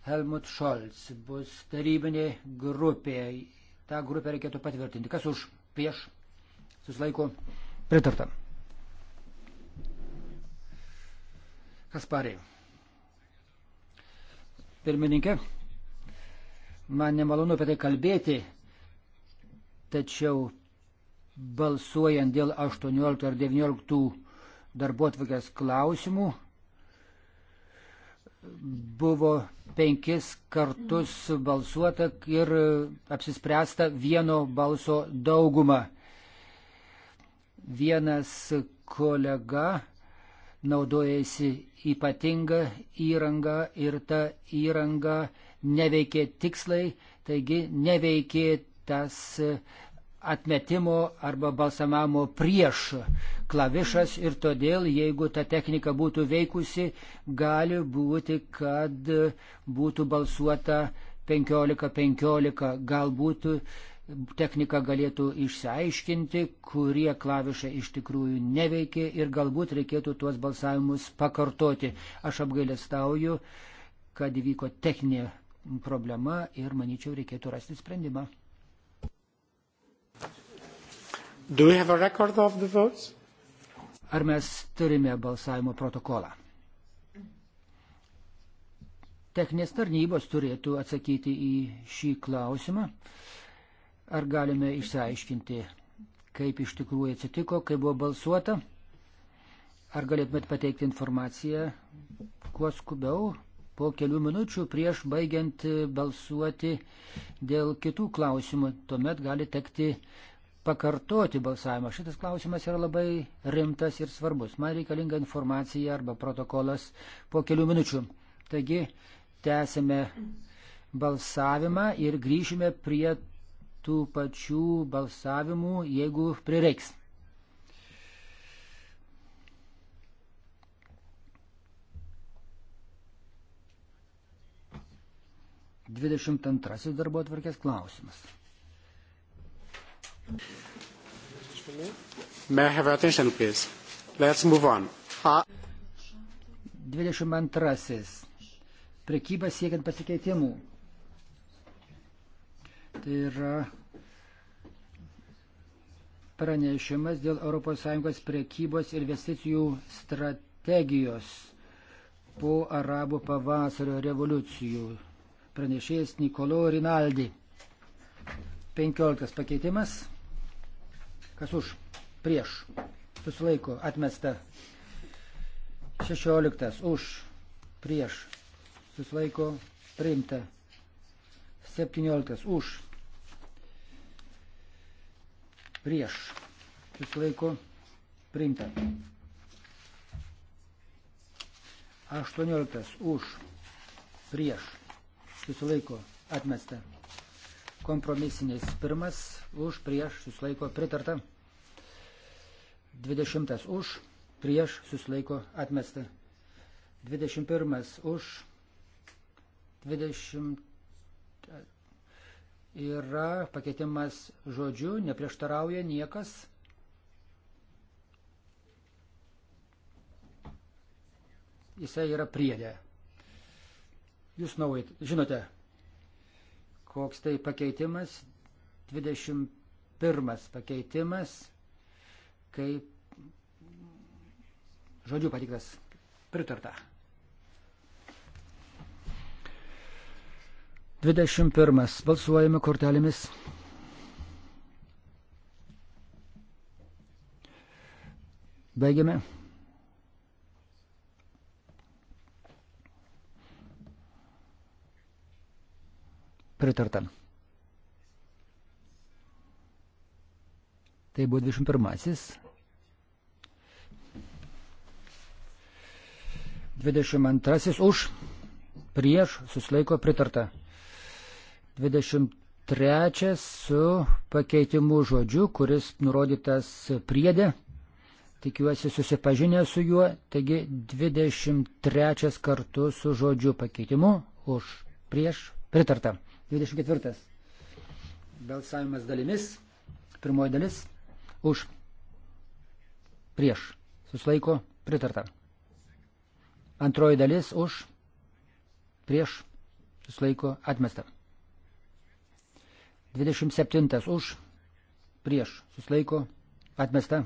Helmut Scholz bus tarybinė grupė. Ta grupė reikėtų patvirtinti. Kas už prieš? Susilaiko. Pritarta. Kasparė pirmininkė. Man nemalonu apie tai kalbėti, tačiau balsuojant dėl 18 ar 19 darbo atvarkės klausimų buvo penkis kartus balsuota ir apsispręsta vieno balso dauguma. Vienas kolega naudojasi ypatinga įranga ir ta įranga neveikė tikslai, taigi neveikė tas atmetimo arba balsamamo prieš klavišas ir todėl, jeigu ta technika būtų veikusi, gali būti, kad būtų balsuota 15-15, galbūt technika galėtų išsiaiškinti, kurie klavišai iš tikrųjų neveikia ir galbūt reikėtų tuos balsavimus pakartoti. Aš apgailestauju, kad įvyko techninė problema ir manyčiau reikėtų rasti sprendimą. Ar mes turime balsavimo protokolą? Techninės tarnybos turėtų atsakyti į šį klausimą. Uh, Ar galime išsiaiškinti, kaip iš tikrųjų atsitiko, kaip buvo balsuota? Ar galėtumėt pateikti informaciją kuo skubiau, po kelių minučių prieš baigiant balsuoti dėl kitų klausimų? Tuomet gali tekti pakartoti balsavimą. Šitas klausimas yra labai rimtas ir svarbus. Man reikalinga informacija arba protokolas po kelių minučių. Taigi, tęsime balsavimą ir grįžime prie tų pačių balsavimų, jeigu prireiks. Dvidešimt antrasis darbo atvarkės klausimas. May I have attention, please? Let's move on. A... 22. Prekyba siekiant pasikeitimų yra pranešimas dėl ES priekybos ir investicijų strategijos po arabų pavasario revoliucijų. Pranešėjas Nikolo Rinaldi. 15 pakeitimas. Kas už? Prieš. Susilaiko. Atmesta. 16. Už. Prieš. Susilaiko. Priimta. 17. Už prieš susilaiko priimta. 18 už prieš susilaiko atmesta. Kompromisinis pirmas už prieš susilaiko pritarta. 20 už prieš susilaiko atmesta. 21 už 20 yra pakeitimas žodžiu, neprieštarauja niekas. Jisai yra priedė. Jūs naujai žinote, koks tai pakeitimas, 21 pakeitimas, kaip žodžiu patiktas pritarta. 21. Balsuojame kortelėmis. Baigiame. Pritarta. Tai buvo 21. 22 už, prieš, susilaiko pritarta. 23 su pakeitimu žodžiu, kuris nurodytas priedė. Tikiuosi susipažinę su juo, taigi 23 kartu su žodžiu pakeitimu už prieš pritarta. 24. Balsavimas dalimis. Pirmoji dalis už prieš. Suslaiko pritarta. Antroji dalis už prieš. Suslaiko atmesta. 27 už, prieš, susilaiko, atmesta.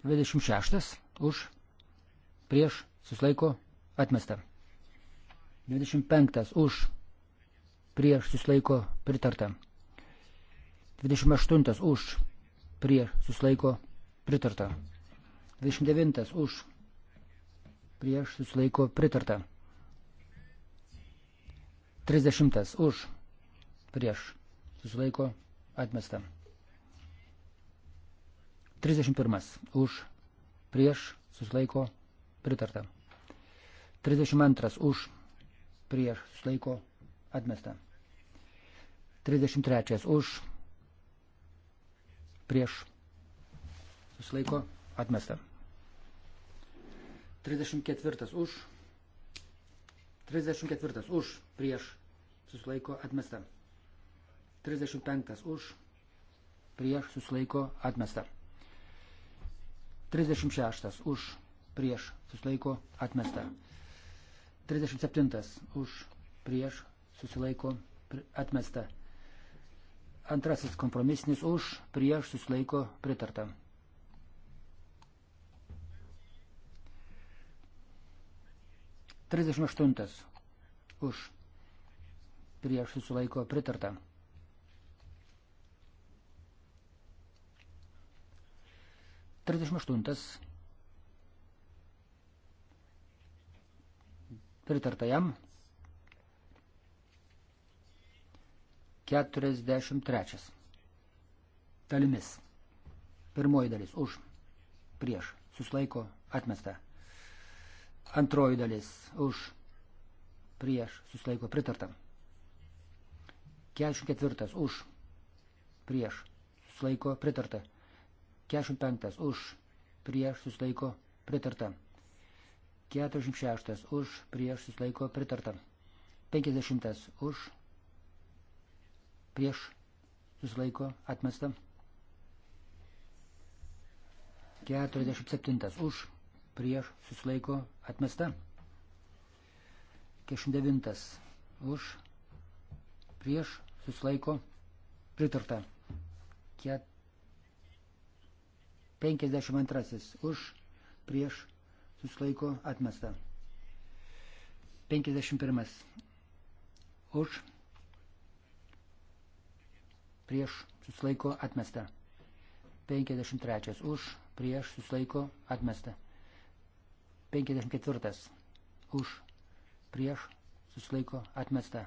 26 už, prieš, susilaiko, atmesta. 25 už, prieš, susilaiko, pritarta. 28 už, prieš, susilaiko, pritarta. 29 už, prieš, susilaiko, pritarta. 30 už, prieš, susilaiko, atmesta. 31 už, prieš, susilaiko, pritarta. 32 už, prieš, susilaiko, atmesta. 33 už, prieš, susilaiko, atmesta. 34 už, 34 už, prieš susilaiko atmesta. 35 už prieš susilaiko atmesta. 36 už prieš susilaiko atmesta. 37 už prieš susilaiko atmesta. Antrasis kompromisnis už prieš susilaiko pritarta. 38 už prieš susilaiko pritarta. Trisdešimt aštuntas. Pritarta jam. Keturiasdešimt trečias. Dalimis. Pirmoji dalis už, prieš, susilaiko, atmesta. Antroji dalis už, prieš, susilaiko, pritartam. 44 už, prieš, susilaiko pritarta. 45 už, prieš, susilaiko pritarta. 46 už, prieš, susilaiko pritarta. 50 už, prieš, susilaiko atmesta. 47 už, prieš, susilaiko atmesta. 49 už, prieš susilaiko pritarta. 52 už prieš susilaiko atmesta. 51 už prieš susilaiko atmesta. 53 už prieš susilaiko atmesta. 54 už prieš susilaiko atmesta.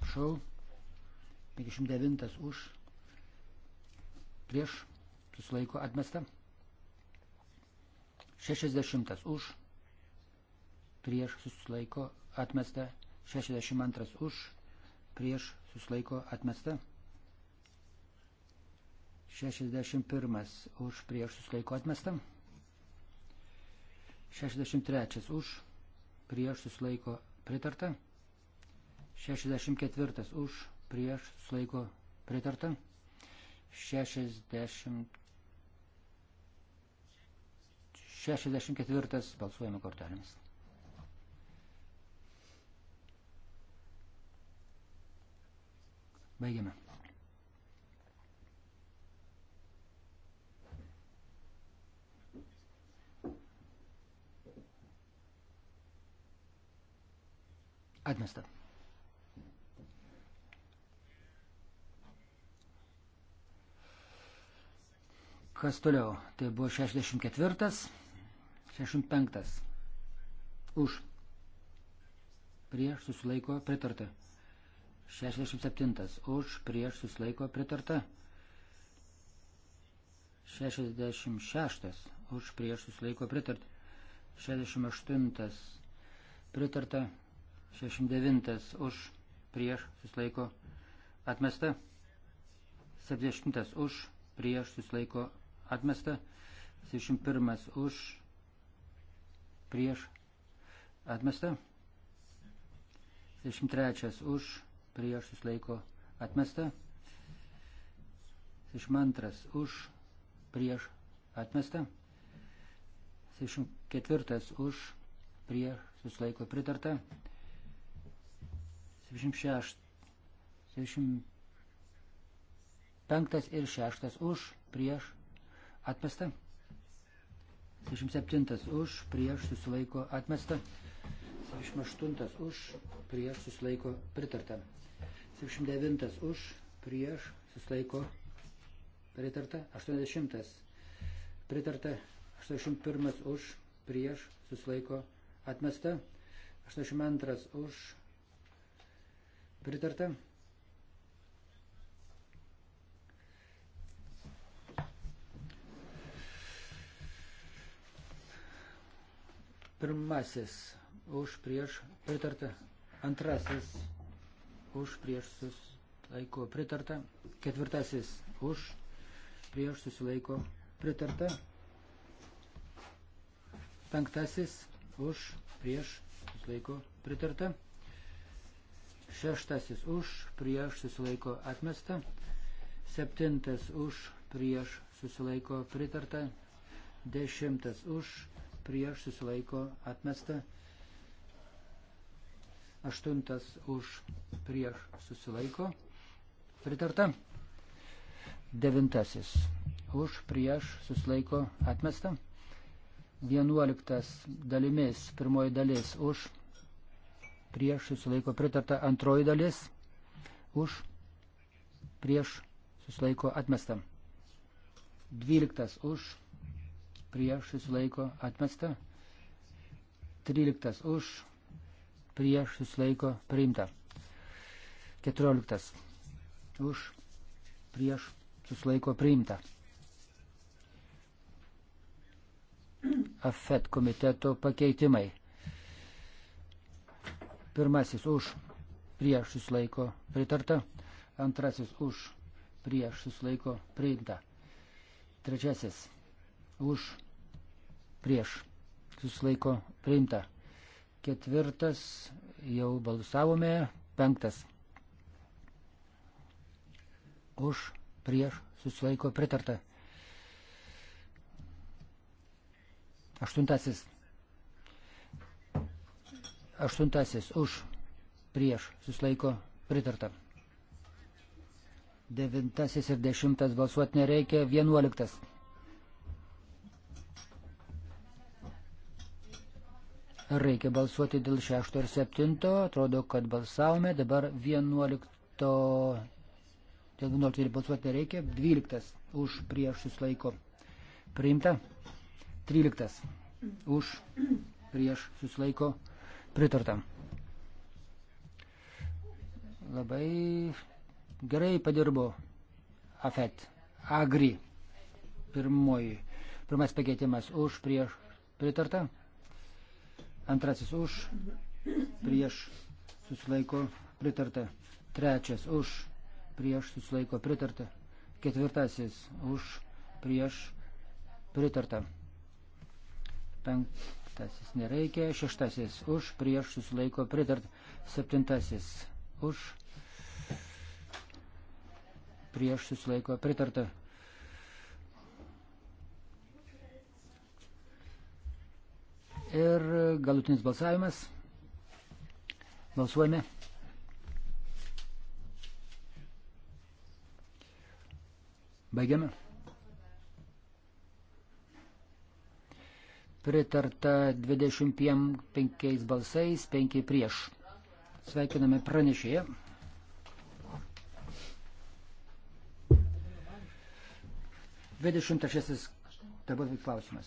Prašau. 59 už. Prieš. Susilaiko atmesta. 60 už. Prieš. Susilaiko atmesta. 62 už. Prieš. Susilaiko atmesta. 61 už. Prieš. Susilaiko atmesta. 63 už. Prieš. Susilaiko pritarta. 64 už prieš sulaiko pritarta. 60, 64 balsuojame kortelėmis. Baigiame. Atmesta. Kas toliau? Tai buvo 64, 65. Už. Prieš susilaiko pritarta. 67. Už. Prieš susilaiko pritarta. 66. Už. Prieš susilaiko pritarta. 68. Pritarta. 69. Už. Prieš susilaiko atmesta. 70. Už. Prieš susilaiko pritarta atmesta, 71 už, prieš, atmesta, 73 už, prieš, susilaiko, atmesta, 72 už, prieš, atmesta, 74 už, prieš, susilaiko, pritarta, 76, 75 ir 6 už, prieš, atmesta. 27 už, prieš susilaiko atmesta. 78 už, prieš susilaiko pritarta. 79 už, prieš susilaiko pritarta. 80 pritarta. 81 už, prieš susilaiko atmesta. 82 už pritarta. Pirmasis už prieš pritarta. Antrasis už prieš susilaiko pritarta. Ketvirtasis už prieš susilaiko pritarta. Penktasis už prieš susilaiko pritarta. Šeštasis už prieš susilaiko atmesta. Septintas už prieš susilaiko pritarta. Dešimtas už prieš prieš susilaiko atmesta. Aštuntas už prieš susilaiko. Pritarta. Devintasis už prieš susilaiko atmesta. Vienuoliktas dalimis, pirmoji dalis už prieš susilaiko pritarta, antroji dalis už prieš susilaiko atmesta. Dvyliktas už prieš susilaiko atmesta. 13 už, prieš susilaiko priimta. 14 už, prieš susilaiko priimta. AFET komiteto pakeitimai. Pirmasis už, prieš susilaiko pritarta. Antrasis už, prieš susilaiko priimta. Trečiasis už prieš susilaiko priimta. Ketvirtas jau balsavome, penktas už prieš susilaiko pritarta. Aštuntasis. Aštuntasis už prieš susilaiko pritarta. Devintasis ir dešimtas balsuoti nereikia. Vienuoliktas. Reikia balsuoti dėl 6 ir 7. Atrodo, kad balsavome. Dabar 11. Dėl 11 balsuoti nereikia. 12 už prieš susilaiko. Priimta. 13 už prieš susilaiko. Pritarta. Labai gerai padirbo Afet. Agri. Pirmoji. Pirmas pakeitimas už prieš pritarta. Antrasis už, prieš susilaiko pritarta. Trečias už, prieš susilaiko pritarta. Ketvirtasis už, prieš pritarta. Penktasis nereikia. Šeštasis už, prieš susilaiko pritarta. Septintasis už, prieš susilaiko pritarta. Ir galutinis balsavimas. Balsuojame. Baigiame. Pritarta 25 balsais, 5 prieš. Sveikiname pranešėją. Dvidešimt trečiasis darbotvarkės klausimas.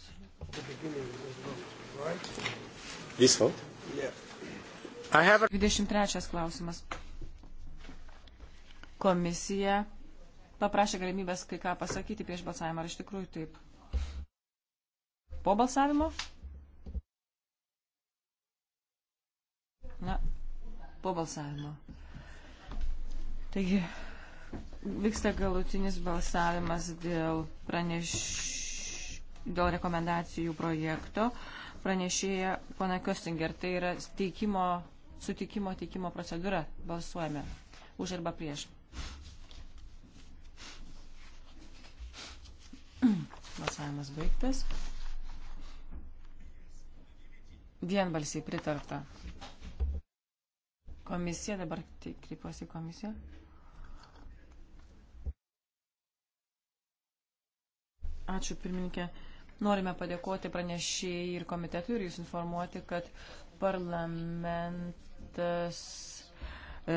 This vote? Yeah. I have a... 23 klausimas. Komisija paprašė galimybės kai ką pasakyti prieš balsavimą, ar iš tikrųjų taip? Po balsavimo? Na, po balsavimo. Taigi, vyksta galutinis balsavimas dėl praneš... dėl rekomendacijų projekto. Uh, pranešėja pana Köstinger. Tai yra teikimo, sutikimo teikimo procedūra. Balsuojame. Už arba prieš. Balsavimas baigtas. Vienbalsiai pritarta. Komisija, dabar tai kreipiuosi į komisiją. Ačiū pirmininkė. Norime padėkoti pranešėjai ir komitetui ir jūs informuoti, kad parlamentas. E,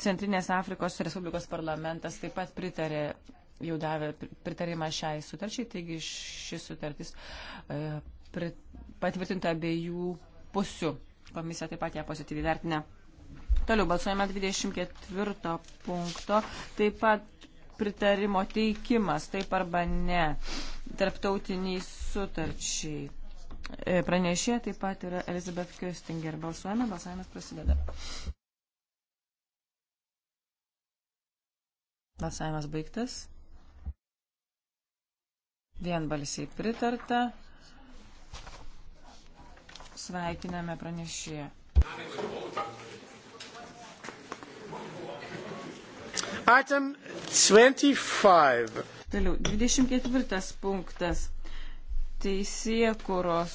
Centrinės Afrikos Respublikos parlamentas taip pat pritarė jau davė pritarimą šiai sutarčiai, taigi ši sutartis e, prit, patvirtinta abiejų pusių. Komisija taip pat ją pozityviai vertina. Toliau balsuojame 24 punkto. Taip pat pritarimo teikimas, taip arba ne, tarptautiniai sutarčiai. E, pranešė taip pat yra Elizabeth Köstinger. Balsuojame, balsavimas prasideda. Balsavimas baigtas. Vienbalsiai pritarta. Sveikiname pranešėją. Item 25. Toliau, 24 punktas. Teisėkuros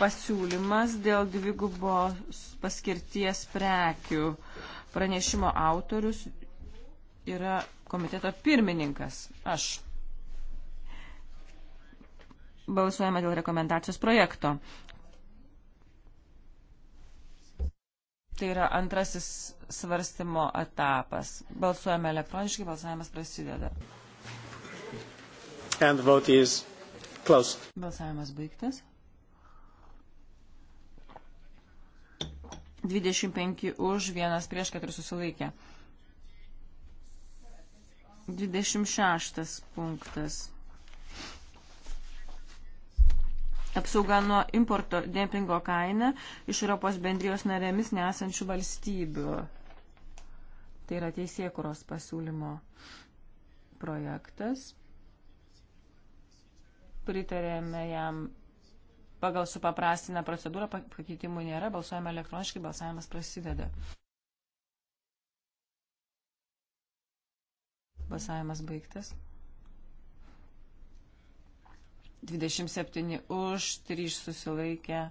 pasiūlymas dėl dvigubos paskirties prekių. Pranešimo autorius yra komiteto pirmininkas. Aš. Balsuojame dėl rekomendacijos projekto. Tai yra antrasis svarstymo etapas. Balsuojame elektroniškai, balsavimas prasideda. Balsavimas baigtas. 25 už, 1 prieš 4 susilaikė. 26 punktas. Apsauga nuo importo dempingo kaina iš Europos bendrijos narėmis nesančių valstybių. Tai yra teisėkuros pasiūlymo projektas. Pritarėme jam pagal supaprastinę procedūrą, pakeitimų nėra, balsuojame elektroniškai, balsavimas prasideda. Balsavimas baigtas. 27 už, 3 susilaikė.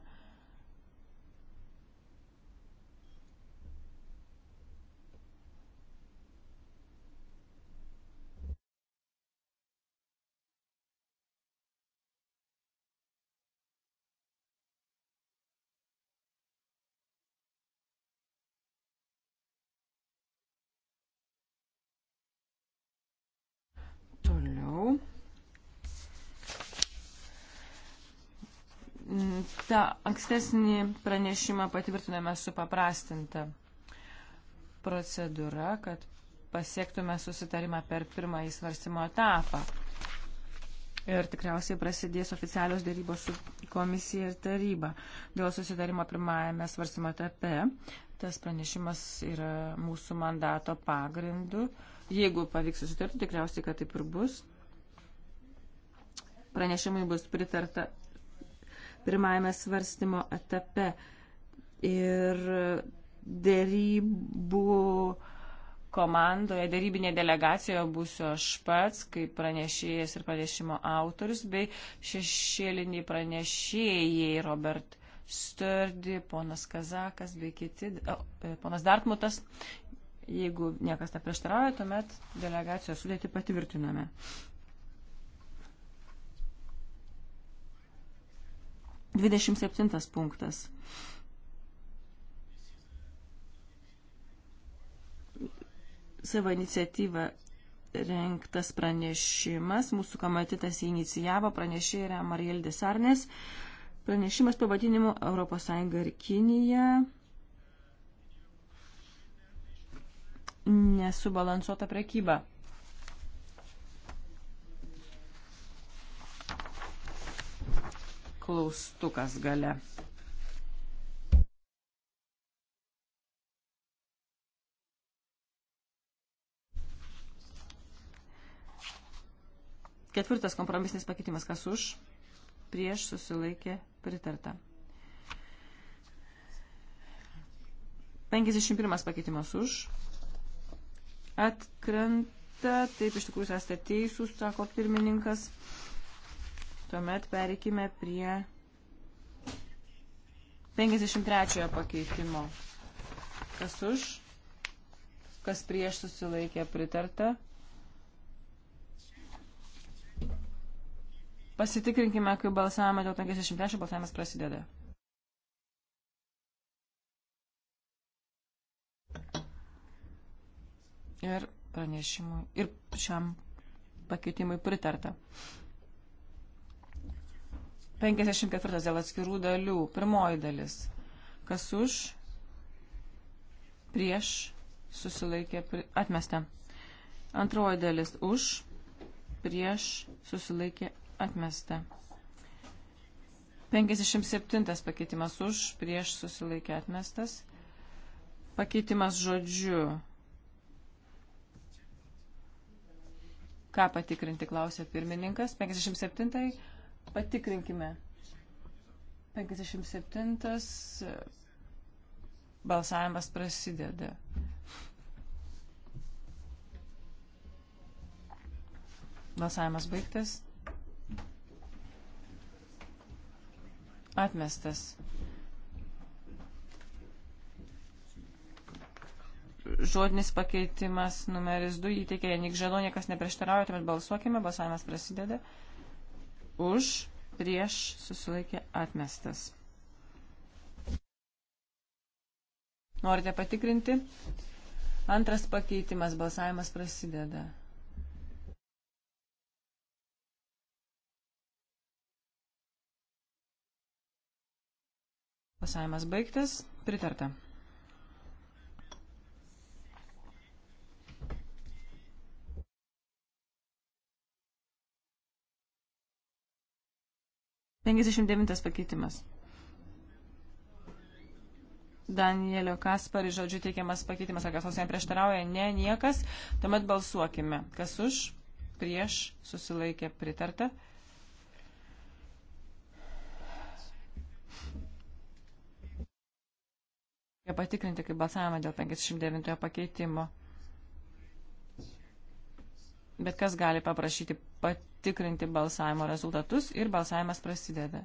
Ankstesnį, ankstesnį pranešimą patvirtiname su paprastinta procedūra, kad pasiektume susitarimą per pirmąjį svarstymo etapą. Ir tikriausiai prasidės oficialios dėrybos su komisija ir taryba. Dėl susitarimo pirmajame svarstymo etape tas pranešimas yra mūsų mandato pagrindu. Jeigu pavyks susitarti, tikriausiai, kad taip ir bus. Pranešimui bus pritarta pirmajame svarstymo etape. Ir dėrybų komandoje, dėrybinė delegacijoje būsiu aš pats, kaip pranešėjas ir pranešimo autorius, bei šešėliniai pranešėjai Robert Sturdy, ponas Kazakas bei kiti, o, e, ponas Dartmutas. Jeigu niekas neprieštarauja, tuomet delegacijos sudėti patvirtiname. 27 punktas. Savo iniciatyvą renktas pranešimas, mūsų komitetas jį inicijavo, pranešė yra Mariel Desarnės. Pranešimas pavadinimu ES ir Kinija nesubalansuota prekyba. klaustukas gale. Ketvirtas kompromisinis pakeitimas, kas už, prieš susilaikė pritarta. 51 pakeitimas už. Atkrenta, taip iš tikrųjų esate teisūs, sako pirmininkas. Tuomet pereikime prie 53 pakeitimo. Kas už, kas prieš susilaikė pritarta. Pasitikrinkime, kai balsavome dėl 53, balsavimas prasideda. Ir pranešimui, ir šiam pakeitimui pritarta. 54 dėl atskirų dalių. Pirmoji dalis. Kas už, prieš, susilaikė, atmesta. Antroji dalis. Už, prieš, susilaikė, atmesta. 57 pakeitimas už, prieš, susilaikė, atmestas. Pakeitimas žodžiu. Ką patikrinti, klausė pirmininkas. 57. -ai. Patikrinkime. 57 e, balsavimas prasideda. Balsavimas baigtas. Atmestas. Žodinis pakeitimas numeris 2 įteikė Janik Žalonė, kas neprieštarauja, tuomet balsuokime, balsavimas prasideda. Balsavimas prasideda už, prieš susilaikė atmestas. Norite patikrinti? Antras pakeitimas, balsavimas prasideda. Balsavimas baigtas, pritarta. 59 pakeitimas. Danielio Kasparį žodžiu teikiamas pakeitimas, ar kas nors jam prieštarauja? Ne, niekas. Tuomet balsuokime. Kas už, prieš, susilaikė, pritarta. Reikia patikrinti, kaip balsavome dėl 59 pakeitimo. Bet kas gali paprašyti pat patikrinti balsavimo rezultatus ir balsavimas prasideda.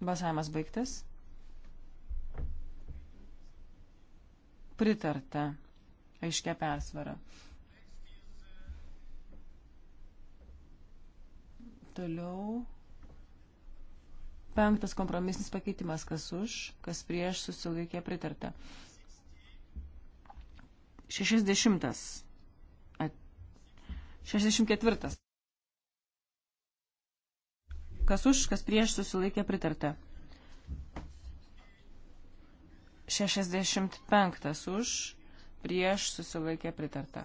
Balsavimas baigtas. Pritarta. Aiškia persvara. Toliau. Penktas kompromisinis pakeitimas, kas už, kas prieš susilaikė pritarta. Šešisdešimtas 64. Kas už, kas prieš susilaikė pritarta. 65 už, prieš susilaikė pritarta.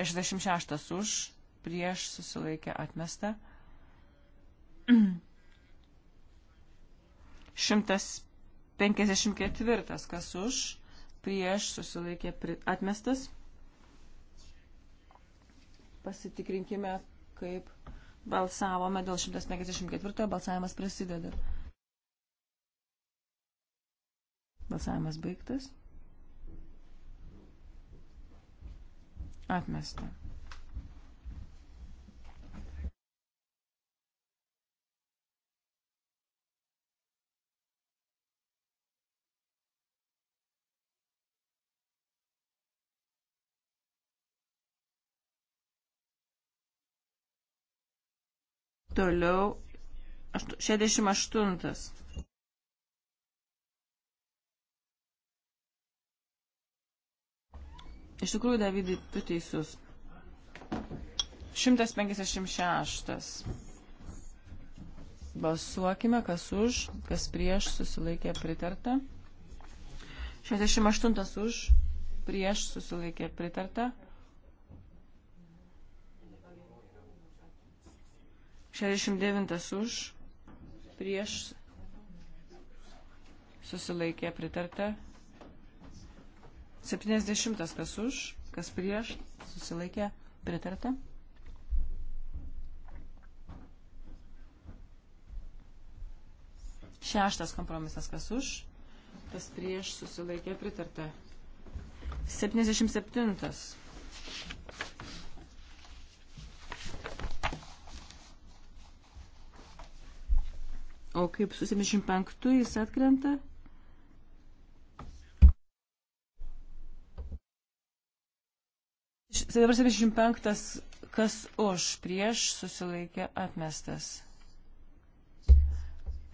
66 už, prieš susilaikė atmesta. 154 kas už, prieš susilaikė atmestas. Pasitikrinkime, kaip balsavome dėl 154. Balsavimas prasideda. Balsavimas baigtas. Atmesta. Toliau 68. Iš tikrųjų, Davidai, tu teisus. 156. Balsuokime, kas už, kas prieš, susilaikė pritarta. 68 už, prieš, susilaikė pritarta. 69 už, prieš, susilaikė pritarta. 70 kas už, kas prieš, susilaikė pritarta. Šeštas kompromisas kas už, tas prieš susilaikė pritarta. 77. O kaip su 75 jis atkrenta? Dabar 75 kas už prieš susilaikė atmestas.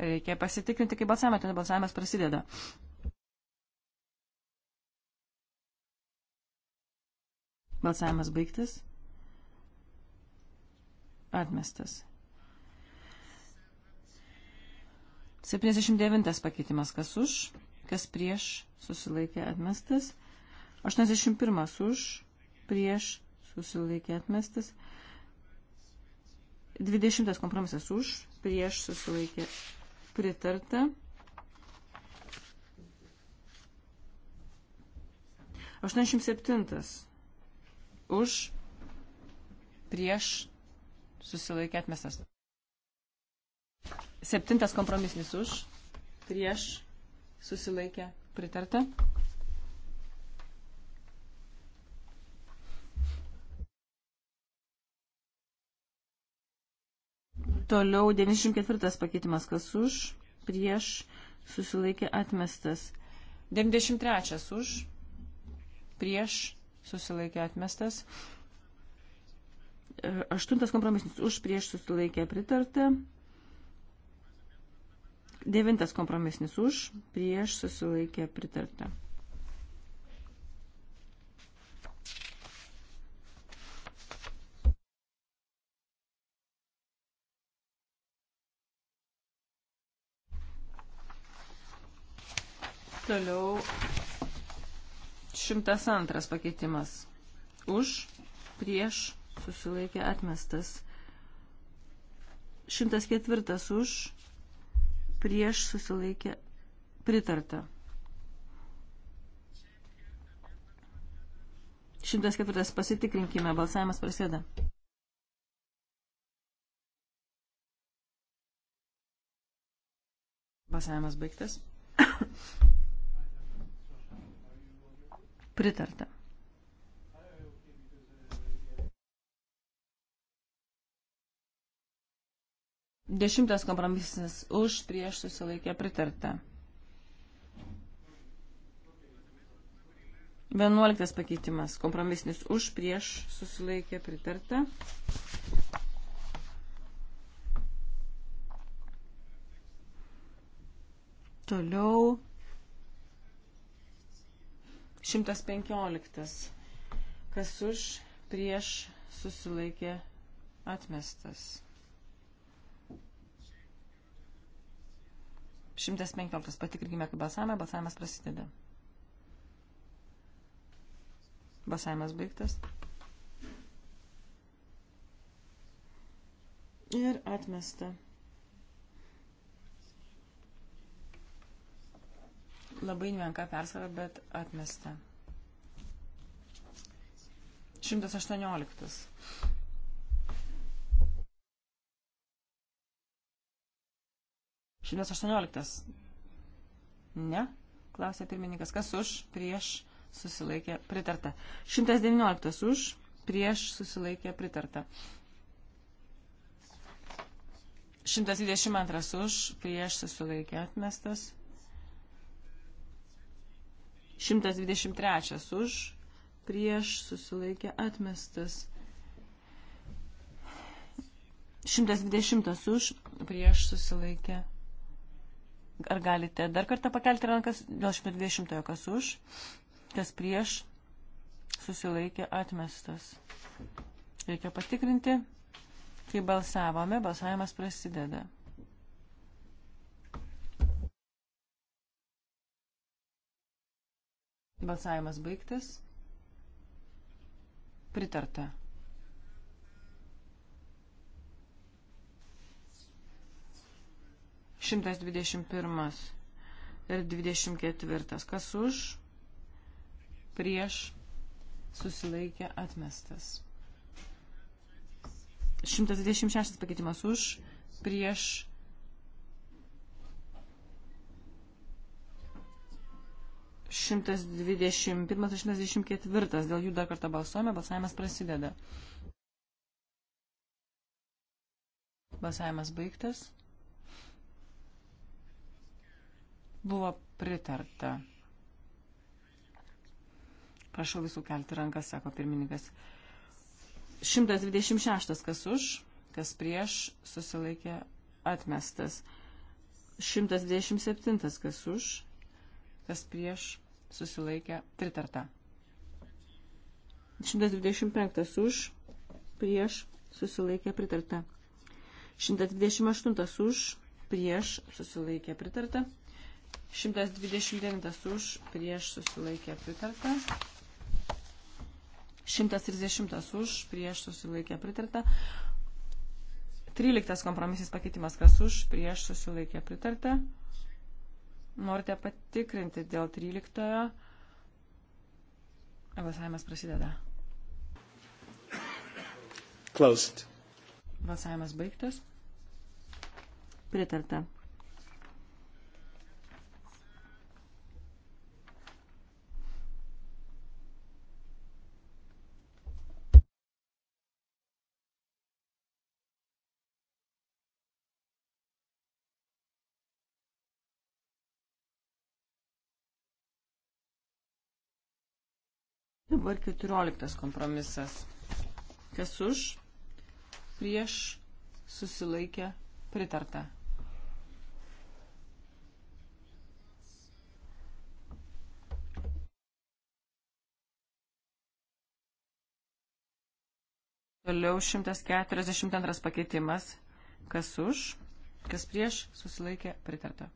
Reikia pasitikrinti, kaip balsavimą, tada balsavimas prasideda. Balsavimas baigtas. Atmestas. 79 pakeitimas kas už, kas prieš susilaikė atmestas. 81 už, prieš susilaikė atmestas. 20 kompromisas už, prieš susilaikė pritarta. 87 už, prieš susilaikė atmestas. Septintas kompromisnis už, prieš, susilaikė, pritarta. Toliau 94 pakeitimas, kas už, prieš, susilaikė, atmestas. 93 už, prieš, susilaikė, atmestas. Aštuntas kompromisnis už, prieš, susilaikė, pritarta. Devintas kompromisnis už, prieš susilaikė pritarta. Toliau 102 pakeitimas. Už, prieš, susilaikė atmestas. 104 už, prieš susilaikė pritarta. 104. Pasitikrinkime. Balsavimas prasideda. Balsavimas baigtas. Pritarta. Dešimtas kompromisinis už prieš susilaikė pritarta. Vienuoliktas pakeitimas. Kompromisinis už prieš susilaikė pritarta. Toliau 115. Kas už prieš susilaikė atmestas. 115. Patikrinkime, kaip balsavime. Balsavimas prasideda. Balsavimas baigtas. Ir atmesta. Labai nemenka persvara, bet atmesta. 118. 118. Ne? Klausė pirmininkas. Kas už? Prieš susilaikė pritarta. 119 už. Prieš susilaikė pritarta. 122 už. Prieš susilaikė atmestas. 123 už. Prieš susilaikė atmestas. 120 už. Prieš susilaikė atmestas. Ar galite dar kartą pakelti rankas dėl 120, kas už, kas prieš, susilaikė atmestas. Reikia patikrinti, kai balsavome, balsavimas prasideda. Balsavimas baigtas. Pritarta. 121 ir 24. Kas už, prieš, susilaikė atmestas. 126 pakeitimas už, prieš. Šimtas dvidešimt pirmas, šimtas dvidešimt ketvirtas. Dėl jų dar kartą balsuojame. Balsavimas prasideda. Balsavimas baigtas. Buvo pritarta. Prašau visų kelti rankas, sako pirmininkas. 126 kas už, kas prieš, susilaikė atmestas. 127 kas už, kas prieš, susilaikė pritarta. 125 už, prieš, susilaikė pritarta. 128 už, prieš, susilaikė pritarta. 129 už, prieš susilaikė pritarta. 130 už, prieš susilaikė pritarta. 13 kompromisis pakeitimas kas už, prieš susilaikė pritarta. Norite patikrinti dėl 13. -ojo. Balsavimas prasideda. Closed. Balsavimas baigtas. Pritarta. Dabar 14 kompromisas. Kas už, prieš, susilaikė, pritarta. Toliau 142 pakeitimas. Kas už, kas prieš, susilaikė, pritarta.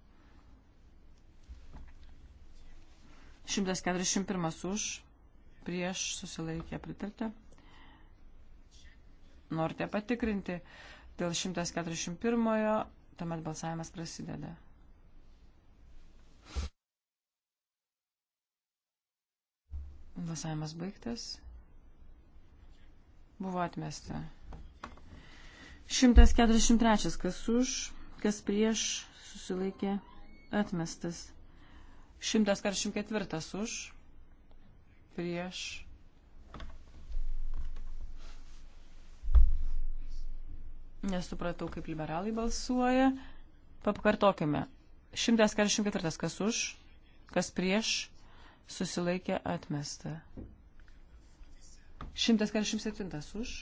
141 už, prieš susilaikė pritarta. Norite patikrinti dėl 141-ojo, tuomet balsavimas prasideda. Balsavimas baigtas. Buvo atmesta. 143. Kas už, kas prieš, susilaikė atmestas. 144 už, prieš. Nesupratau, kaip liberalai balsuoja. Papakartokime. 144. Kas už, kas prieš, susilaikė atmesta. 147. Už,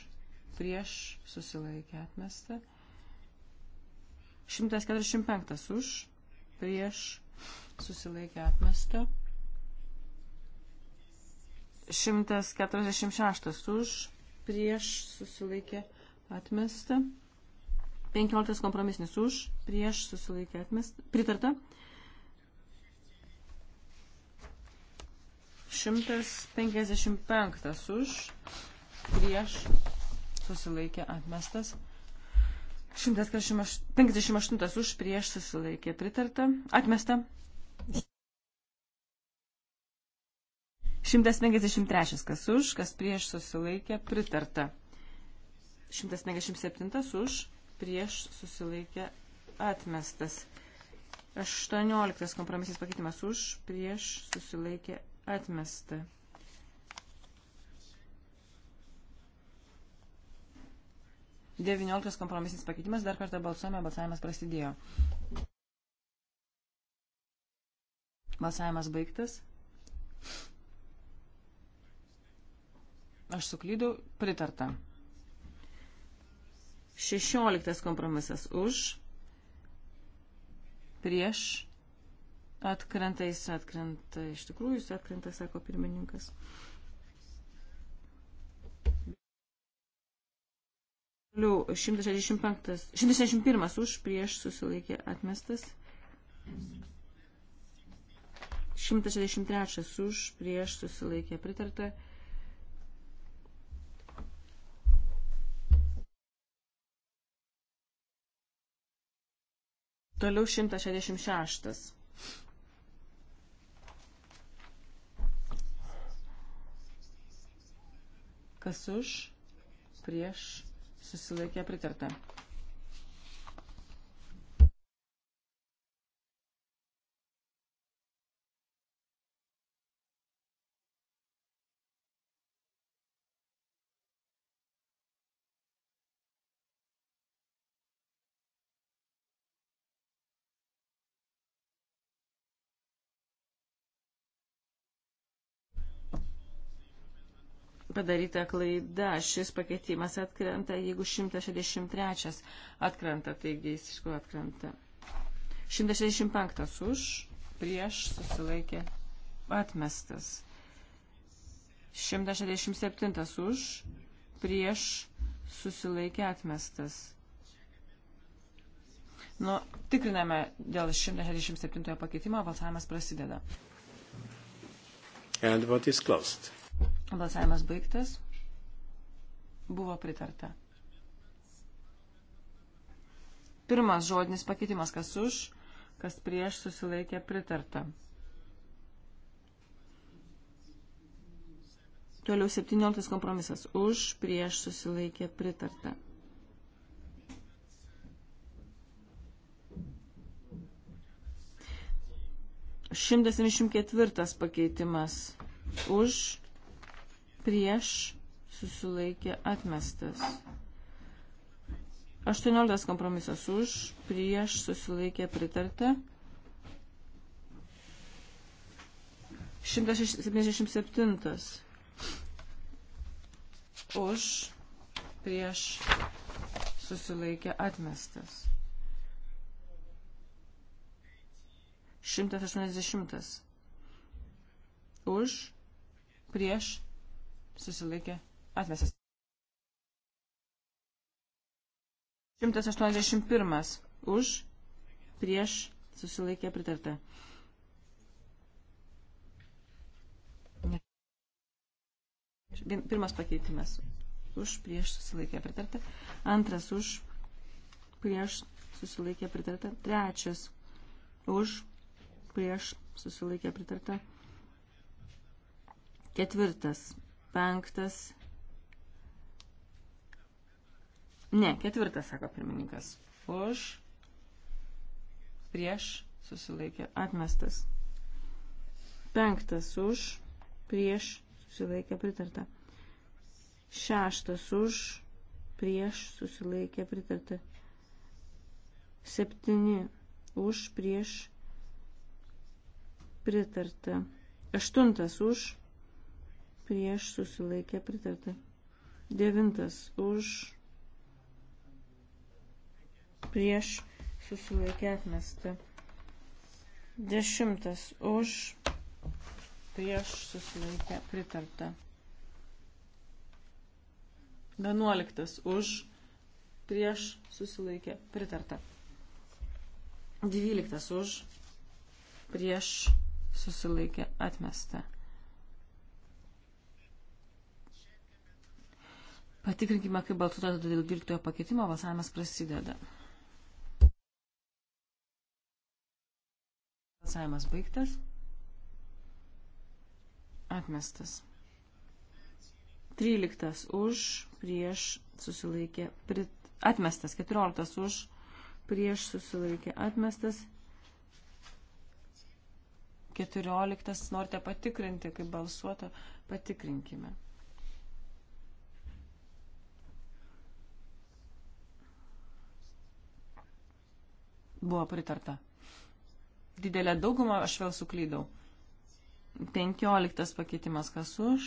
prieš, susilaikė atmesta. 145. Už, prieš, susilaikė atmesta. 146 už, prieš susilaikė atmesta. 15 kompromisnis už, prieš susilaikė atmesta. Pritarta. 155 už, prieš susilaikė atmestas. 158 už, prieš susilaikė pritarta. Atmesta. 153 kas už, kas prieš susilaikė pritarta. 157 už, prieš susilaikė atmestas. 18 kompromisinis pakeitimas už, prieš susilaikė atmesta. Devynioliktas kompromisinis pakeitimas, dar kartą balsuojame, balsavimas prasidėjo. Balsavimas baigtas. Aš suklydau, pritarta. 16 kompromisas už, prieš, atkrenta, jis atkrenta, iš tikrųjų jis atkrenta, sako pirmininkas. Toliau 161 už, prieš susilaikė atmestas. 163 už, prieš susilaikė pritarta. Toliau 166. Kas už, prieš, susilaikė pritarta. padaryta klaida. Šis pakeitimas atkrenta, jeigu 163 atkrenta, taigi jis iš kur atkrenta. 165 už, prieš susilaikė atmestas. 167 už, prieš susilaikė atmestas. Nu, tikriname dėl 167 pakeitimo, balsavimas prasideda. And what is closed? Balsavimas baigtas. Buvo pritarta. Pirmas žodinis pakeitimas, kas už, kas prieš susilaikė pritarta. Toliau 17 kompromisas. Už, prieš susilaikė pritarta. Šimtas ketvirtas pakeitimas. Už, prieš susilaikė atmestas. 18 kompromisas už, prieš susilaikė pritarta. 177 už, prieš susilaikė atmestas. 180 už, prieš susilaikė atmestas. 181 už, prieš, susilaikė pritarta. Pirmas pakeitimas už, prieš, susilaikė pritarta. Antras už, prieš, susilaikė pritarta. Trečias už, prieš, susilaikė pritarta. Ketvirtas penktas. Ne, ketvirtas, sako pirmininkas. Už, prieš, susilaikė, atmestas. Penktas už, prieš, susilaikė, pritarta. Šeštas už, prieš, susilaikė, pritarta. Septyni už, prieš, pritarta. Aštuntas už, prieš susilaikė pritarta. Devintas už prieš susilaikė atmesta. Dešimtas už prieš susilaikė pritarta. Vienuoliktas už prieš susilaikė pritarta. Dvyliktas už prieš susilaikė atmesta. Patikrinkime, kaip balsuota dėl 12 pakeitimo, balsavimas prasideda. Balsavimas baigtas. Atmestas. 13 už, prieš susilaikė, prit, atmestas. 14 už, prieš susilaikė, atmestas. 14 norite patikrinti, kaip balsuota, patikrinkime. Buvo pritarta. Didelę daugumą aš vėl suklydau. 15 pakeitimas kas už,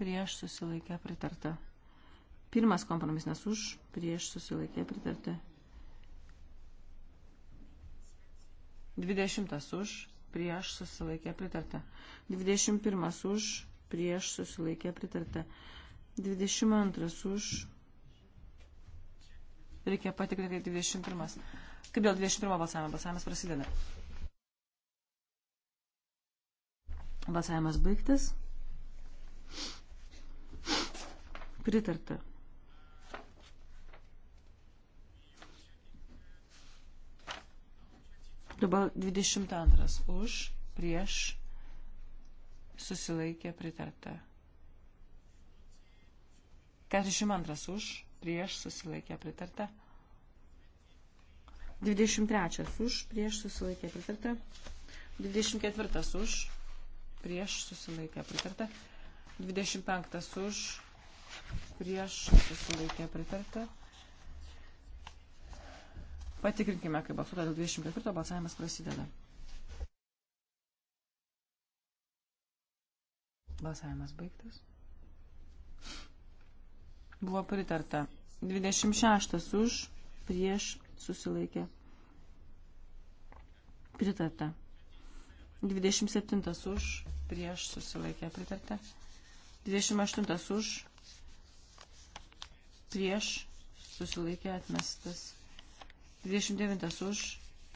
prieš susilaikę pritarta. Pirmas kompromisas už, prieš susilaikę pritarta. 20 už, prieš susilaikę pritarta. 21 už, prieš susilaikę pritarta. 22 už. Reikia patikrinti 21. Kaip dėl 21 balsavimo? Balsavimas prasideda. Balsavimas baigtas. Pritarta. Dabar 22. Už, prieš, susilaikė, pritarta. 42. Už, prieš, susilaikė, pritarta. 23 už, prieš susilaikė pritarta. 24 už, prieš susilaikė pritarta. 25 už, prieš susilaikė pritarta. Patikrinkime, kaip balsuota dėl 24 balsavimas prasideda. Balsavimas baigtas. Buvo pritarta. 26 už, prieš susilaikė. Pritarta. 27 už, prieš susilaikė. Pritarta. 28 už, prieš susilaikė atmestas. 29 už,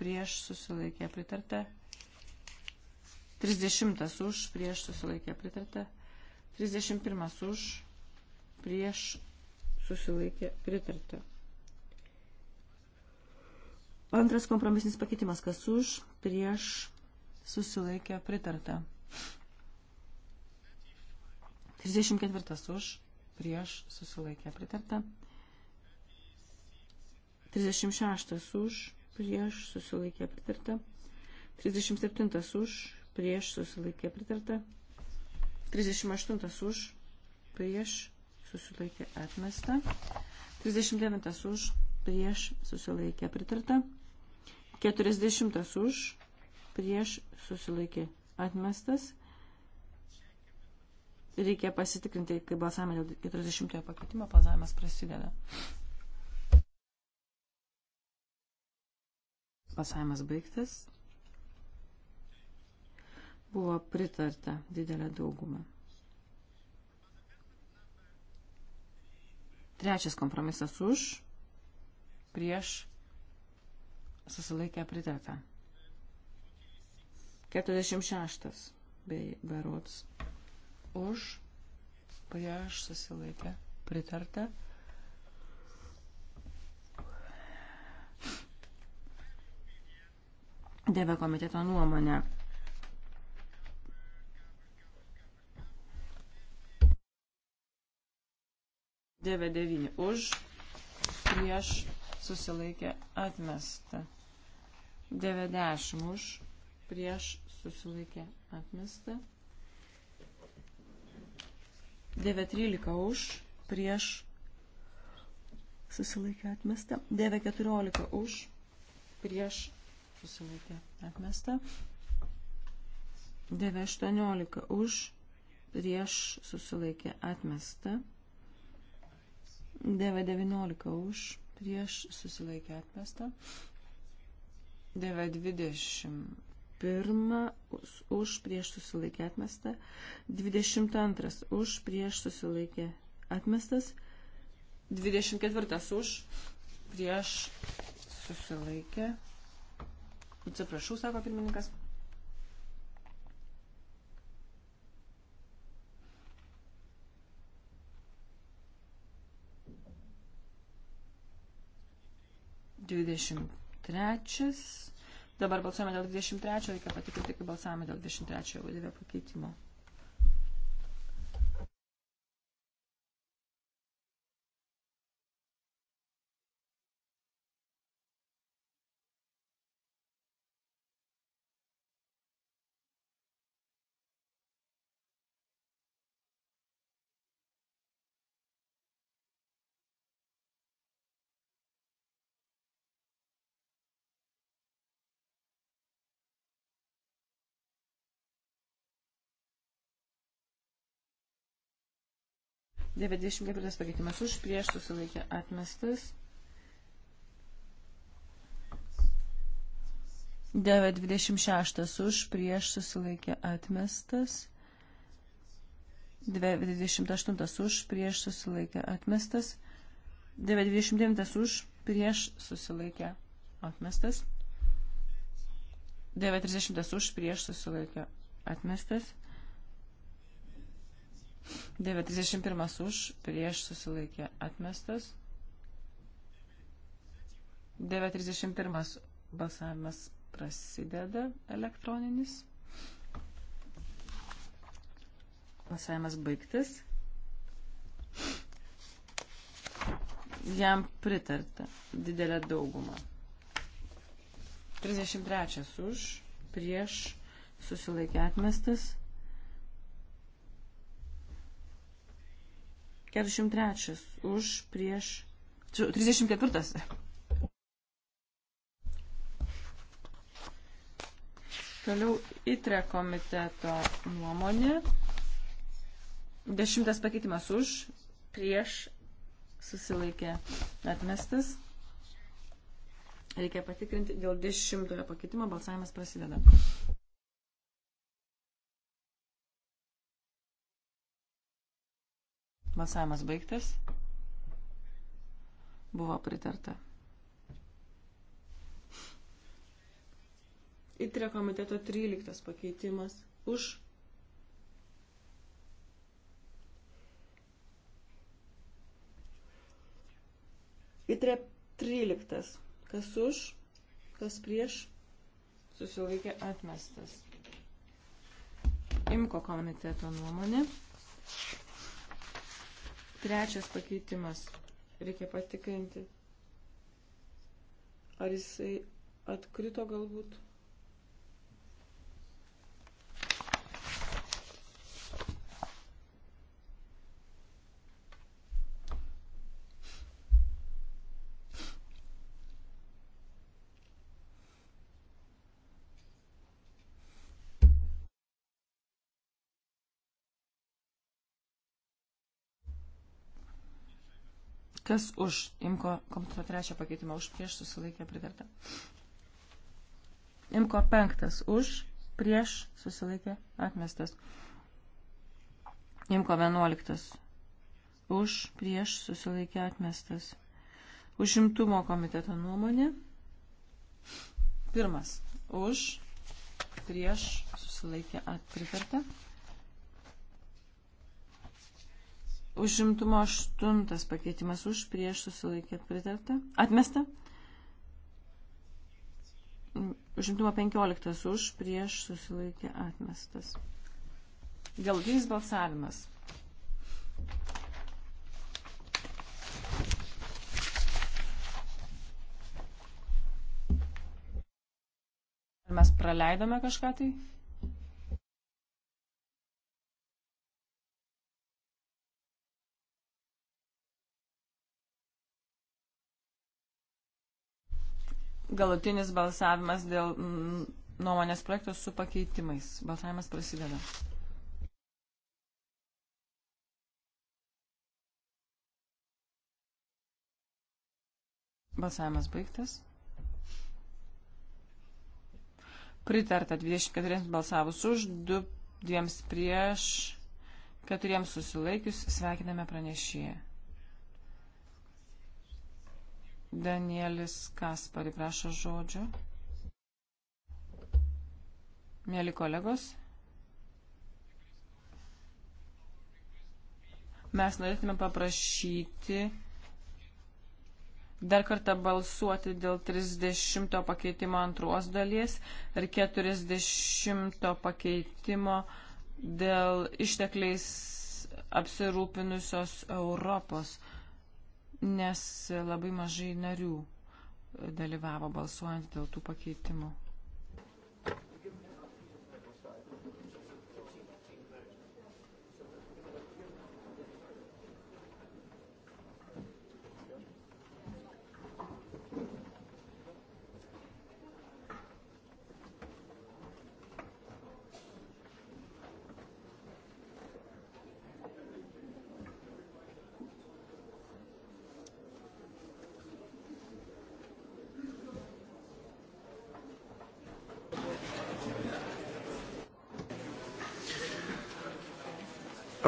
prieš susilaikė. Pritarta. 30 už, prieš susilaikė. Pritarta. 31 už, prieš susilaikė. Pritarta. Antras kompromisinis pakeitimas, kas už, prieš, susilaikė, pritarta. 34 už, prieš, susilaikė, pritarta. 36 už, prieš, susilaikė, pritarta. 37 už, prieš, susilaikė, pritarta. 38 už, prieš, susilaikė, atmesta. 39 už, prieš, susilaikė, pritarta. 40 už, prieš susilaikė atmestas. Reikia pasitikrinti, kai balsavime dėl 40 pakeitimo balsavimas prasideda. Balsavimas baigtas. Buvo pritarta didelė dauguma. Trečias kompromisas už, prieš susilaikė pritarta. 46 bei berots už, prieš susilaikė pritarta. Dėvė komiteto nuomonę. Dėvė 9 už, prieš susilaikė atmesta. 90 už, prieš susilaikė atmesta. 913 už, prieš susilaikė atmesta. 914 už, prieš susilaikė atmesta. 918 už, prieš susilaikė atmesta. 919 už, prieš susilaikė atmesta. 9, 920 pirmą už prieš susilaikę atmestą, 22 už prieš susilaikę atmestas, 24 už prieš susilaikę. Atsiprašau, sako pirmininkas. Dvidešimt 23. Dabar balsuojame dėl 23, reikia patikrinti, kaip balsavome dėl 23 UDV pakeitimo. 94 pakeitimas už, prieš susilaikė atmestas. 926 už, prieš susilaikė atmestas. 928 už, prieš susilaikė atmestas. 929 už, prieš susilaikė atmestas. 930 už, prieš susilaikė atmestas. 931 už, prieš susilaikė atmestas. 931 balsavimas prasideda elektroninis. Balsavimas baigtas. Jam pritarta didelė dauguma. 33 už, prieš susilaikė atmestas. 43 už prieš. 34. Toliau įtre komiteto nuomonė. Dešimtas pakeitimas už, prieš susilaikė atmestas. Reikia patikrinti, dėl dešimtojo pakeitimo balsavimas prasideda. Balsavimas baigtas. Buvo pritarta. Įtrio komiteto 13 pakeitimas. Už. Įtrio 13. Kas už, kas prieš, susilaikė atmestas. Imko komiteto nuomonė. Trečias pakeitimas. Reikia patikrinti. Ar jisai atkrito galbūt? Kas už? Imko komiteto trečią pakeitimą už prieš susilaikė pritarta. Imko penktas už prieš susilaikė atmestas. Imko vienuoliktas už prieš susilaikė atmestas. Užimtumo komiteto nuomonė. Pirmas. Už prieš susilaikė pritarta. Užimtumo aštuntas pakeitimas už prieš susilaikė pritarta. Atmesta. Užimtumo penkioliktas už prieš susilaikė atmestas. Galutinis balsavimas. Ar mes praleidome kažką tai? galutinis balsavimas dėl mm, nuomonės projektos su pakeitimais. Balsavimas prasideda. Balsavimas baigtas. Pritarta 24 balsavus už, 2 prieš, 4 susilaikius. Sveikiname pranešėją. Danielis Kaspari prašo žodžio. Mėly kolegos, mes norėtume paprašyti dar kartą balsuoti dėl 30 pakeitimo antros dalies ir 40 pakeitimo dėl ištekliais apsirūpinusios Europos nes labai mažai narių dalyvavo balsuojant dėl tų pakeitimų.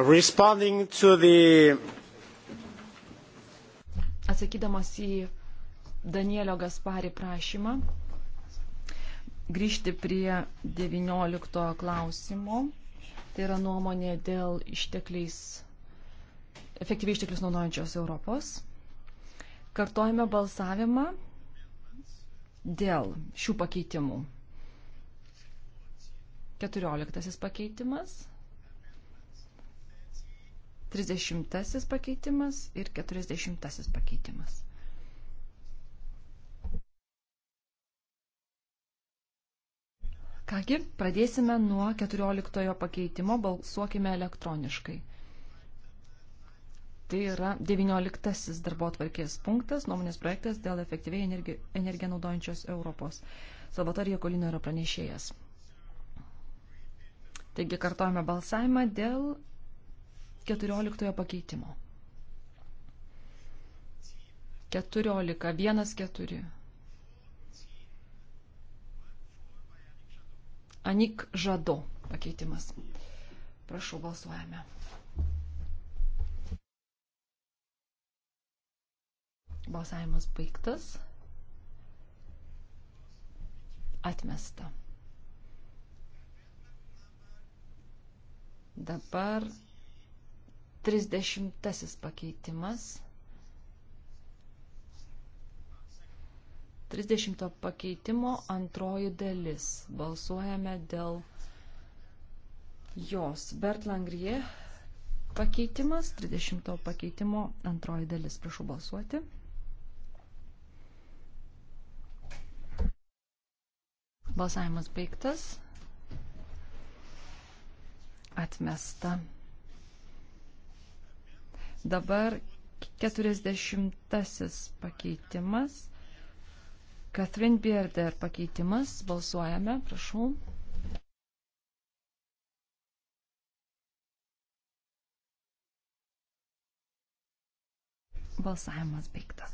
responding to the. Atsakydamas į Danielio Gasparį prašymą grįžti prie 19 klausimo, tai yra nuomonė dėl ištekliais, efektyviai išteklius naudojančios Europos. Kartojame balsavimą dėl šių pakeitimų. 14 pakeitimas. 30 pakeitimas ir 40 pakeitimas. Kągi, pradėsime nuo 14 pakeitimo, balsuokime elektroniškai. Tai yra 19 darbo atvarkės punktas, nuomonės projektas dėl efektyviai energi, energiją naudojančios Europos. Salvatorija Kolino yra pranešėjas. Taigi kartojame balsavimą dėl 14 pakeitimo. 14, 1, 4. Anik žado pakeitimas. Prašau, balsuojame. Balsavimas baigtas. Atmesta. Dabar 30 pakeitimas. 30 pakeitimo antroji dalis. Balsuojame dėl jos. Bertlangrie pakeitimas, 30 pakeitimo antroji dalis. Prašau balsuoti. Balsavimas baigtas. Atmesta. Dabar 40 pakeitimas. Katrin Bierder pakeitimas. Balsuojame, prašau. Balsavimas baigtas.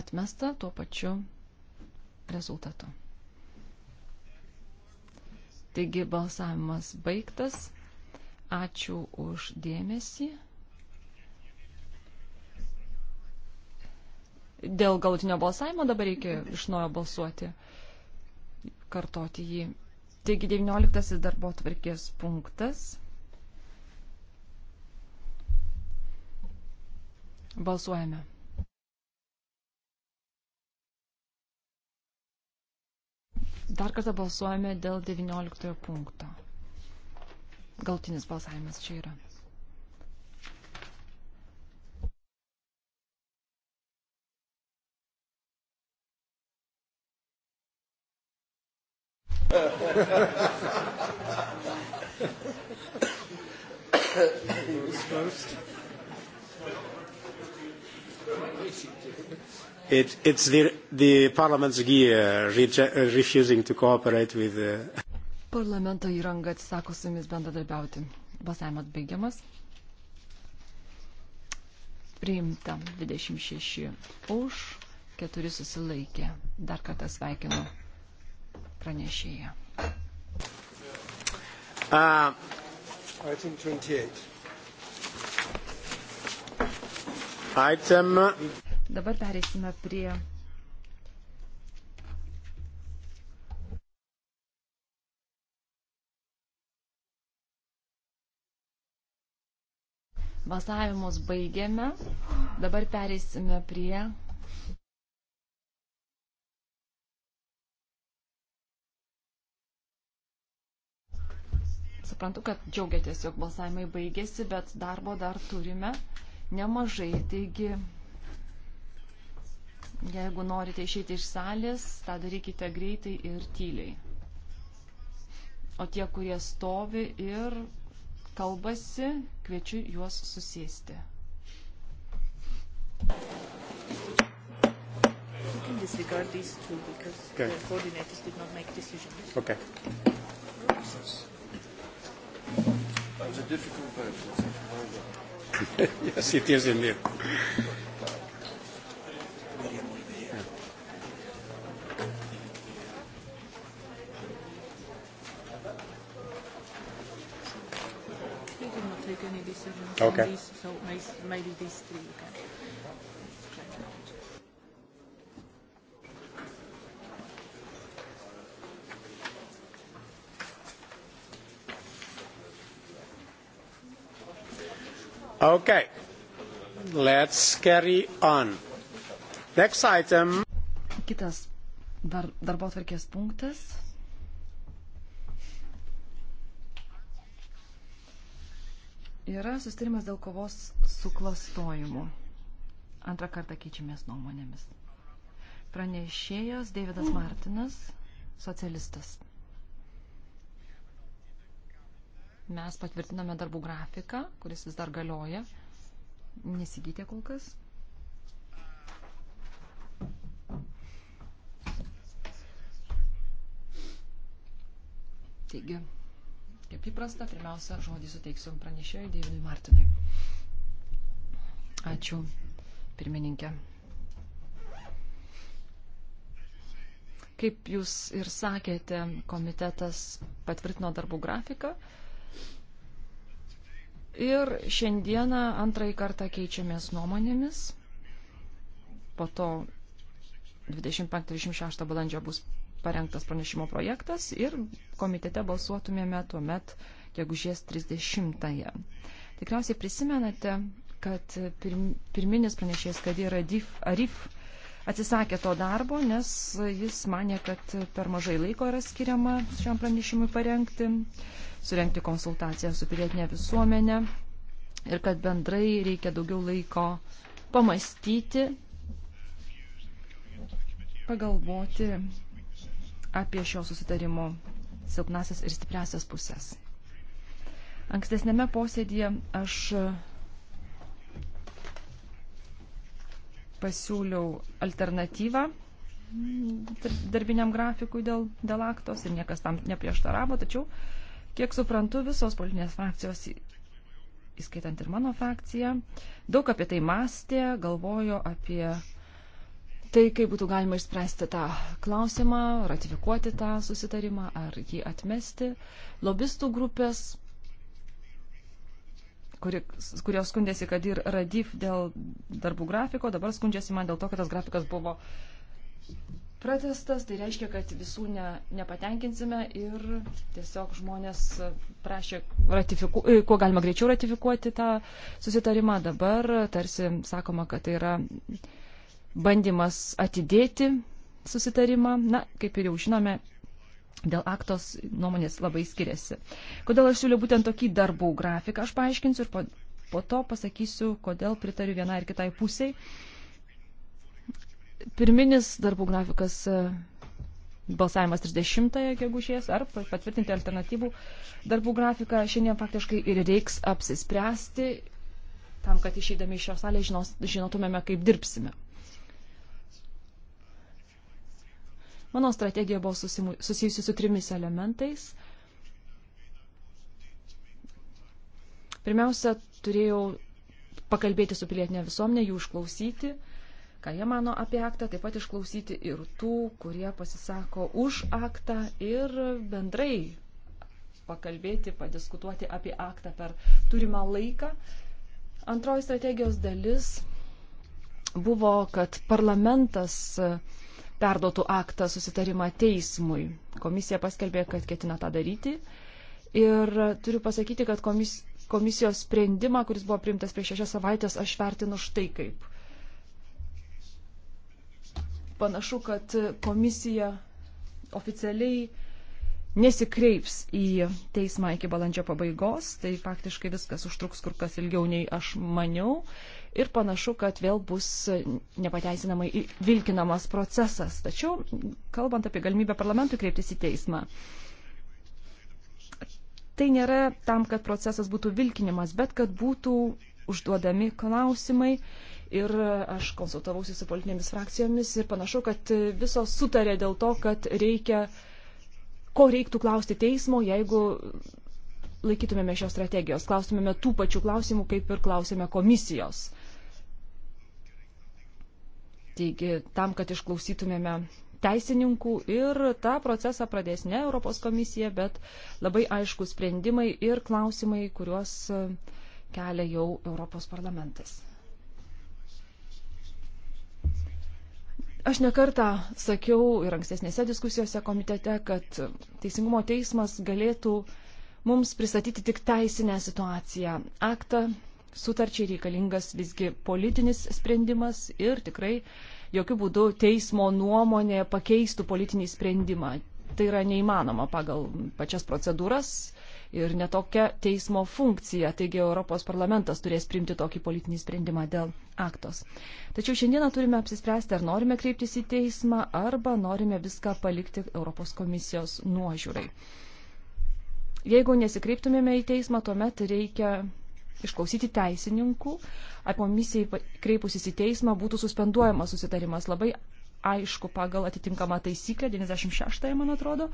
Atmesta tuo pačiu rezultatu. Taigi balsavimas baigtas. Ačiū už dėmesį. Dėl galutinio balsavimo dabar reikia iš naujo balsuoti, kartoti jį. Taigi 19 darbo tvarkės punktas. Balsuojame. Dar kartą balsuojame dėl 19 punkto galtinis balsavimas čia yra. It, it's the, the parliament's gear re refusing to cooperate with the uh, Parlamento įranga atsisako su jumis bendradarbiauti. Balsavimas baigiamas. Priimta 26 už, 4 susilaikė. Dar kartą sveikinu pranešėją. Uh, item 28. Item. Dabar pereisime prie Balsavimus baigėme. Dabar pereisime prie suprantu, kad džiaugiatės, jog balsavimai baigėsi, bet darbo dar turime nemažai. Taigi, jeigu norite išeiti iš salės, tą darykite greitai ir tyliai. O tie, kurie stovi ir kalbasi, kviečiu juos susėsti. Can disregard these two because okay. the coordinators did not make decisions. Okay. That was a difficult vote. yes, it is indeed. decisions okay. on these, so maybe these three you can. Okay, let's carry on. Next item. Kitas dar, darbo atvarkės punktas yra sustarimas dėl kovos su klastojimu. Antrą kartą keičiamės nuomonėmis. Pranešėjas Davidas Martinas, socialistas. Mes patvirtiname darbų grafiką, kuris vis dar galioja. Nesigytė kol kas. Taigi, Kaip įprasta, pirmiausia, žodį suteiksiu pranešėjui Deividui Martinui. Ačiū, pirmininkė. Kaip jūs ir sakėte, komitetas patvirtino darbų grafiką. Ir šiandieną antrąjį kartą keičiamės nuomonėmis. Po to 25-26 balandžio bus parengtas pranešimo projektas ir komitete balsuotumėme tuo met gegužės 30-ąją. Tikriausiai prisimenate, kad pirminis pranešėjas, kad yra Arif, atsisakė to darbo, nes jis mane, kad per mažai laiko yra skiriama šiam pranešimui parengti, surenkti konsultaciją su pilietinė visuomenė ir kad bendrai reikia daugiau laiko pamastyti, pagalvoti apie šio susitarimo silpnasias ir stipriasias pusės. Ankstesnėme posėdėje aš pasiūliau alternatyvą darbiniam grafikui dėl, dėl aktos ir niekas tam neprieštaravo, tačiau, kiek suprantu, visos politinės frakcijos, įskaitant ir mano frakciją, daug apie tai mąstė, galvojo apie tai, kaip būtų galima išspręsti tą klausimą, ratifikuoti tą susitarimą ar jį atmesti. Lobistų grupės, kuri, kurios skundėsi, kad ir radif dėl darbų grafiko, dabar skundžiasi man dėl to, kad tas grafikas buvo pratestas, tai reiškia, kad visų ne, nepatenkinsime ir tiesiog žmonės prašė, ratifiku, e, kuo galima greičiau ratifikuoti tą susitarimą. Dabar tarsi sakoma, kad tai yra bandymas atidėti susitarimą. Na, kaip ir jau žinome, dėl aktos nuomonės labai skiriasi. Kodėl aš siūliu būtent tokį darbų grafiką, aš paaiškinsiu ir po, po to pasakysiu, kodėl pritariu vienai ir kitai pusiai. Pirminis darbų grafikas e, balsavimas 30 gegužės ar patvirtinti alternatyvų darbų grafiką šiandien faktiškai ir reiks apsispręsti tam, kad išeidami iš šios salės žinos, žinotumėme, kaip dirbsime. Mano strategija buvo susijusi su trimis elementais. Pirmiausia, turėjau pakalbėti su pilietinė visuomenė, jų išklausyti, ką jie mano apie aktą, taip pat išklausyti ir tų, kurie pasisako už aktą ir bendrai pakalbėti, padiskutuoti apie aktą per turimą laiką. Antroji strategijos dalis buvo, kad parlamentas uh, perduotų aktą susitarimą teismui. Komisija paskelbė, kad ketina tą daryti. Ir turiu pasakyti, kad komis, komisijos sprendimą, kuris buvo priimtas prieš šešias savaitės, aš vertinu štai kaip. Panašu, kad komisija oficialiai nesikreips į teismą iki balandžio pabaigos, tai faktiškai viskas užtruks kur kas ilgiau nei aš maniau ir panašu, kad vėl bus nepateisinamai vilkinamas procesas. Tačiau, kalbant apie galimybę parlamentui kreiptis į teismą, tai nėra tam, kad procesas būtų vilkinimas, bet kad būtų užduodami klausimai. Ir aš konsultavausi su politinėmis frakcijomis ir panašu, kad visos sutarė dėl to, kad reikia, ko reiktų klausti teismo, jeigu laikytumėme šios strategijos, klaustumėme tų pačių klausimų, kaip ir klausėme komisijos. Taigi, tam, kad išklausytumėme teisininkų ir tą procesą pradės ne Europos komisija, bet labai aiškus sprendimai ir klausimai, kuriuos e, kelia jau Europos parlamentas. Aš nekartą sakiau ir ankstesnėse diskusijose komitete, kad Teisingumo teismas galėtų mums pristatyti tik teisinę situaciją, aktą, sutarčiai reikalingas visgi politinis sprendimas ir tikrai jokių būdų teismo nuomonė pakeistų politinį sprendimą. Tai yra neįmanoma pagal pačias procedūras ir netokia teismo funkcija. Taigi Europos parlamentas turės priimti tokį politinį sprendimą dėl aktos. Tačiau šiandieną turime apsispręsti, ar norime kreiptis į teismą, arba norime viską palikti Europos komisijos nuožiūrai. Jeigu nesikreiptumėme į teismą, tuomet reikia išklausyti teisininkų, ar komisijai kreipusis į teismą būtų suspenduojamas susitarimas. Labai aišku pagal atitinkamą taisyklę, 96-ąją, man atrodo,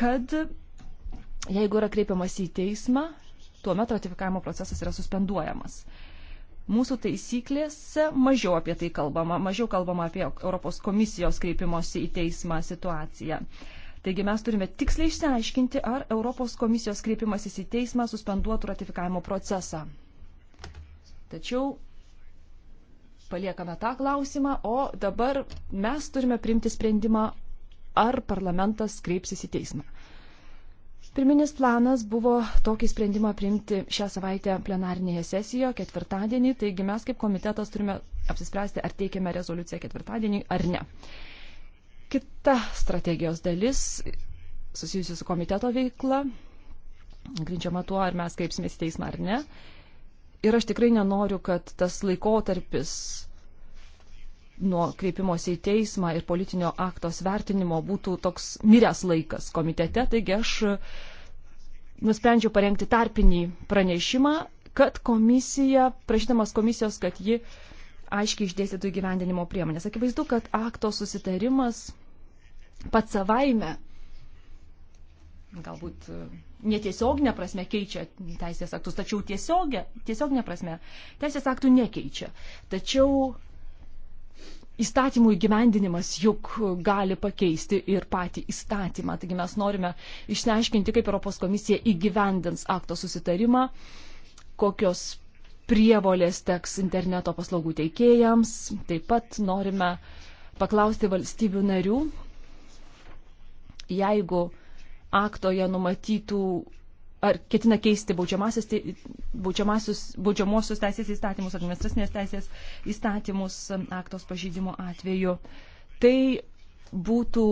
kad jeigu yra kreipiamas į teismą, tuomet ratifikavimo procesas yra suspenduojamas. Mūsų taisyklėse mažiau apie tai kalbama, mažiau kalbama apie Europos komisijos kreipimosi į teismą situaciją. Uh, Taigi mes turime tiksliai išsiaiškinti, ar Europos komisijos kreipimasis į teismą suspenduotų ratifikavimo procesą. Tačiau paliekame tą klausimą, o dabar mes turime priimti sprendimą, ar parlamentas kreipsis į teismą. Pirminis planas buvo tokį sprendimą priimti šią savaitę plenarnėje sesijoje, ketvirtadienį, taigi mes kaip komitetas turime apsispręsti, ar teikiame rezoliuciją ketvirtadienį ar ne. Kita strategijos dalis susijusi su komiteto veikla, grindžiama tuo, ar mes kreipsimės į teismą ar ne. Ir aš tikrai nenoriu, kad tas laikotarpis nuo kreipimosi į teismą ir politinio aktos vertinimo būtų toks miręs laikas komitete. Taigi aš nusprendžiau parengti tarpinį pranešimą, kad komisija, prašydamas komisijos, kad ji uh, aiškiai išdėstytų įgyvendinimo priemonės. Akivaizdu, kad akto susitarimas pats savaime galbūt e, netiesioginė prasme keičia teisės aktus, tačiau tiesioginė, tiesioginė prasme teisės aktų nekeičia. Tačiau įstatymų įgyvendinimas juk gali pakeisti ir patį įstatymą. Taigi mes norime išsiaiškinti, kaip Europos komisija įgyvendins akto susitarimą, kokios prievolės teks interneto paslaugų teikėjams. Taip pat norime paklausti valstybių narių, jeigu aktoje numatytų ar ketina keisti baudžiamosios teisės įstatymus, administracinės teisės įstatymus aktos pažydimo atveju. Tai būtų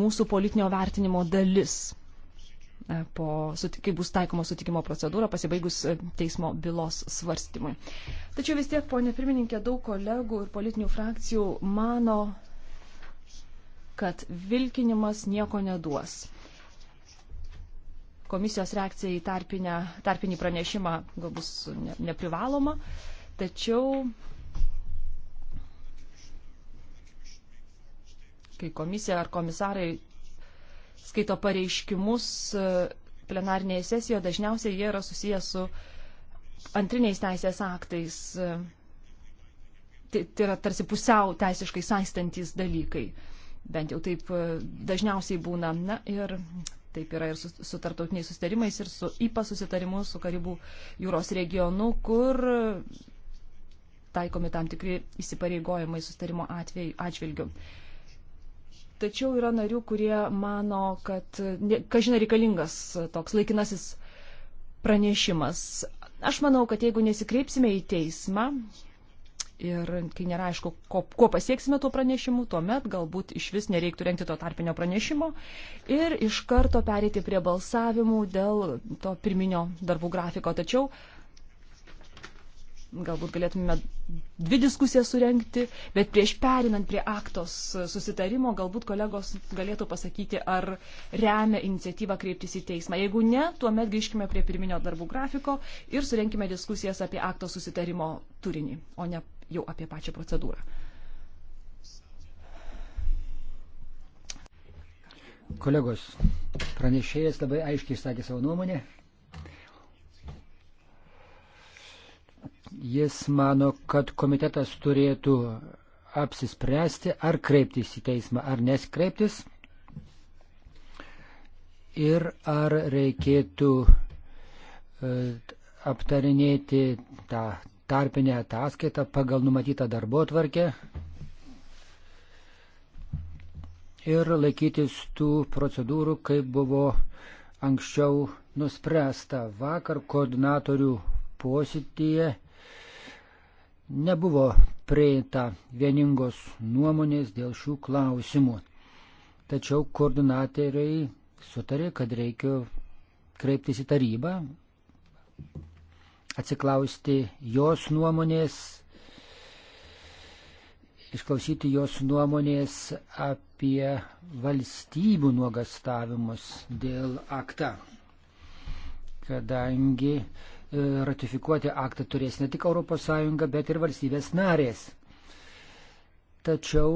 mūsų politinio vertinimo dalis po, kai bus taikoma sutikimo procedūra pasibaigus e, teismo bylos svarstymui. Tačiau vis tiek, ponė pirmininkė, daug kolegų ir politinių frakcijų mano, kad vilkinimas nieko neduos. Komisijos reakcija į tarpinę, tarpinį pranešimą gal bus ne, neprivaloma, tačiau kai komisija ar komisarai skaito pareiškimus e, plenarnėje sesijoje, dažniausiai jie yra susijęs su antriniais teisės aktais. E, tai, tai yra tarsi pusiau teisiškai saistantis dalykai. Bent jau taip e, dažniausiai būna. Na ir taip yra ir su, su tartautiniais susitarimais, ir su IPA susitarimu, su Karibų jūros regionu, kur taikomi tam tikri įsipareigojimai susitarimo atveju, atžvilgiu. Atveju Tačiau yra narių, kurie mano, kad, kažina, reikalingas toks laikinasis pranešimas. Aš manau, kad jeigu nesikreipsime į teismą ir kai nėra aišku, ko, ko pasieksime tuo pranešimu, tuomet galbūt iš vis nereiktų renkti to tarpinio pranešimo ir iš karto perėti prie balsavimų dėl to pirminio darbų grafiko. Tačiau galbūt galėtume dvi diskusijas surenkti, bet prieš perinant prie aktos susitarimo, galbūt kolegos galėtų pasakyti, ar remia iniciatyvą kreiptis į teismą. Jeigu ne, tuomet grįžkime prie pirminio darbų grafiko ir surenkime diskusijas apie akto susitarimo turinį, o ne jau apie pačią procedūrą. Kolegos, pranešėjas labai aiškiai išsakė savo nuomonę. Jis mano, kad komitetas turėtų apsispręsti, ar kreiptis į teismą, ar neskreiptis. Ir ar reikėtų e, aptarinėti tą tarpinę ataskaitą pagal numatytą darbo tvarkę ir laikytis tų procedūrų, kaip buvo anksčiau nuspręsta vakar koordinatorių posėdėje nebuvo prieita vieningos nuomonės dėl šių klausimų. Tačiau koordinatoriai sutarė, kad reikia kreiptis į tarybą, atsiklausti jos nuomonės, išklausyti jos nuomonės apie valstybių nuogastavimus dėl akta, kadangi ratifikuoti aktą turės ne tik ES, bet ir valstybės narės. Tačiau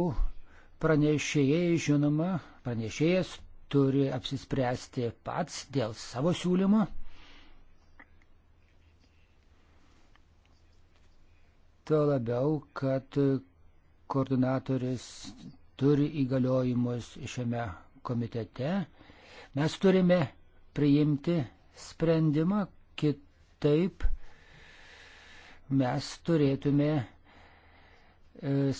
pranešėjai, žinoma, pranešėjas turi apsispręsti pats dėl savo siūlymo. Tuo labiau, kad koordinatorius turi įgaliojimus šiame komitete. Mes turime priimti sprendimą, kit, Taip, mes turėtume e,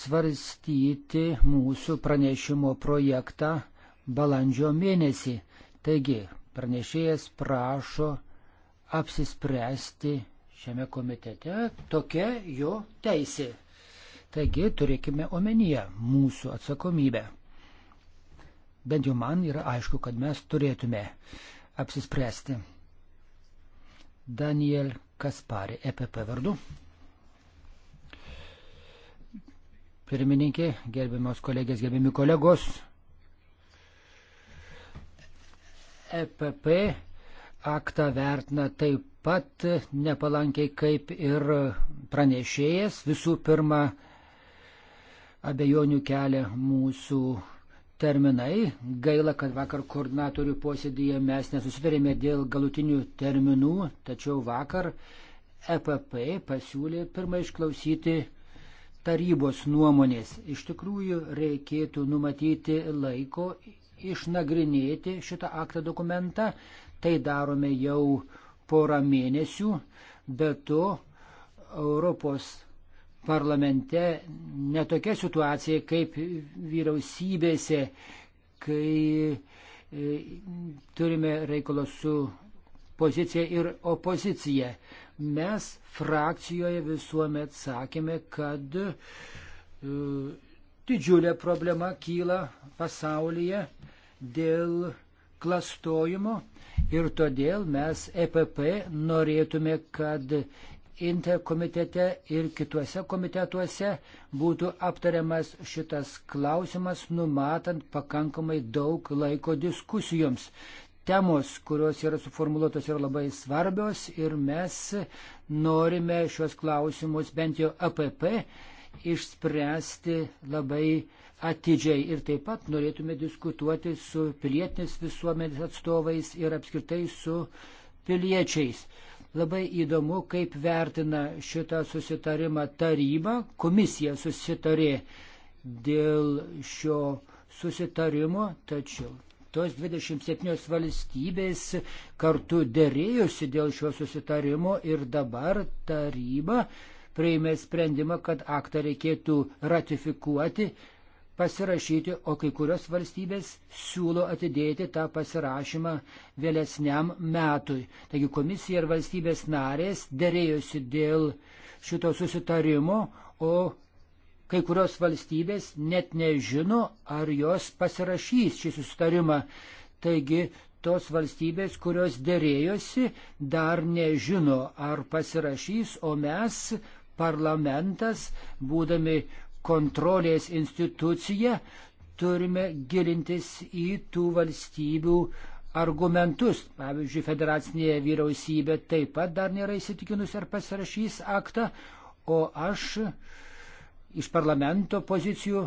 svarstyti mūsų pranešimo projektą balandžio mėnesį. Taigi, pranešėjas prašo apsispręsti šiame komitete tokia jo teisė. Taigi turėkime omenyje mūsų atsakomybę. Bent jau man yra aišku, kad mes turėtume apsispręsti. Daniel Kaspari, EPP vardu. Pirmininkė, gerbiamos kolegės, gerbiami kolegos. EPP aktą vertina taip pat nepalankiai kaip ir pranešėjas. Visų pirma, abejonių kelia mūsų terminai. Gaila, kad vakar koordinatorių posėdėje mes nesusitarėme dėl galutinių terminų, tačiau vakar EPP pasiūlė pirmą išklausyti tarybos nuomonės. Iš tikrųjų, reikėtų numatyti laiko išnagrinėti šitą aktą dokumentą. Tai darome jau porą mėnesių, bet to Europos parlamente netokia situacija kaip vyriausybėse, kai e, turime reikalą su pozicija ir opozicija. Mes frakcijoje visuomet sakėme, kad e, didžiulė problema kyla pasaulyje dėl klastojimo ir todėl mes EPP norėtume, kad Inte komitete ir kituose komitetuose būtų aptariamas šitas klausimas, numatant pakankamai daug laiko diskusijoms. Temos, kurios yra suformuoluotos, yra labai svarbios ir mes norime šios klausimus bent jau APP išspręsti labai atidžiai ir taip pat norėtume diskutuoti su pilietinės visuomenės atstovais ir apskritai su piliečiais. Labai įdomu, kaip vertina šitą susitarimą taryba. Komisija susitarė dėl šio susitarimo, tačiau tos 27 valstybės kartu dėrėjusi dėl šio susitarimo ir dabar taryba prieimė sprendimą, kad aktą reikėtų ratifikuoti pasirašyti, o kai kurios valstybės siūlo atidėti tą pasirašymą vėlesniam metui. Taigi komisija ir valstybės narės dėrėjosi dėl šito susitarimo, o kai kurios valstybės net nežino, ar jos pasirašys šį susitarimą. Taigi tos valstybės, kurios dėrėjosi, dar nežino, ar pasirašys, o mes, parlamentas, būdami kontrolės institucija, turime gilintis į tų valstybių argumentus. Pavyzdžiui, federacinė vyriausybė taip pat dar nėra įsitikinusi ar pasirašys aktą, o aš iš parlamento pozicijų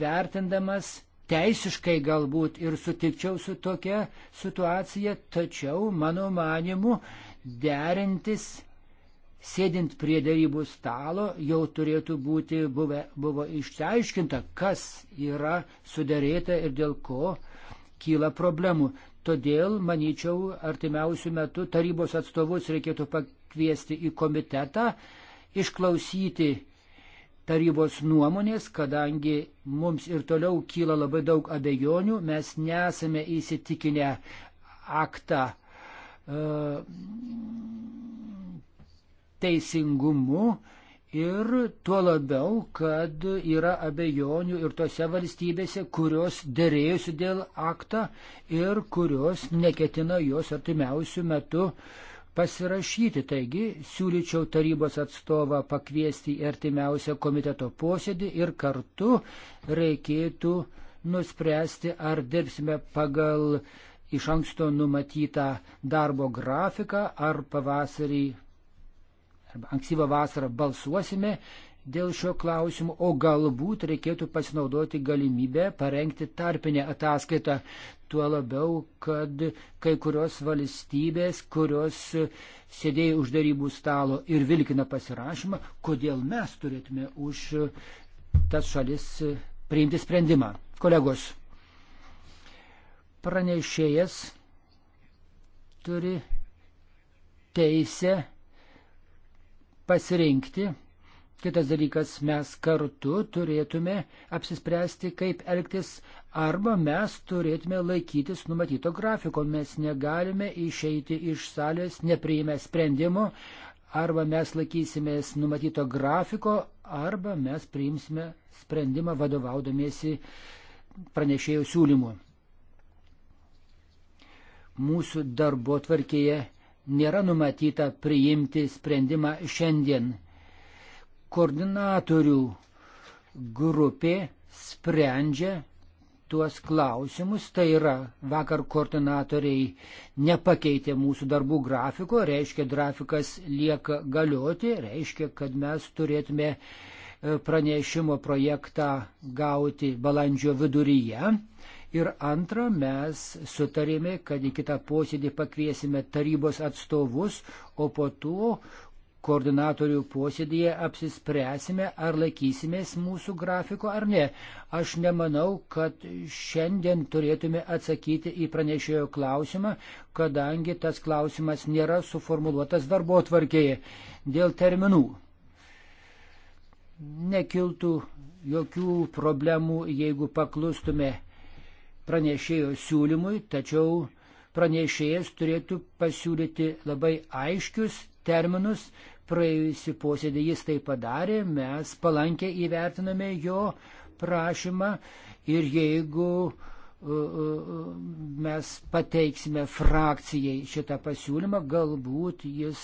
vertindamas teisiškai galbūt ir sutikčiau su tokia situacija, tačiau mano manimu derintis sėdint prie darybų stalo, jau turėtų būti buvę, buvo išsiaiškinta, kas yra sudarėta ir dėl ko kyla problemų. Todėl, manyčiau, artimiausių metų tarybos atstovus reikėtų pakviesti į komitetą, išklausyti tarybos nuomonės, kadangi mums ir toliau kyla labai daug abejonių, mes nesame įsitikinę aktą. Uh, teisingumu ir tuo labiau, kad yra abejonių ir tose valstybėse, kurios dėrėjusi dėl aktą ir kurios neketina jos artimiausių metų pasirašyti. Taigi siūlyčiau tarybos atstovą pakviesti į artimiausią komiteto posėdį ir kartu reikėtų nuspręsti, ar dirbsime pagal iš anksto numatytą darbo grafiką, ar pavasarį arba ankstyvą vasarą balsuosime dėl šio klausimo, o galbūt reikėtų pasinaudoti galimybę parengti tarpinę ataskaitą. Tuo labiau, kad kai kurios valstybės, kurios sėdėjo už darybų stalo ir vilkina pasirašymą, kodėl mes turėtume už tas šalis priimti sprendimą. Kolegos, pranešėjas turi teisę pasirinkti. Kitas dalykas, mes kartu turėtume apsispręsti, kaip elgtis, arba mes turėtume laikytis numatyto grafiko. Mes negalime išeiti iš salės nepriėmę sprendimo, arba mes laikysimės numatyto grafiko, arba mes priimsime sprendimą vadovaudomėsi pranešėjų siūlymu. Mūsų darbo tvarkėje nėra numatyta priimti sprendimą šiandien. Koordinatorių grupė sprendžia tuos klausimus, tai yra vakar koordinatoriai nepakeitė mūsų darbų grafiko, reiškia grafikas lieka galioti, reiškia, kad mes turėtume e, pranešimo projektą gauti balandžio viduryje. Ir antra, mes sutarėme, kad į kitą posėdį pakviesime tarybos atstovus, o po to koordinatorių posėdėje apsispręsime, ar laikysimės mūsų grafiko ar ne. Aš nemanau, kad šiandien turėtume atsakyti į pranešėjo klausimą, kadangi tas klausimas nėra suformuluotas darbo tvarkėje dėl terminų. Nekiltų jokių problemų, jeigu paklustume pranešėjo siūlymui, tačiau pranešėjas turėtų pasiūlyti labai aiškius terminus. Praėjusi posėdė jis tai padarė, mes palankiai įvertiname jo prašymą ir jeigu uh, E, e, e, mes pateiksime frakcijai šitą pasiūlymą, galbūt jis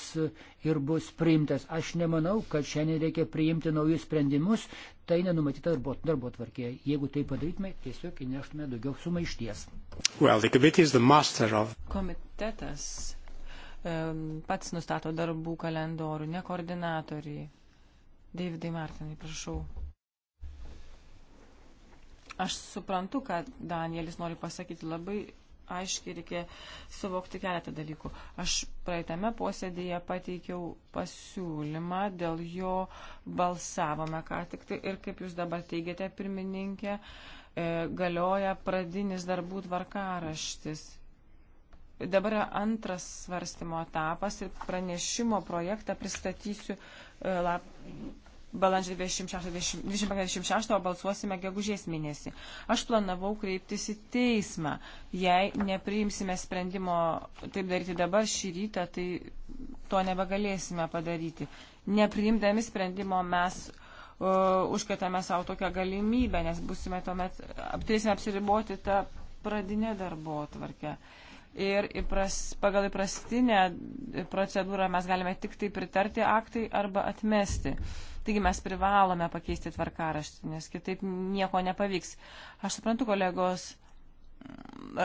ir bus priimtas. Aš nemanau, kad šiandien reikia priimti naujus sprendimus, tai nenumatyta darbo, darbo tvarkėje. Jeigu tai padarytume, tiesiog įneštume daugiau sumaišties. Well, of... Komitetas um, pats nustato darbų kalendorių, ne koordinatoriai. Davidai Martinai, prašau. Aš suprantu, kad Danielis nori pasakyti labai aiškiai, reikia suvokti keletą dalykų. Aš praeitame posėdėje pateikiau pasiūlymą, dėl jo balsavome ką tik tai ir kaip jūs dabar teigiate, pirmininkė, e, galioja pradinis darbų tvarkaraštis dabar yra antras svarstymo etapas ir pranešimo projektą pristatysiu e, lap, balandžio 26, o balsuosime gegužės mėnesį. Aš planavau kreiptis į teismą. Jei nepriimsime sprendimo taip daryti dabar šį rytą, tai to nebegalėsime padaryti. Nepriimdami sprendimo mes uh, e, užkėtame savo tokią galimybę, nes busime tuomet, turėsime apsiriboti tą pradinę darbo tvarkę. Uh, ir įpras, pagal įprastinę procedūrą mes galime tik tai pritarti aktai arba atmesti. Taigi mes privalome pakeisti tvarkaraštį, nes kitaip nieko nepavyks. Aš suprantu kolegos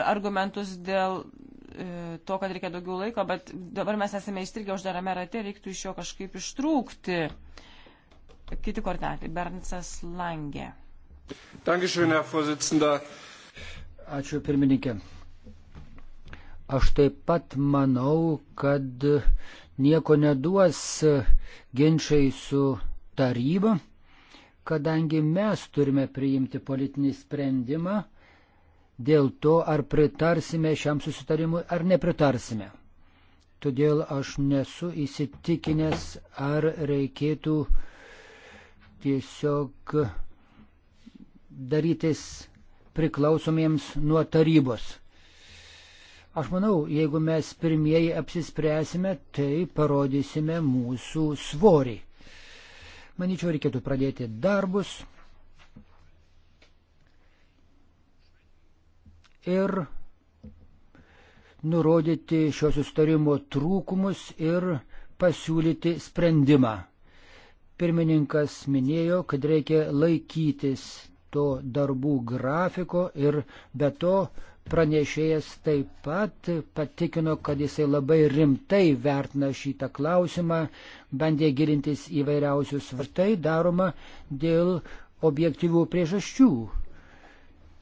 argumentus dėl e, to, kad reikia daugiau laiko, bet dabar mes esame įstrigę uždarame rate, reiktų iš jo kažkaip ištrūkti. Kiti kortelį. Bernsas Langė. Dankeschön, Herr Vorsitzender. Ačiū pirmininkė. Aš taip pat manau, kad nieko neduos ginčiai su taryba, kadangi mes turime priimti politinį sprendimą dėl to, ar pritarsime šiam susitarimui ar nepritarsime. Todėl aš nesu įsitikinęs, ar reikėtų tiesiog darytis priklausomiems nuo tarybos. Aš manau, jeigu mes pirmieji apsispręsime, tai parodysime mūsų svorį. Maničiau, reikėtų pradėti darbus ir nurodyti šio sustarimo trūkumus ir pasiūlyti sprendimą. Pirmininkas minėjo, kad reikia laikytis to darbų grafiko ir be to Pranešėjas taip pat patikino, kad jisai labai rimtai vertina šitą klausimą, bandė gilintis įvairiausius vartai daroma dėl objektyvių priežasčių.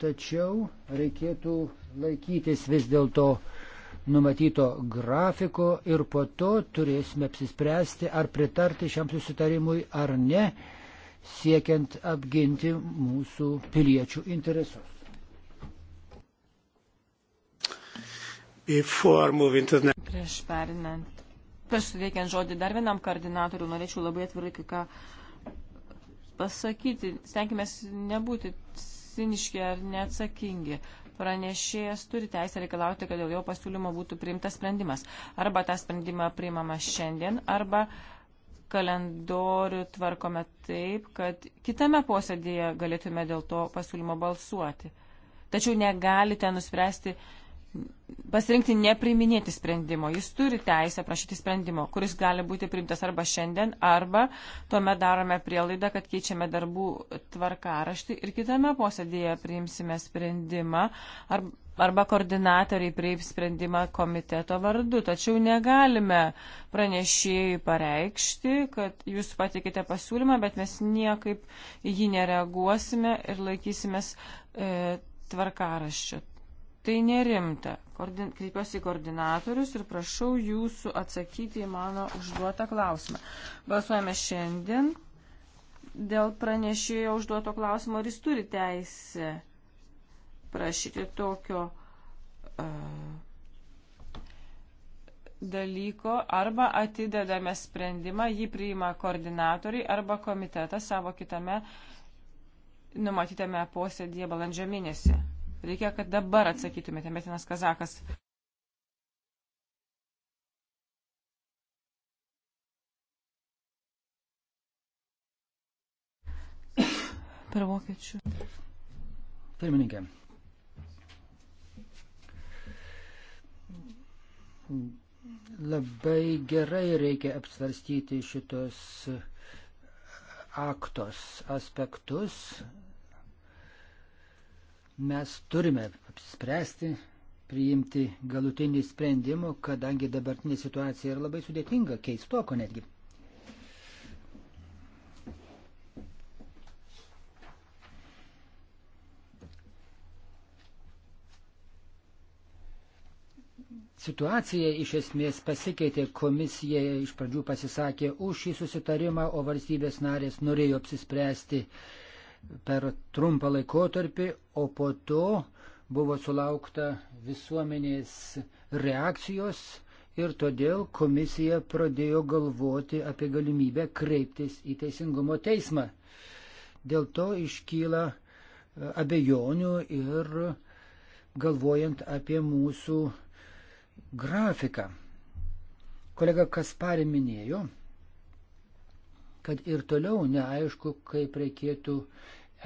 Tačiau reikėtų laikytis vis dėlto numatyto grafiko ir po to turėsime apsispręsti, ar pritarti šiam susitarimui ar ne, siekiant apginti mūsų piliečių interesus. The... Prieš perinant, prieš suveikiant žodį dar vienam koordinatoriu, norėčiau labai atvirai kai ką pasakyti. Stenkime nebūti ciniški ar neatsakingi. Pranešėjas turi teisę reikalauti, kad dėl jo pasiūlymo būtų priimtas sprendimas. Arba tą sprendimą priimama šiandien, arba kalendorių tvarkome taip, kad kitame posėdėje galėtume dėl to pasiūlymo balsuoti. Tačiau negalite nuspręsti, uh, pasirinkti nepriminėti sprendimo. Jis turi teisę prašyti sprendimo, kuris gali būti priimtas arba šiandien, arba tuomet darome prielaidą, kad keičiame darbų tvarkaraštį ir kitame posėdėje priimsime sprendimą, arba koordinatoriai priims sprendimą komiteto vardu. Tačiau negalime pranešėjai pareikšti, kad jūs patikite pasiūlymą, bet mes niekaip į jį nereaguosime ir laikysimės. E, tvarkaraščių. Tai nerimta. Koordin... Kreipiuosi į koordinatorius ir prašau jūsų atsakyti į mano užduotą klausimą. Balsuojame šiandien dėl pranešėjo užduoto klausimo, ar jis turi teisę prašyti tokio uh, dalyko, arba atidedame sprendimą, jį priima koordinatoriai arba komitetas savo kitame numatytame posėdėje balandžio mėnesį. Reikia, kad dabar atsakytumėte, Metinas Kazakas. Per vokiečių. Pirmininkė. Labai gerai reikia apsvarstyti šitos aktos aspektus, Mes turime apsispręsti, priimti galutinį sprendimą, kadangi dabartinė situacija yra labai sudėtinga, keistoko netgi. Situacija iš esmės pasikeitė, komisija iš pradžių pasisakė už šį susitarimą, o valstybės narės norėjo apsispręsti, uh, per trumpą laikotarpį, o po to buvo sulaukta visuomenės reakcijos ir todėl komisija pradėjo galvoti apie galimybę kreiptis į Teisingumo teismą. Dėl to iškyla e, abejonių ir galvojant apie mūsų grafiką. Kolega Kasparė minėjo, kad ir toliau neaišku, kaip reikėtų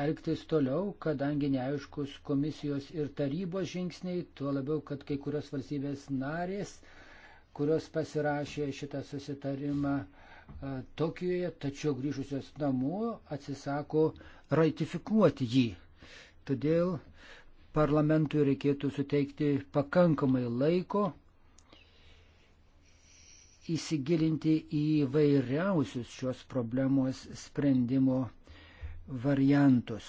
elgtis toliau, kadangi neaiškus komisijos ir tarybos žingsniai, tuo labiau, kad kai kurios valstybės narės, kurios pasirašė šitą susitarimą Tokijoje, tačiau grįžusios namo atsisako ratifikuoti jį. Todėl parlamentui reikėtų suteikti pakankamai laiko įsigilinti į vairiausius šios problemos sprendimo variantus.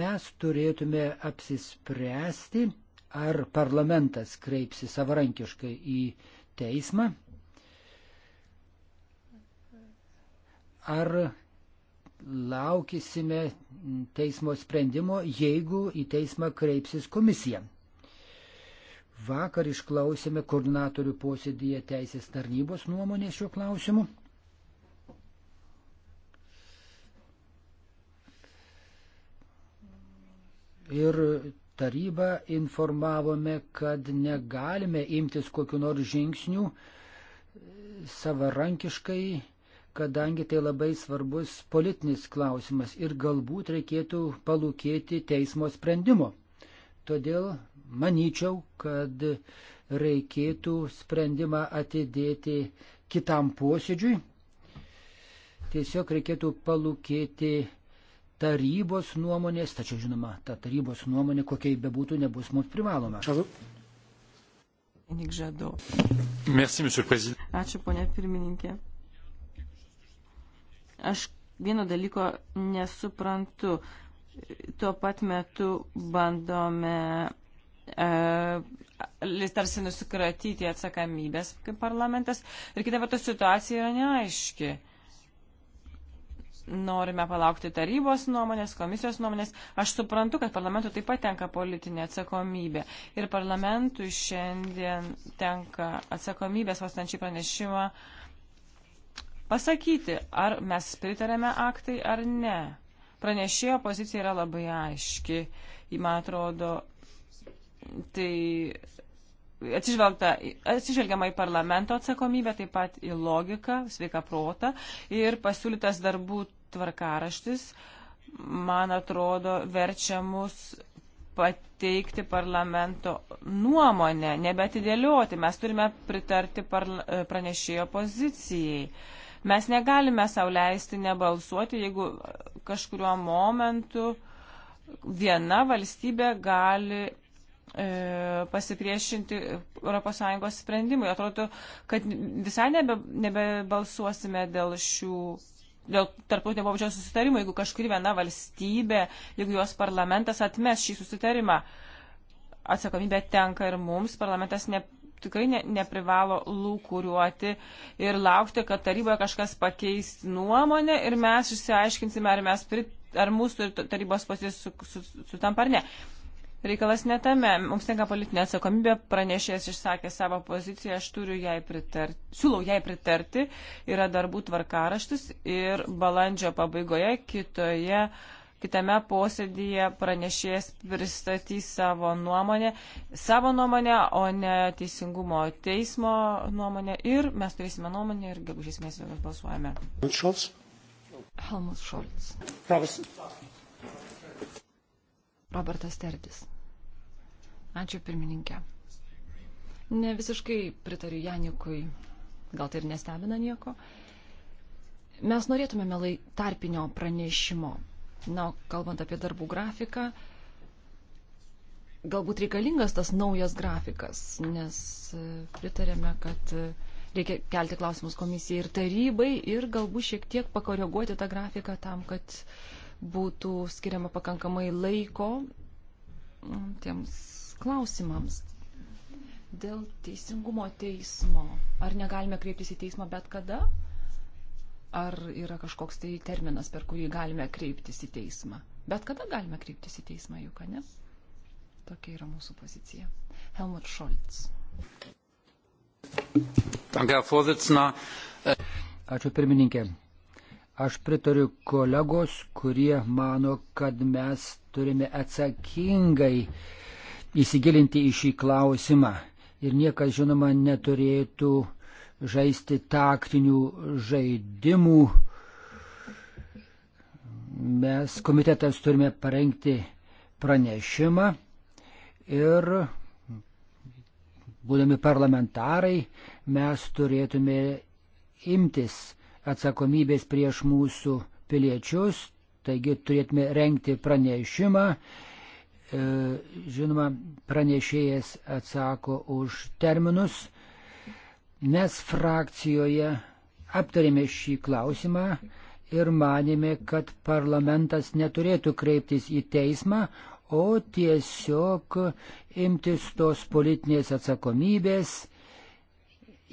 Mes turėtume apsispręsti, ar parlamentas kreipsi savarankiškai į teismą, ar laukysime teismo sprendimo, jeigu į teismą kreipsis komisija. Vakar išklausėme koordinatorių posėdėje teisės tarnybos nuomonę šiuo klausimu. Ir tarybą informavome, kad negalime imtis kokiu nors žingsnių savarankiškai, kadangi tai labai svarbus politinis klausimas ir galbūt reikėtų palūkėti teismo sprendimo. Todėl manyčiau, kad reikėtų sprendimą atidėti kitam posėdžiui. Tiesiog reikėtų palūkėti tarybos nuomonės, tačiau žinoma, ta tarybos nuomonė, kokia ji bebūtų, nebus mums privaloma. Merci, Ačiū, ponė pirmininkė. Aš vieno dalyko nesuprantu. Tuo pat metu bandome E, tarsi nusikratyti atsakomybės kaip parlamentas. Ir kita vertus situacija yra neaiški. Norime palaukti tarybos nuomonės, komisijos nuomonės. Aš suprantu, kad parlamentui taip pat tenka politinė atsakomybė. Ir parlamentui šiandien tenka atsakomybės vastančiai pranešimą pasakyti, ar mes pritarėme aktai ar ne. Pranešėjo pozicija yra labai aiški. Į man atrodo, Tai atsižvelgiama į parlamento atsakomybę, taip pat į logiką, sveiką protą ir pasiūlytas darbų tvarkaraštis, man atrodo, verčia mus pateikti parlamento nuomonę, nebetidėlioti. Mes turime pritarti parla, e, pranešėjo pozicijai. Mes negalime sauliaisti nebalsuoti, jeigu kažkuriuo momentu viena valstybė gali E, pasipriešinti ES sprendimui. Atrodo, kad visai nebe, nebebalsuosime dėl šių, dėl tarptautinio pobūdžio susitarimų, jeigu kažkuri viena valstybė, jeigu jos parlamentas atmes šį susitarimą. Atsakomybė tenka ir mums, parlamentas ne, tikrai ne, neprivalo lūkuriuoti ir laukti, kad taryboje kažkas pakeis nuomonę ir mes išsiaiškinsime, ar mes prit, ar mūsų tarybos pozicija sutampa su, su, su ar ne. Reikalas netame. Mums tenka politinė atsakomybė, pranešėjas išsakė savo poziciją, aš turiu jai pritarti, siūlau jai pritarti, yra darbų tvarkaraštis ir balandžio pabaigoje kitoje. Kitame posėdėje pranešėjas pristatys savo nuomonę, savo nuomonę, o ne teisingumo teismo nuomonę ir mes turėsime nuomonę ir gegužės mėnesį mes balsuojame. Šolts. Helmut Šolts. Robertas Terdis. Ačiū pirmininkė. Ne visiškai pritariu Janikui, gal tai ir nestebina nieko. Mes norėtumėme lai tarpinio pranešimo. Na, kalbant apie darbų grafiką, galbūt reikalingas tas naujas grafikas, nes e, pritarėme, kad e, reikia kelti klausimus komisijai ir tarybai ir galbūt šiek tiek pakoreguoti tą grafiką tam, kad būtų skiriama pakankamai laiko tiems klausimams. Dėl teisingumo teismo. Ar negalime kreiptis į teismą bet kada? Ar yra kažkoks tai terminas, per kurį galime kreiptis į teismą? Bet kada galime kreiptis į teismą, juk ne? Tokia yra mūsų pozicija. Helmut Scholz. Ačiū pirmininkė. Aš pritariu kolegos, kurie mano, kad mes turime atsakingai įsigilinti į šį klausimą. Ir niekas, žinoma, neturėtų žaisti taktinių žaidimų. Mes komitetas turime parengti pranešimą ir būdami parlamentarai mes turėtume imtis atsakomybės prieš mūsų piliečius, taigi turėtume renkti pranešimą E, žinoma, pranešėjas atsako už terminus. Mes frakcijoje aptarėme šį klausimą ir manėme, kad parlamentas neturėtų kreiptis į teismą, o tiesiog imtis tos politinės atsakomybės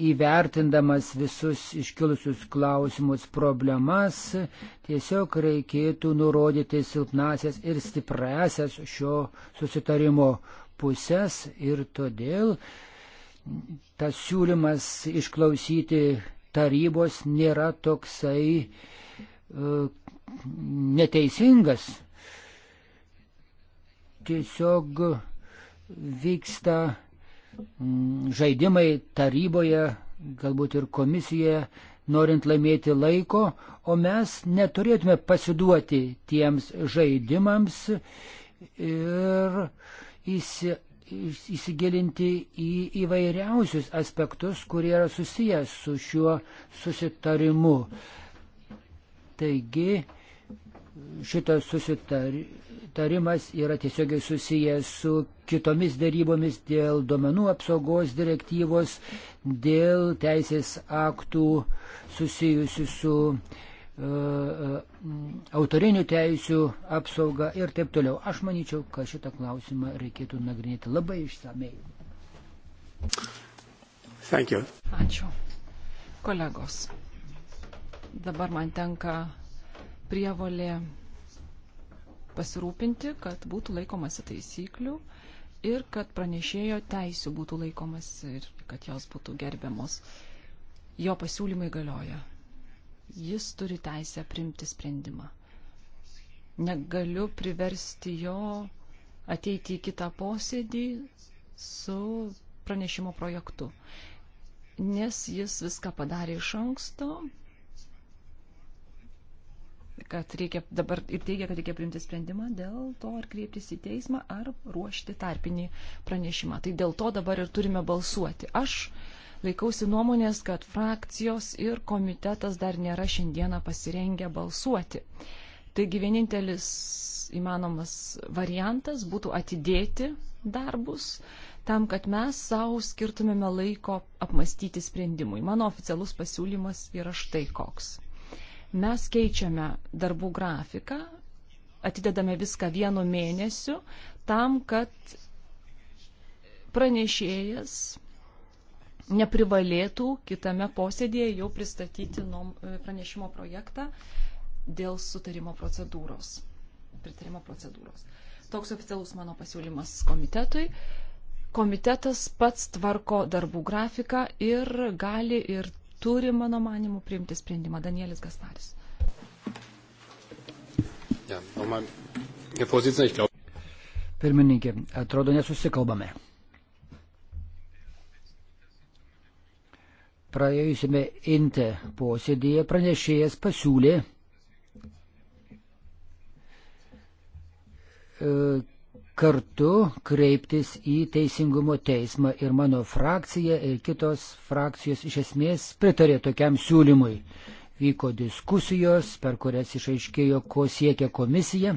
įvertindamas visus iškilusius klausimus, problemas, tiesiog reikėtų nurodyti silpnasias ir stipresias šio susitarimo pusės ir todėl tas siūlymas išklausyti tarybos nėra toksai uh, neteisingas. Tiesiog vyksta Mm, žaidimai taryboje, galbūt ir komisijoje, norint laimėti laiko, o mes neturėtume pasiduoti tiems žaidimams ir įsi, įsigilinti į įvairiausius aspektus, kurie yra susijęs su šiuo susitarimu. Taigi, šitas susitarimas sutarimas yra tiesiogiai susijęs su kitomis dėrybomis dėl duomenų apsaugos direktyvos, dėl teisės aktų susijusių su uh, autorinių teisių apsauga ir taip toliau. Aš manyčiau, kad šitą klausimą reikėtų nagrinėti labai išsamei. Ačiū. Kolegos, dabar man tenka prievolė pasirūpinti, kad būtų laikomasi taisyklių ir kad pranešėjo teisų būtų laikomas ir kad jos būtų gerbiamos. Jo pasiūlymai galioja. Jis turi teisę primti sprendimą. Negaliu priversti jo ateiti į kitą posėdį su pranešimo projektu, nes jis viską padarė iš anksto, kad reikia dabar ir teigia, kad reikia priimti sprendimą dėl to, ar kreiptis į teismą, ar ruošti tarpinį pranešimą. Tai dėl to dabar ir turime balsuoti. Aš laikausi nuomonės, kad frakcijos ir komitetas dar nėra šiandieną pasirengę balsuoti. Taigi vienintelis įmanomas variantas būtų atidėti darbus tam, kad mes savo skirtumėme laiko apmastyti sprendimui. Mano oficialus pasiūlymas yra štai koks mes keičiame darbų grafiką, atidedame viską vienu mėnesiu tam, kad pranešėjas neprivalėtų kitame posėdėje jau pristatyti e, pranešimo projektą dėl sutarimo procedūros, pritarimo procedūros. Toks oficialus mano pasiūlymas komitetui komitetas pats tvarko darbų grafiką ir gali ir turi, mano manimu, priimti sprendimą. Danielis Gasparis. Pirmininkė, atrodo nesusikalbame. Praėjusime inte posėdėje pranešėjas pasiūlė e, kartu kreiptis į Teisingumo teismą ir mano frakcija ir kitos frakcijos iš esmės pritarė tokiam siūlymui. Vyko diskusijos, per kurias išaiškėjo, ko siekia komisija,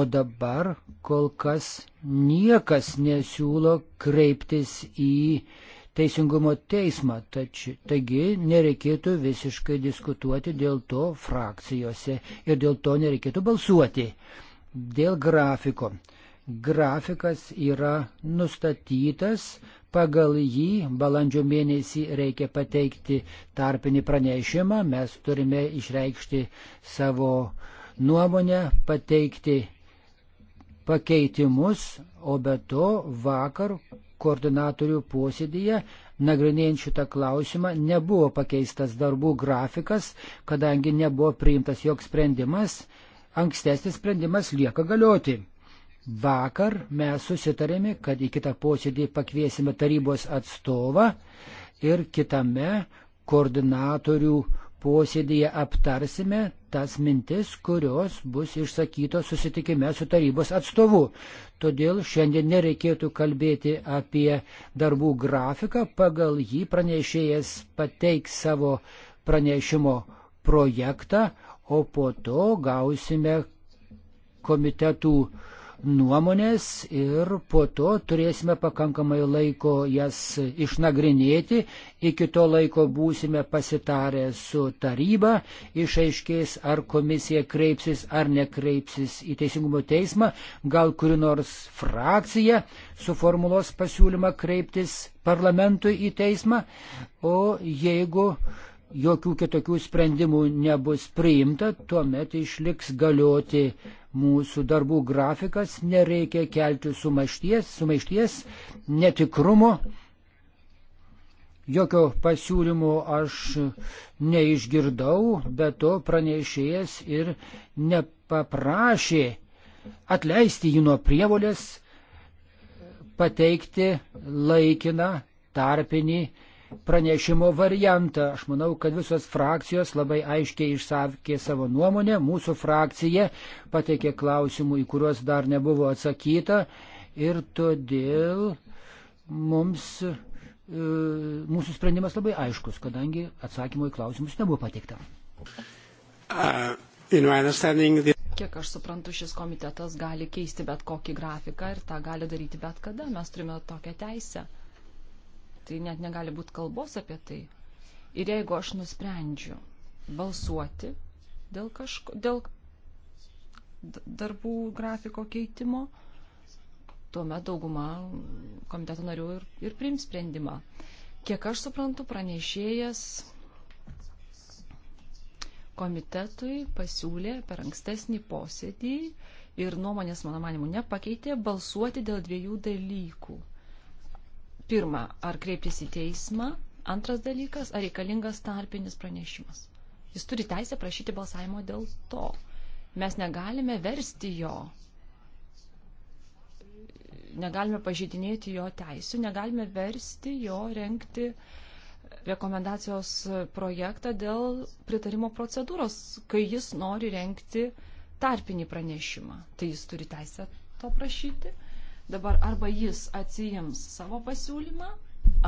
o dabar kol kas niekas nesiūlo kreiptis į Teisingumo teismą, tači, taigi nereikėtų visiškai diskutuoti dėl to frakcijose ir dėl to nereikėtų balsuoti. Dėl grafiko. Grafikas yra nustatytas, pagal jį balandžio mėnesį reikia pateikti tarpinį pranešimą, mes turime išreikšti savo nuomonę, pateikti pakeitimus, o be to vakar koordinatorių posėdėje, nagrinėjant šitą klausimą, nebuvo pakeistas darbų grafikas, kadangi nebuvo priimtas joks sprendimas, ankstesnis sprendimas lieka galioti. Vakar mes susitarėme, kad į kitą posėdį pakviesime tarybos atstovą ir kitame koordinatorių posėdėje aptarsime tas mintis, kurios bus išsakytos susitikime su tarybos atstovu. Todėl šiandien nereikėtų kalbėti apie darbų grafiką, pagal jį pranešėjas pateiks savo pranešimo projektą, o po to gausime komitetų nuomonės ir po to turėsime pakankamai laiko jas išnagrinėti. Iki to laiko būsime pasitarę su taryba, išaiškės, ar komisija kreipsis ar nekreipsis į Teisingumo teismą, gal kuri nors frakcija suformulos pasiūlymą kreiptis parlamentui į teismą, o jeigu uh, jokių kitokių sprendimų nebus priimta, tuomet išliks galioti mūsų darbų grafikas, nereikia kelti sumaišties, sumaišties netikrumo. Jokio pasiūlymo aš neišgirdau, bet to pranešėjas ir nepaprašė atleisti jį nuo prievolės pateikti laikiną tarpinį pranešimo variantą. Aš manau, kad visos frakcijos labai aiškiai išsakė savo nuomonę. Mūsų frakcija pateikė klausimų, į kuriuos dar nebuvo atsakyta. Ir todėl mums, e, mūsų sprendimas labai aiškus, kadangi atsakymo į klausimus nebuvo pateikta. Uh, Kiek aš suprantu, šis komitetas gali keisti bet kokį grafiką ir tą gali daryti bet kada. Mes turime tokią teisę. Uh, tai net negali būti kalbos apie tai. Ir jeigu aš nusprendžiu balsuoti dėl, kažko, dėl darbų grafiko keitimo, tuomet dauguma komiteto narių ir, ir priims sprendimą. Kiek aš suprantu, pranešėjas komitetui pasiūlė per ankstesnį posėdį ir nuomonės, mano manimu, nepakeitė balsuoti dėl dviejų dalykų. Pirma, ar kreiptis į teismą? Antras dalykas, ar reikalingas tarpinis pranešimas? Jis turi teisę prašyti balsavimo dėl to. Mes negalime versti jo. Negalime pažydinėti jo teisų, negalime versti jo renkti rekomendacijos projektą dėl pritarimo procedūros, kai jis nori renkti tarpinį pranešimą. Tai jis turi teisę to prašyti. Dabar arba jis atsijims savo pasiūlymą,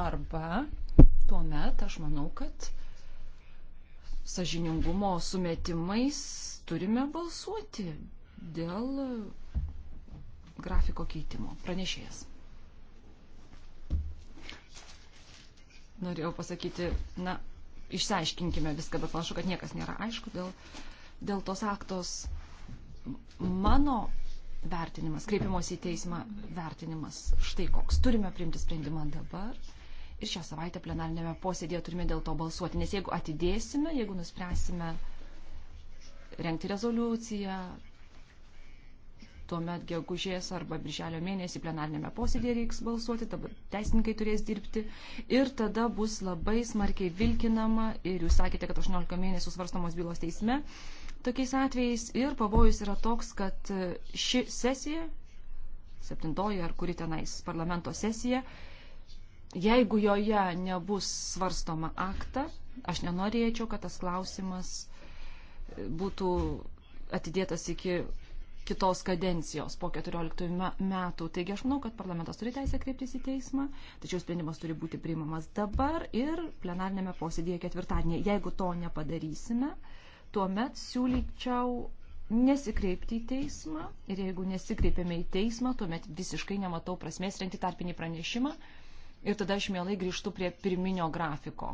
arba tuomet aš manau, kad sažiningumo sumetimais turime balsuoti dėl grafiko keitimo. Pranešėjas. Norėjau pasakyti, na, išsiaiškinkime viską, bet panašu, kad niekas nėra aišku dėl, dėl tos aktos. Mano vertinimas, kreipimos į teismą vertinimas štai koks. Turime priimti sprendimą dabar ir šią savaitę plenarinėme posėdėje turime dėl to balsuoti, nes jeigu atidėsime, jeigu nuspręsime renkti rezoliuciją, tuomet gegužės arba birželio mėnesį plenarinėme posėdėje reiks balsuoti, dabar teisininkai turės dirbti ir tada bus labai smarkiai vilkinama ir jūs sakėte, kad 18 mėnesių svarstamos bylos teisme tokiais atvejais ir pavojus yra toks, kad e, ši sesija, septintoji ar kuri tenais parlamento sesija, jeigu joje nebus svarstoma aktą, aš nenorėčiau, kad tas klausimas e, būtų atidėtas iki kitos kadencijos po 14 metų. Taigi aš manau, kad parlamentas turi teisę kreiptis į teismą, tačiau sprendimas turi būti priimamas dabar ir plenarnėme posėdėje ketvirtadienį. Jeigu to nepadarysime, uh, tuomet siūlyčiau nesikreipti į teismą ir jeigu nesikreipiame į teismą, tuomet visiškai nematau prasmės rengti tarpinį pranešimą ir tada aš mielai grįžtu prie pirminio grafiko.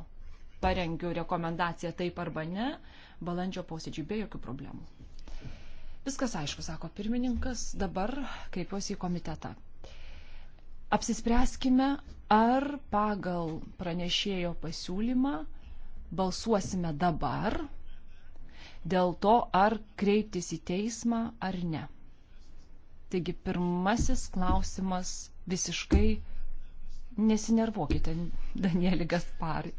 Parengiu rekomendaciją taip arba ne, balandžio posėdžiui be jokių problemų. Viskas aišku, sako pirmininkas, dabar kreipiuosi į komitetą. Apsispręskime, ar pagal pranešėjo pasiūlymą balsuosime dabar, dėl to, ar kreiptis į teismą ar ne. Taigi pirmasis klausimas visiškai nesinervuokite, Danielį Gasparį.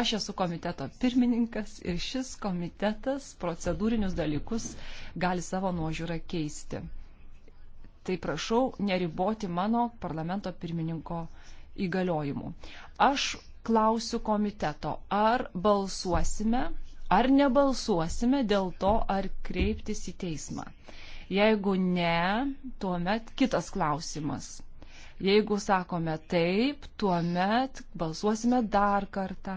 Aš esu komiteto pirmininkas ir šis komitetas procedūrinius dalykus gali savo nuožiūrą keisti. Tai prašau neriboti mano parlamento pirmininko įgaliojimų. Aš klausiu komiteto, ar balsuosime ar nebalsuosime dėl to, ar kreiptis į teismą. Jeigu ne, tuomet kitas klausimas. Jeigu sakome taip, tuomet balsuosime dar kartą.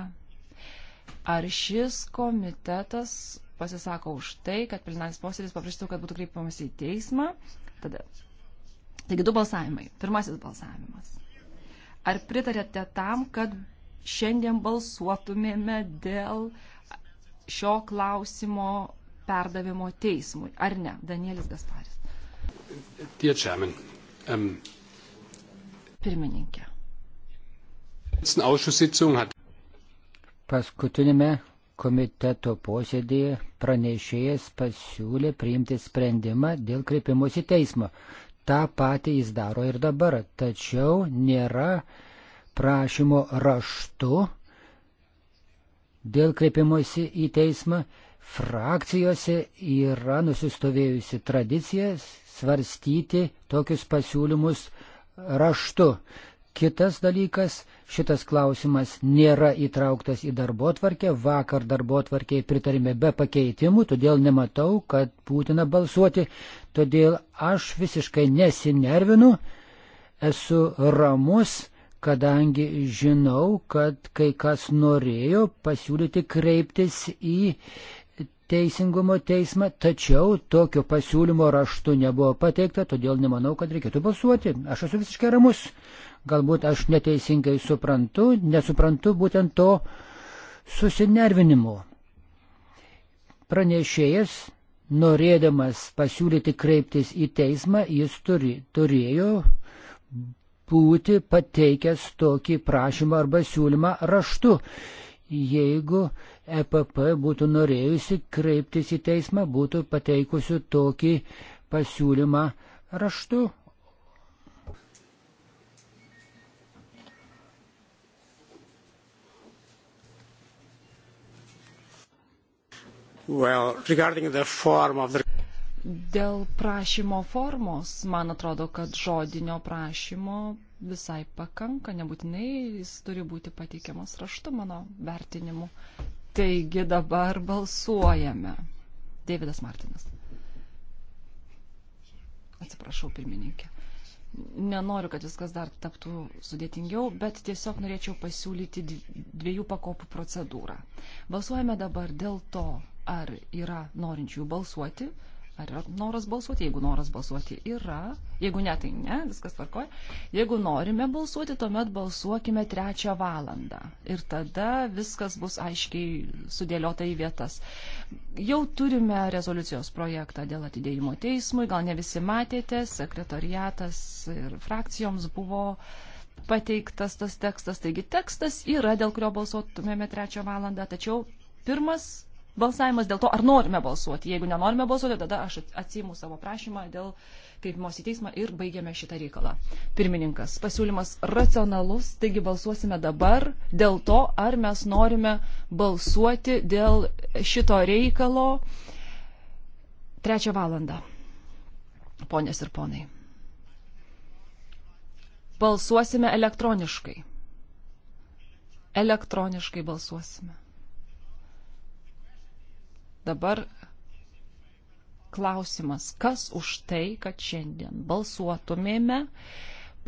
Ar šis komitetas pasisako už tai, kad plenarinis posėdis paprašytų, kad būtų kreipiamas į teismą? Tada. Taigi du balsavimai. Pirmasis balsavimas. Ar pritarėte tam, kad šiandien balsuotumėme dėl uh, šio klausimo perdavimo teismui, ar ne, Danielis Gasparis? Dear Chairman, um, Pirmininkė. Paskutinėme komiteto posėdėje pranešėjas pasiūlė priimti sprendimą dėl kreipimosi teismo. Ta pati jis daro ir dabar, tačiau nėra prašymo raštu dėl kreipimosi į teismą frakcijose yra nusistovėjusi tradicija svarstyti tokius pasiūlymus raštu. Kitas dalykas, šitas klausimas nėra įtrauktas į darbo tvarkę, vakar darbo tvarkiai pritarime be pakeitimų, todėl nematau, kad būtina balsuoti, todėl aš visiškai nesinervinu, esu ramus kadangi žinau, kad kai kas norėjo pasiūlyti kreiptis į Teisingumo teismą, tačiau tokio pasiūlymo raštu nebuvo pateikta, todėl nemanau, kad reikėtų balsuoti. Aš esu visiškai ramus. Galbūt aš neteisingai suprantu, nesuprantu būtent to susinervinimo. Pranešėjas norėdamas pasiūlyti kreiptis į teismą, jis turi, turėjo būti pateikęs tokį prašymą arba siūlymą raštu. Jeigu EPP būtų norėjusi kreiptis į teismą, būtų pateikusi tokį pasiūlymą raštu. Well, regarding the form of the Dėl prašymo formos, man atrodo, kad žodinio prašymo visai pakanka, nebūtinai jis turi būti pateikiamas raštu mano vertinimu. Taigi dabar balsuojame. Davidas Martinas. Atsiprašau, pirmininkė. Nenoriu, kad viskas dar taptų sudėtingiau, bet tiesiog norėčiau pasiūlyti dviejų pakopų procedūrą. Balsuojame dabar dėl to, ar yra norinčių balsuoti Ar yra noras balsuoti? Jeigu noras balsuoti yra, jeigu ne, tai ne, viskas tvarkoja. Jeigu norime balsuoti, tuomet balsuokime trečią valandą. Ir tada viskas bus aiškiai sudėliota į vietas. Jau turime rezoliucijos projektą dėl atidėjimo teismui, gal ne visi matėte, sekretariatas ir frakcijoms buvo pateiktas tas tekstas. Taigi tekstas yra, dėl kurio balsuotumėme trečią valandą, tačiau pirmas balsavimas dėl to, ar norime balsuoti. Jeigu nenorime balsuoti, tada aš atsimu savo prašymą dėl kreipimos į teismą ir baigiame šitą reikalą. Pirmininkas, pasiūlymas racionalus, taigi balsuosime dabar dėl to, ar mes norime balsuoti dėl šito reikalo trečią valandą. Ponės ir ponai. Balsuosime elektroniškai. Elektroniškai balsuosime. Dabar klausimas, kas už tai, kad šiandien balsuotumėme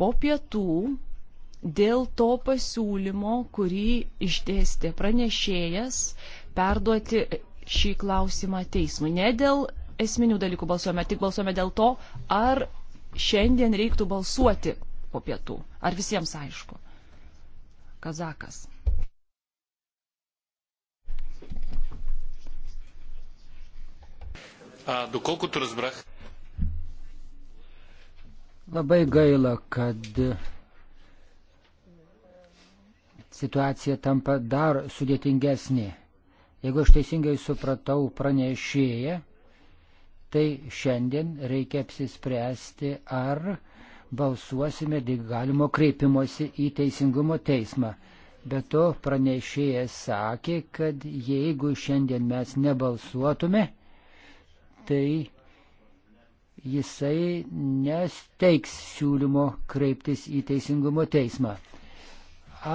po pietų dėl to pasiūlymo, kurį išdėstė pranešėjas, perduoti šį klausimą teismui. Ne dėl esminių dalykų balsuojame, tik balsuojame dėl to, ar šiandien reiktų balsuoti po pietų. Ar visiems aišku? Kazakas. А, доколкото разбрах. Labai gaila, kad situacija tampa dar sudėtingesnė. Jeigu aš teisingai supratau pranešėją, tai šiandien reikia apsispręsti, ar balsuosime dėl galimo kreipimosi į Teisingumo teismą. Be to pranešėjas sakė, kad jeigu šiandien mes nebalsuotume, tai jisai nesteiks siūlymo kreiptis į Teisingumo teismą.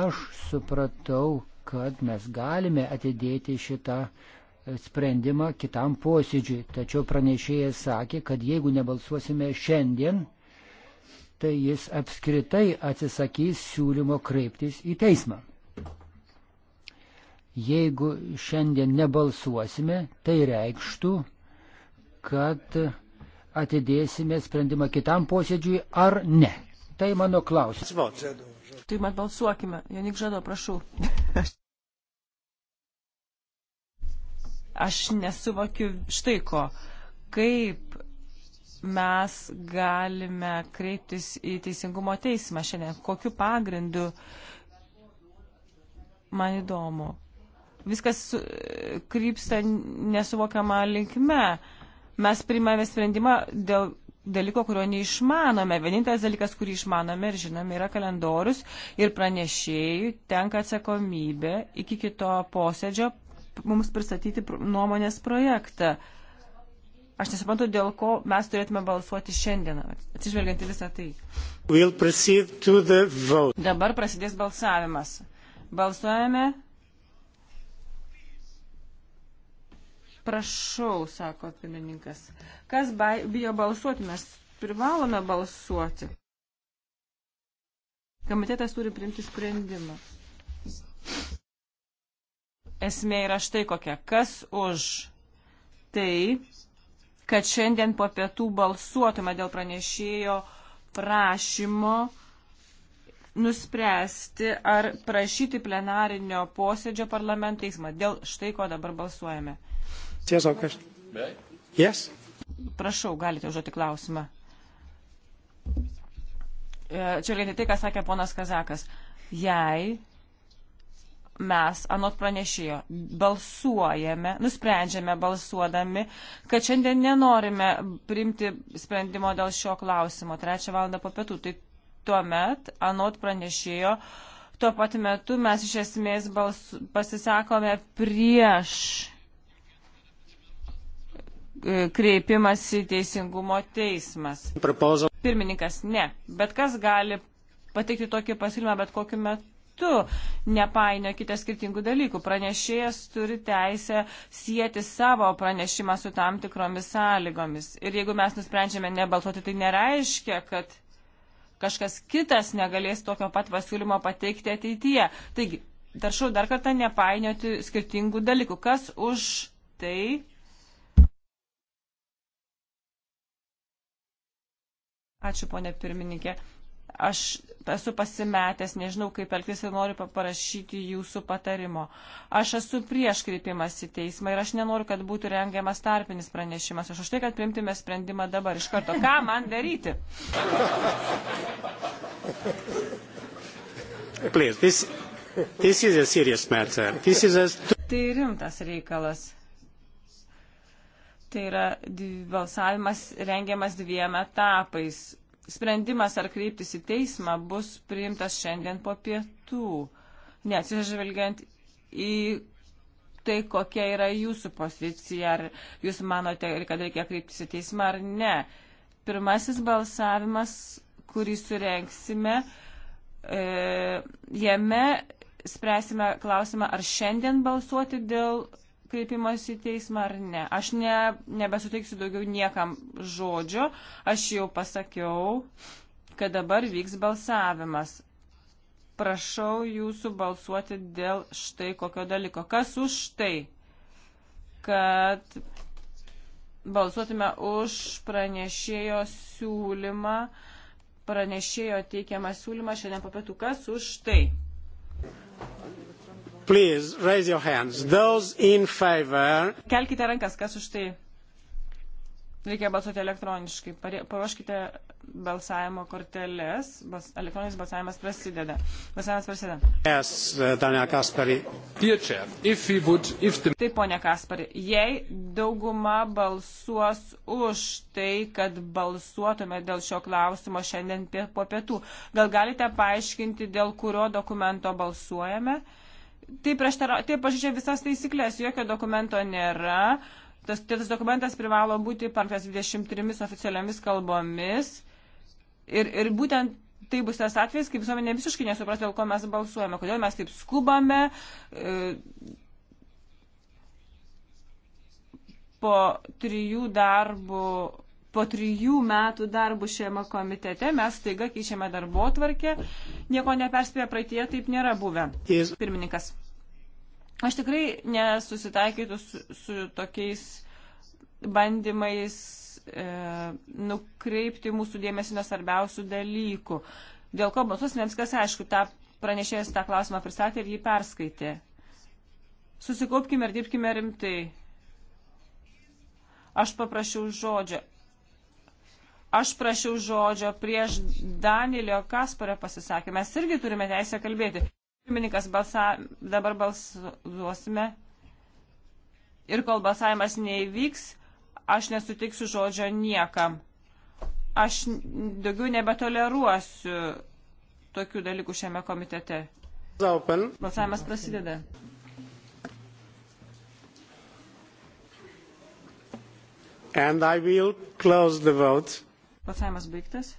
Aš supratau, kad mes galime atidėti šitą sprendimą kitam posėdžiui, tačiau pranešėjas sakė, kad jeigu nebalsuosime šiandien, tai jis apskritai atsisakys siūlymo kreiptis į teismą. Jeigu šiandien nebalsuosime, tai reikštų, kad atidėsime sprendimą kitam posėdžiui ar ne? Tai mano klausimas. Tai man balsuokime. Janik Žado, prašau. Aš nesuvokiu štai ko. Kaip mes galime kreiptis į Teisingumo teismą šiandien? Kokiu pagrindu? Man įdomu. Viskas krypsta nesuvokiama linkme mes priimame sprendimą dėl dalyko, kurio neišmanome. Vienintelis dalykas, kurį išmanome ir žinome, yra kalendorius ir pranešėjų tenka atsakomybė iki kito posėdžio mums pristatyti nuomonės projektą. Aš nesuprantu, dėl ko mes turėtume balsuoti šiandien, atsižvelgiant į visą tai. We'll Dabar prasidės balsavimas. Balsuojame Prašau, sako pirmininkas. Kas bai, bijo balsuoti? Mes privalome balsuoti. Komitetas turi priimti sprendimą. Esmė yra štai kokia. Kas už tai, kad šiandien po pietų balsuotume dėl pranešėjo prašymo nuspręsti ar prašyti plenarinio posėdžio parlamentaismą. Dėl štai ko dabar balsuojame. Tiesa, aš. Yes? Prašau, galite užduoti klausimą. E, čia reikia tai, ką sakė ponas Kazakas. Jei mes, anot pranešėjo, balsuojame, nusprendžiame balsuodami, kad šiandien nenorime priimti sprendimo dėl šio klausimo trečią valandą po pietų, tai tuomet, anot pranešėjo, tuo pat metu mes iš esmės balsu, pasisakome prieš E, kreipimas į teisingumo teismas. Pirmininkas, ne. Bet kas gali pateikti tokį pasiūlymą bet kokiu metu? Nepainiokite skirtingų dalykų. Pranešėjas turi teisę sieti savo pranešimą su tam tikromis sąlygomis. Ir jeigu mes nusprendžiame nebalsuoti, tai nereiškia, kad kažkas kitas negalės tokio pat pasiūlymo pateikti ateityje. Taigi, taršau dar kartą nepainioti skirtingų dalykų. Kas už tai Ačiū, ponė pirmininkė. Aš esu pasimetęs, nežinau, kaip elgtis ir noriu paprašyti jūsų patarimo. Aš esu prieš kreipimas į teismą ir aš nenoriu, kad būtų rengiamas tarpinis pranešimas. Aš už tai, kad primtume sprendimą dabar iš karto. Ką man daryti? Please, this, this is a serious matter. This is a... Tai rimtas reikalas. Tai yra balsavimas rengiamas dviem etapais. Sprendimas ar kreiptis į teismą bus priimtas šiandien po pietų, neatsižvelgiant į tai, kokia yra jūsų pozicija, ar jūs manote, kad reikia kreiptis į teismą ar ne. Pirmasis balsavimas, kurį surenksime, e, jame spręsime klausimą, ar šiandien balsuoti dėl kreipimas į teismą ar ne. Aš ne, nebesuteiksiu daugiau niekam žodžio. Aš jau pasakiau, kad dabar vyks balsavimas. Prašau jūsų balsuoti dėl štai kokio dalyko. Kas už tai, kad balsuotume už pranešėjo siūlymą, pranešėjo teikiamą siūlymą šiandien papietų. Kas už tai? Please raise your hands. Those in favor. Kelkite rankas, kas už tai. Reikia balsuoti elektroniškai. Paruoškite balsavimo korteles. Bas, elektroninis balsavimas prasideda. Balsavimas prasideda. Yes, uh, Daniel Kaspari. Dear Chair, if we would, if the... Taip, ponia Kaspari, jei dauguma balsuos už tai, kad balsuotume dėl šio klausimo šiandien po pietų, gal galite paaiškinti, dėl kurio dokumento balsuojame? Uh, tai, prieštara, tai pažiūrė visas taisyklės, jokio dokumento nėra. Tas, tai tas dokumentas privalo būti parengtas 23 oficialiomis kalbomis. Ir, ir būtent tai bus tas atvejis, kai visuomenė visiškai nesupras, dėl ko mes balsuojame, kodėl mes taip skubame. E, po trijų darbų. Po trijų metų darbų šiame komitete mes staiga keičiame darbo tvarkę, nieko neperspėję praeitie, taip nėra buvę. Pirmininkas. Aš tikrai nesusitaikytų su, su tokiais bandymais e, nukreipti mūsų dėmesį nuo svarbiausių dalykų. Dėl ko balsuosime, viskas aišku, tą pranešėjas tą klausimą pristatė ir jį perskaitė. Susikaupkime ir dirbkime rimtai. Aš paprašiau žodžio. Aš prašiau žodžio prieš Danilio Kaspario pasisakymą. Mes irgi turime teisę kalbėti. Pirmininkas balsa, dabar balsuosime ir kol balsavimas neįvyks, aš nesutiksiu žodžio niekam. Aš daugiau nebetoleruosiu tokių dalykų šiame komitete. Balsavimas prasideda. Balsavimas baigtas.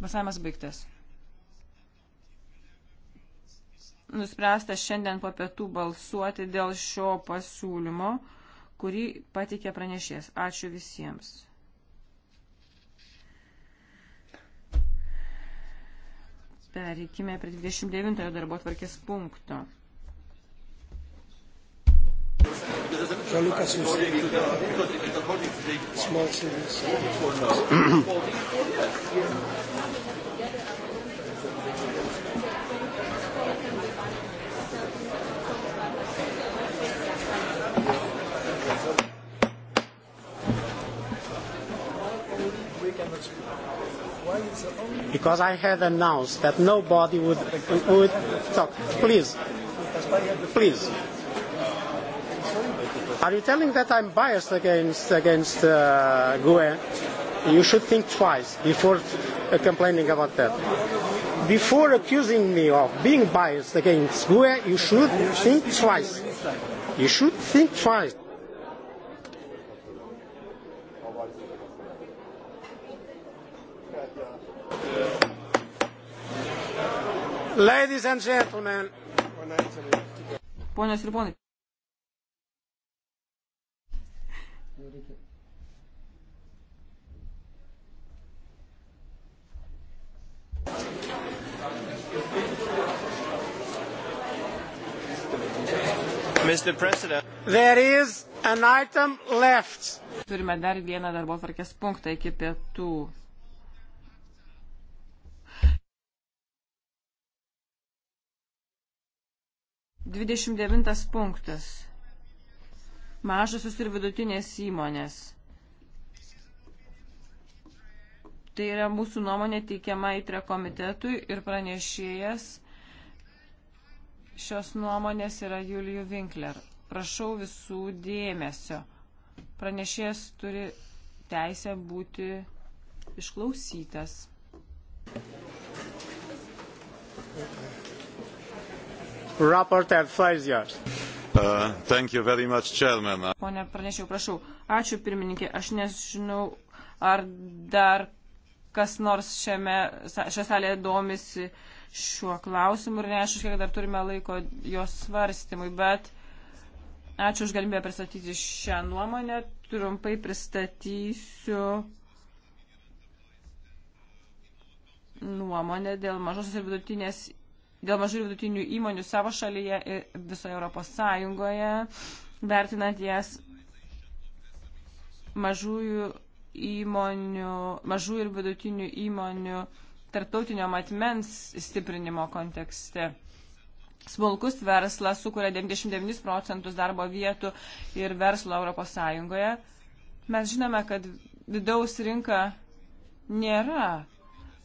Balsavimas baigtas. Nuspręsta šiandien po pietų balsuoti dėl šio pasiūlymo, kurį patikė pranešės. Ačiū visiems. Pereikime prie 29 darbo tvarkės punkto. Small cities. Because I had announced that nobody would, would talk. Please. Please. Are you telling that I'm biased against, against uh, GUE? You should think twice before uh, complaining about that. Before accusing me of being biased against GUE, you should think twice. You should think twice. Ladies and gentlemen. Ponios ir ponai. Mr. President. There is an item left. Turime dar vieną darbo tvarkės punktą iki pietų. 29 punktas. Mažosios ir vidutinės įmonės. Tai yra mūsų nuomonė teikiama įtre komitetui ir pranešėjas šios nuomonės yra Julijų Winkler. Prašau visų dėmesio. Pranešėjas turi teisę būti išklausytas. Okay. Rapporteur Faisers. Uh, thank you very much, Chairman. Pone pranešiau, prašau. Ačiū pirmininkė. Aš nežinau, ar dar kas nors šiame, šią salę domisi šiuo klausimu ir neaišku, kiek dar turime laiko jos svarstymui, bet ačiū už galimybę pristatyti šią nuomonę. Trumpai pristatysiu nuomonę dėl mažosios ir vidutinės dėl mažų ir vidutinių įmonių savo šalyje ir visoje Europos Sąjungoje, vertinant jas mažųjų įmonių, mažų ir vidutinių įmonių tarptautinio matmens stiprinimo kontekste. Smulkus verslas sukuria 99 procentus darbo vietų ir verslo Europos Sąjungoje. Mes žinome, kad vidaus rinka nėra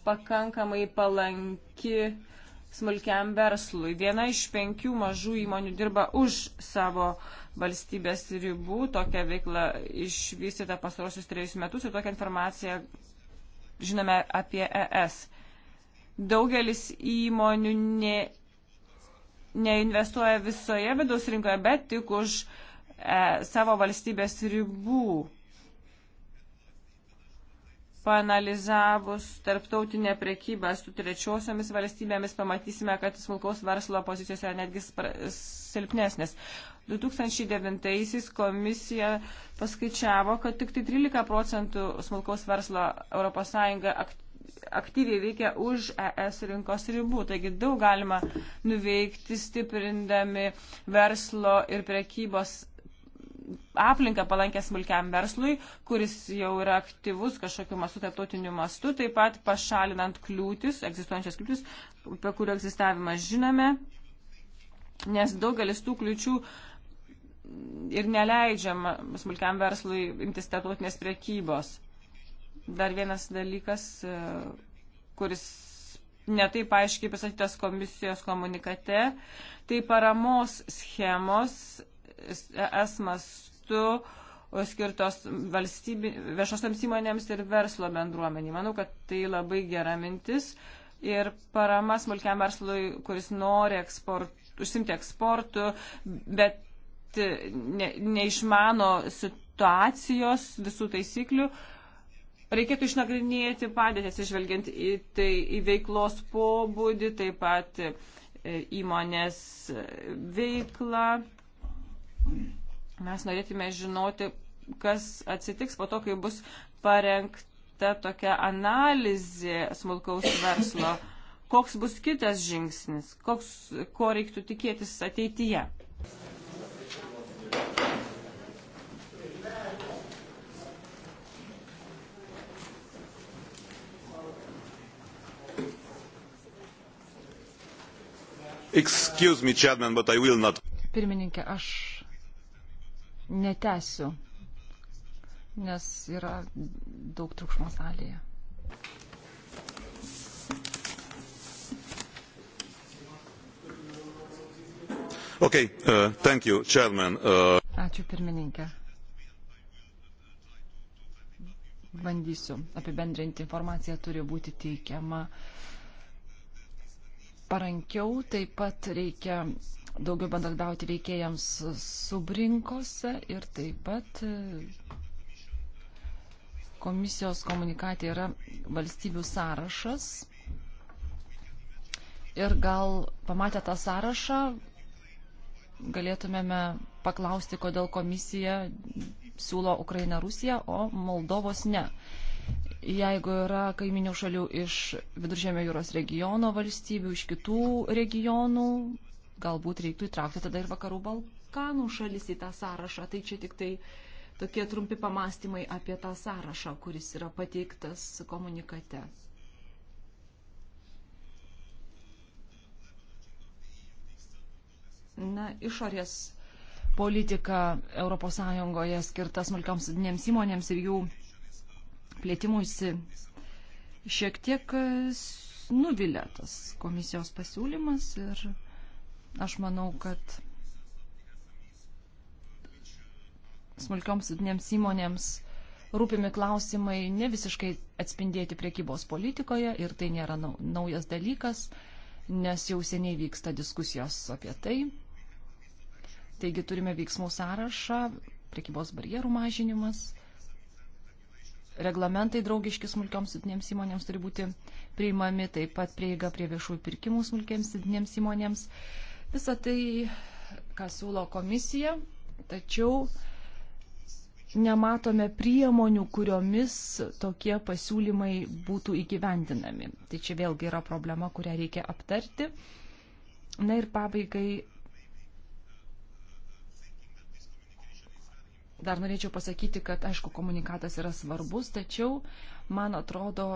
pakankamai palanki smulkiam verslui. Viena iš penkių mažų įmonių dirba už savo valstybės ribų. Tokia veikla išvystyta pastarosius trejus metus ir tokią informaciją žinome apie ES. Daugelis įmonių ne, neinvestuoja visoje vidaus rinkoje, bet tik už e, savo valstybės ribų. Panalizavus tarptautinę prekybą su trečiosiomis valstybėmis, pamatysime, kad smulkaus verslo pozicijos yra netgi silpnesnės. 2009-aisiais komisija paskaičiavo, kad tik tai 13 procentų smulkaus verslo ES aktyviai veikia už ES rinkos ribų. Taigi daug galima nuveikti stiprindami verslo ir prekybos aplinką palankę smulkiam verslui, kuris jau yra aktyvus kažkokiu mastu, tarptautiniu mastu, taip pat pašalinant kliūtis, egzistuojančias kliūtis, apie kurių egzistavimą žinome, nes daugelis tų kliūčių ir neleidžiama smulkiam verslui imtis tarptautinės priekybos. Dar vienas dalykas, e, kuris netaip aiškiai pasakytas komisijos komunikate, tai paramos schemos es mastu skirtos valstybi, viešosiams įmonėms ir verslo bendruomenį. Manau, kad tai labai gera mintis ir parama smulkiam verslui, kuris nori eksport, užsimti eksportu, bet e, ne, neišmano situacijos visų taisyklių. Reikėtų išnagrinėti padėtį, atsižvelgiant į, tai, į veiklos pobūdį, taip pat e, įmonės e, veiklą Mes norėtume žinoti, kas atsitiks po to, kai bus parengta tokia analizė smulkaus verslo, koks bus kitas žingsnis, koks, ko reiktų tikėtis ateityje. Excuse me, Chairman, but I will not. Pirmininkė, aš netesiu, nes yra daug triukšmo salėje. Okay, uh, thank you, chairman. Uh... Ačiū pirmininkė. Bandysiu apibendrinti informaciją, turi būti teikiama parankiau, taip pat reikia daugiau bendradauti veikėjams subrinkose ir taip pat e, komisijos komunikatė yra valstybių sąrašas. Ir gal pamatę tą sąrašą galėtumėme paklausti, kodėl komisija siūlo Ukrainą Rusiją, o Moldovos ne. Jeigu yra kaiminių šalių iš Viduržėmio jūros regiono valstybių, iš kitų regionų, galbūt reiktų įtraukti tada ir vakarų Balkanų šalis į tą sąrašą. Tai čia tik tai tokie trumpi pamastymai apie tą sąrašą, kuris yra pateiktas komunikate. Na, išorės politika ES skirta smulkioms didinėms įmonėms ir jų plėtimuisi šiek tiek nuvilia tas komisijos pasiūlymas ir Aš manau, kad smulkioms vidinėms įmonėms rūpimi klausimai ne visiškai atspindėti priekybos politikoje ir tai nėra naujas dalykas, nes jau seniai vyksta diskusijos apie tai. Taigi turime veiksmų sąrašą, priekybos barjerų mažinimas, reglamentai draugiški smulkioms vidinėms įmonėms turi būti priimami, taip pat prieiga prie viešųjų pirkimų smulkiems vidinėms įmonėms. įmonėms Visą tai, ką siūlo komisija, tačiau nematome priemonių, kuriomis tokie pasiūlymai būtų įgyvendinami. Tai čia vėlgi yra problema, kurią reikia aptarti. Na ir pabaigai dar norėčiau pasakyti, kad aišku, komunikatas yra svarbus, tačiau man atrodo,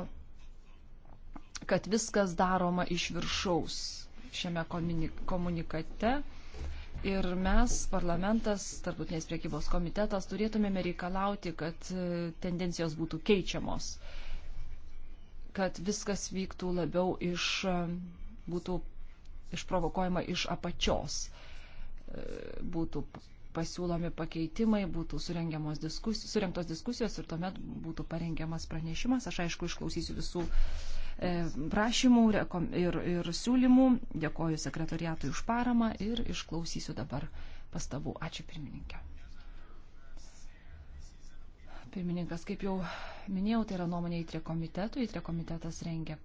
kad viskas daroma iš viršaus šiame komunikate. Ir mes, parlamentas, tarptautinės priekybos komitetas, turėtumėme reikalauti, kad e, tendencijos būtų keičiamos, kad viskas vyktų labiau iš, e, būtų išprovokuojama iš apačios, e, būtų pasiūlomi pakeitimai, būtų diskusijos, surinktos diskusijos ir tuomet būtų parengiamas pranešimas. Aš aišku išklausysiu visų E, prašymų ir, ir siūlymų. Dėkoju sekretoriatui už paramą ir išklausysiu dabar pastabų. Ačiū pirmininkė. Pirmininkas, kaip jau minėjau, tai yra nuomonė į trie komitetų. Į trie komitetas rengia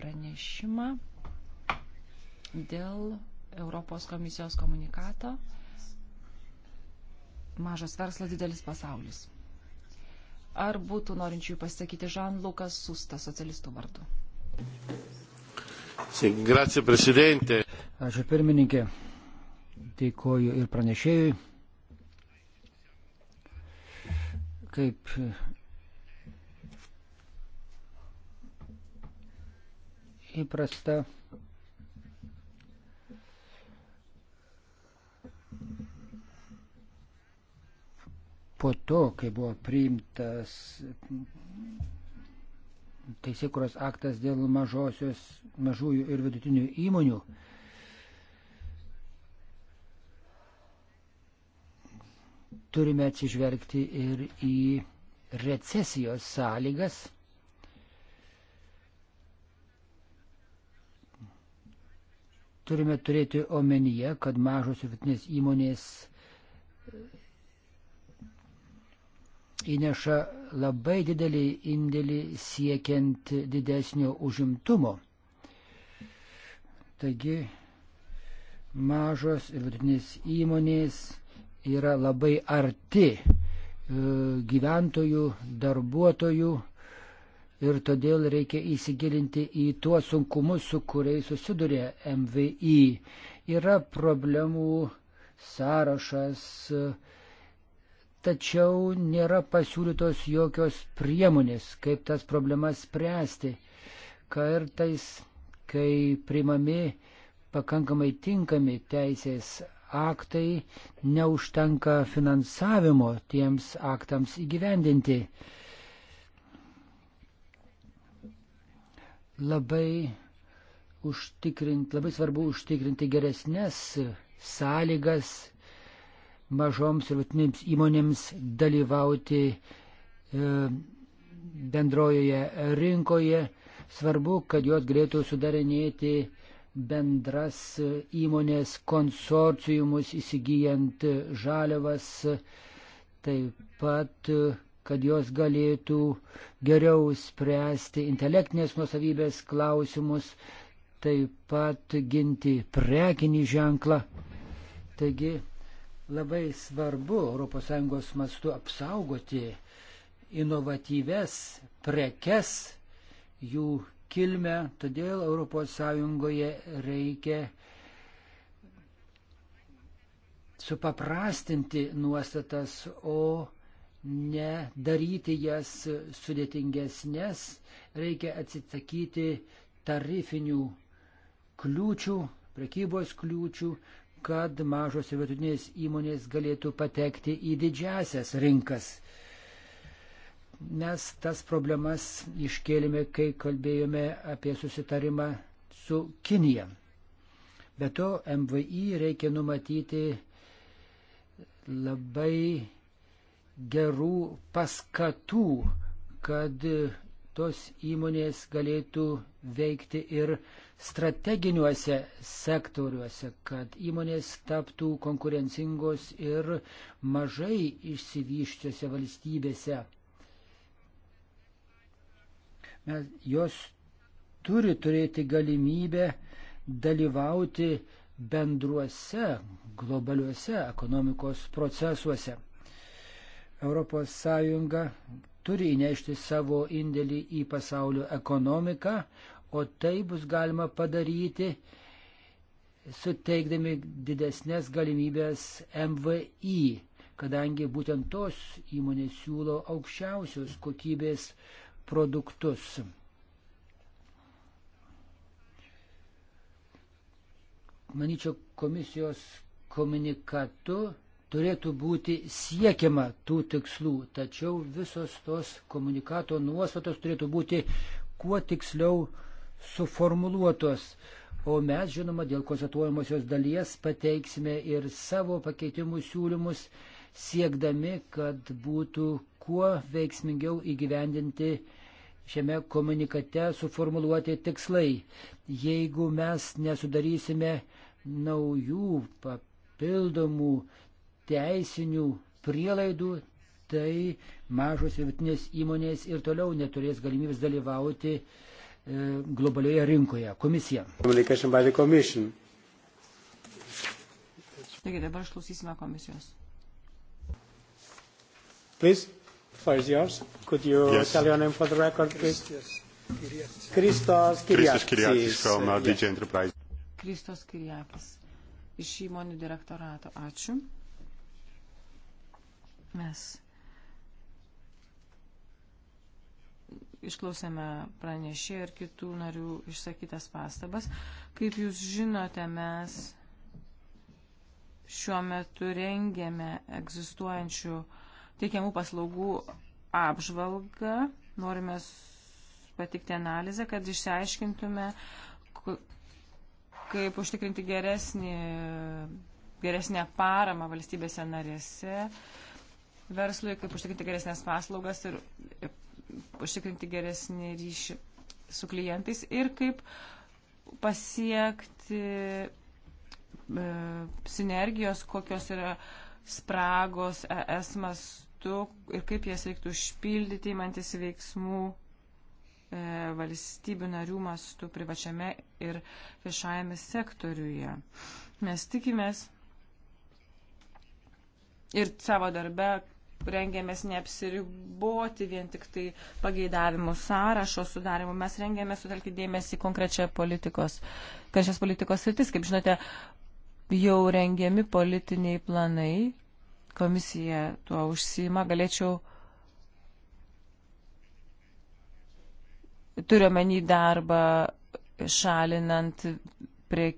pranešimą dėl Europos komisijos komunikato Mažas verslas, didelis pasaulis. Ar būtų norinčių pasakyti Žan Lukas Susta socialistų vardu? Grazie, prezidente. Ačiū pirmininkė. Dėkoju ir pranešėjui. Kaip įprasta. Po to, kai buvo priimtas teisėkuros aktas dėl mažosios, mažųjų ir vidutinių įmonių. Turime atsižvelgti ir į recesijos sąlygas. Turime turėti omenyje, kad mažos ir vidutinės įmonės įneša labai didelį indėlį siekiant didesnio užimtumo. Taigi mažos ir vidutinės įmonės yra labai arti e, gyventojų, darbuotojų ir todėl reikia įsigilinti į tuos sunkumus, su kuriais susiduria MVI. Yra problemų sąrašas, uh, tačiau nėra pasiūlytos jokios priemonės, kaip tas problemas spręsti. Kartais, kai primami pakankamai tinkami teisės aktai, neužtenka finansavimo tiems aktams įgyvendinti. Labai, užtikrint, labai svarbu užtikrinti geresnės sąlygas mažoms ir vidutinėms įmonėms dalyvauti e, bendrojoje rinkoje. Svarbu, kad jos galėtų sudarinėti bendras įmonės konsorciumus įsigijant žaliavas, taip pat, kad jos galėtų geriau spręsti intelektinės nusavybės klausimus, taip pat ginti prekinį ženklą. Taigi Labai svarbu ES mastu apsaugoti inovatyves prekes, jų kilmę, todėl ES reikia supaprastinti nuostatas, o ne daryti jas sudėtingesnės, reikia atsisakyti tarifinių kliūčių, prekybos kliūčių, kad mažos ir vidutinės įmonės galėtų patekti į didžiasias rinkas. Mes tas problemas iškėlėme, kai kalbėjome apie susitarimą su Kinija. Be to, MVI reikia numatyti labai gerų paskatų, kad tos įmonės galėtų veikti ir uh, strateginiuose sektoriuose, kad įmonės taptų konkurencingos ir mažai išsivyščiose valstybėse. Mes, jos turi turėti galimybę dalyvauti bendruose globaliuose ekonomikos procesuose. ES turi įnešti savo indėlį į pasaulio ekonomiką, o tai bus galima padaryti suteikdami didesnės galimybės MVI, kadangi būtent tos įmonės siūlo aukščiausios kokybės produktus. Manyčiau, komisijos komunikatu turėtų būti siekiama tų tikslų, tačiau visos tos komunikato nuostatos turėtų būti kuo tiksliau suformuluotos. O mes, žinoma, dėl konstatuojamosios dalies pateiksime ir savo pakeitimų siūlymus, siekdami, kad būtų kuo veiksmingiau įgyvendinti šiame komunikate suformuluoti tikslai. Jeigu mes nesudarysime naujų papildomų teisinių prielaidų, tai mažos ir vidutinės įmonės ir toliau neturės galimybės dalyvauti uh, E, globalioje rinkoje. Komisija. Taigi dabar išklausysime komisijos. Please, floor is yours. Could you yes. tell your name for the record, please? Yes. Kristos Kiriakis. Kristos Kiriakis from uh, DG uh, Enterprise. Kristos Kiriakis iš įmonių direktorato. Ačiū. Mes išklausėme pranešė ir kitų narių išsakytas pastabas. Kaip jūs žinote, mes šiuo metu rengėme egzistuojančių teikiamų paslaugų apžvalgą. Norime patikti analizę, kad išsiaiškintume, kaip užtikrinti geresnį, geresnę paramą valstybėse narėse verslui, kaip užtikrinti geresnės paslaugas ir užtikrinti geresnį ryšį su klientais ir kaip pasiekti e, sinergijos, kokios yra spragos ES mastu ir kaip jas reiktų užpildyti įmantis veiksmų e, valstybių narių mastu privačiame ir viešajame sektoriuje. Mes tikimės ir savo darbe rengiamės neapsiriboti vien tik tai pageidavimų sąrašo sudarimu. Mes rengiamės sutelkti dėmesį konkrečią politikos, konkrečias politikos sritis. Kaip žinote, jau rengiami politiniai planai, komisija tuo užsima, galėčiau. Turiuomenį darbą šalinant prie,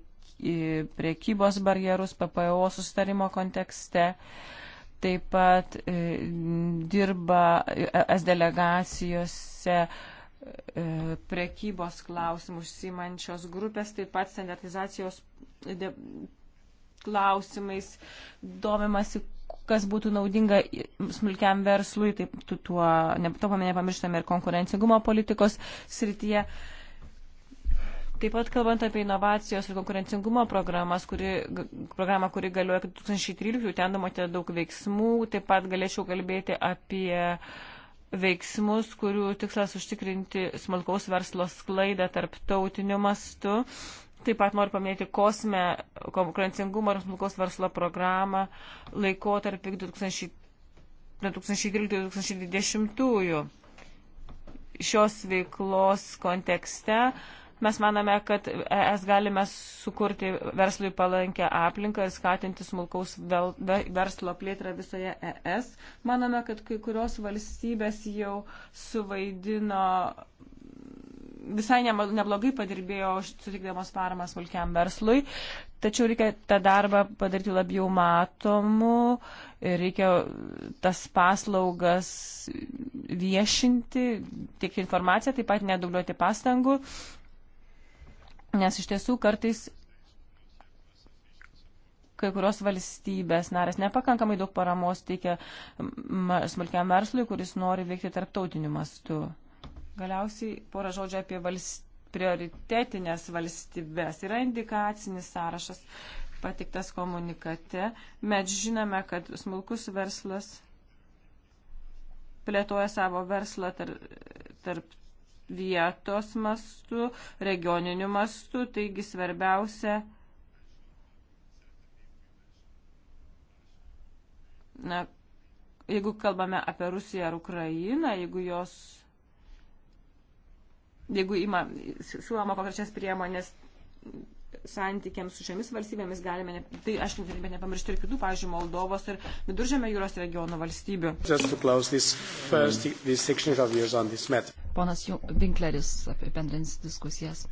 priekybos barjerus PPO sustarimo kontekste. Uh, taip pat e, dirba es delegacijose e, prekybos klausimų užsimančios grupės, taip pat standartizacijos e, de, klausimais domimasi, kas būtų naudinga smulkiam verslui, taip tuo, ne, to nepamirštame ir konkurencingumo politikos srityje. E, Taip pat kalbant apie inovacijos ir konkurencingumo programas, kuri, programą, kuri galioja 2013, ten numatė daug veiksmų, taip pat galėčiau kalbėti apie veiksmus, kurių tikslas užtikrinti smulkaus verslo sklaidą tarptautiniu mastu. Taip pat noriu paminėti kosme konkurencingumo ir smulkaus verslo programą laikotarpį 2013-2020. Šios veiklos kontekste Mes manome, kad ES galime sukurti verslui palankę aplinką ir skatinti smulkaus verslo plėtrą visoje ES. Manome, kad kai kurios valstybės jau suvaidino visai neblogai padirbėjo sutikdamos paramą smulkiam verslui, tačiau reikia tą darbą padaryti labiau matomu, reikia tas paslaugas viešinti, tiek informaciją, taip pat nedubliuoti pastangų nes iš tiesų kartais kai kurios valstybės narės nepakankamai daug paramos teikia smulkiam verslui, kuris nori veikti tarptautiniu mastu. Galiausiai porą žodžių apie valst... prioritetinės valstybės. Yra indikacinis sąrašas patiktas komunikate. Mes žinome, kad smulkus verslas plėtoja savo verslą tar... tarp vietos mastu, regioniniu mastu, taigi svarbiausia na, jeigu kalbame apie Rusiją ar Ukrainą, jeigu jos, jeigu ima, siūloma konkrečias priemonės santykiams su šiomis valstybėmis galime, ne, tai aišku, turime nepamiršti ir kitų, pavyzdžiui, Moldovos ir Viduržėmio jūros regiono valstybių. This first, this Ponas Vinkleris apibendrins diskusijas.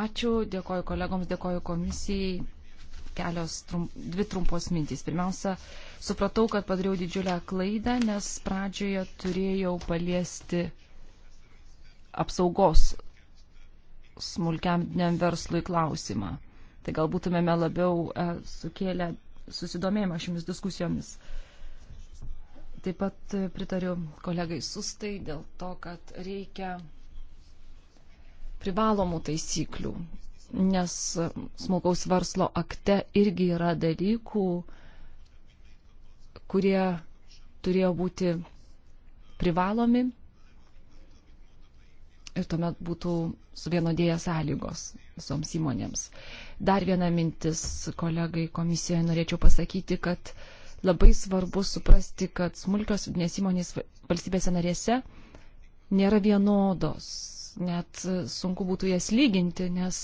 Ačiū, dėkoju kolegoms, dėkoju komisijai. Kelios, trump, dvi trumpos mintys. Pirmiausia, supratau, kad padariau didžiulę klaidą, nes pradžioje turėjau paliesti apsaugos smulkiam verslui klausimą. Tai gal būtumėme labiau e, sukėlę susidomėjimą šiomis diskusijomis. Taip pat e, pritariu kolegai Sustai dėl to, kad reikia privalomų taisyklių, nes smulkaus verslo akte irgi yra dalykų, kurie turėjo būti privalomi ir tuomet būtų suvienodėję sąlygos visoms įmonėms. Dar viena mintis kolegai komisijoje norėčiau pasakyti, kad labai svarbu suprasti, kad smulkios vidinės įmonės valstybėse narėse nėra vienodos. Net sunku būtų jas lyginti, nes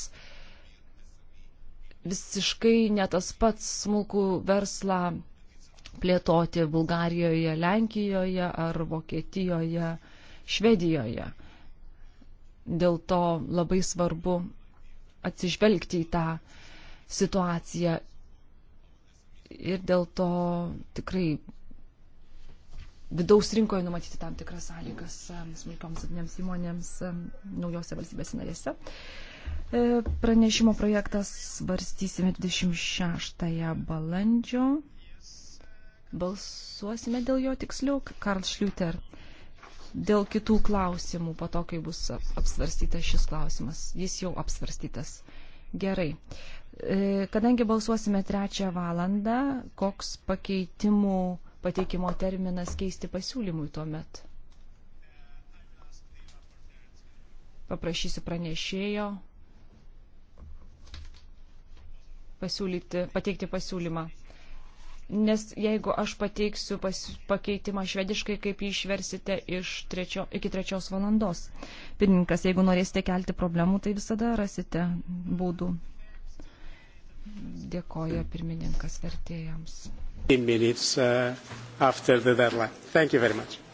visiškai ne tas pats smulkų verslą plėtoti Bulgarijoje, Lenkijoje ar Vokietijoje, Švedijoje Dėl to labai svarbu atsižvelgti į tą situaciją ir dėl to tikrai vidaus rinkoje numatyti tam tikras sąlygas um, smulkioms vidinėms įmonėms um, naujose valstybės narėse. E, pranešimo projektas svarstysime 26 balandžio. Balsuosime dėl jo tiksliau. Karl Šliuter dėl kitų klausimų po to, kai bus apsvarstytas šis klausimas. Jis jau apsvarstytas. Gerai. E, kadangi balsuosime trečią valandą, koks pakeitimų pateikimo terminas keisti pasiūlymui tuo metu? Paprašysiu pranešėjo pasiūlyti, pateikti pasiūlymą nes jeigu aš pateiksiu pas, pakeitimą švediškai, kaip jį išversite iš trečio, iki trečios valandos. Pirmininkas, jeigu norėsite kelti problemų, tai visada rasite būdų. Dėkoja pirmininkas vertėjams. 15 minutes uh, after the deadline. Thank you very much.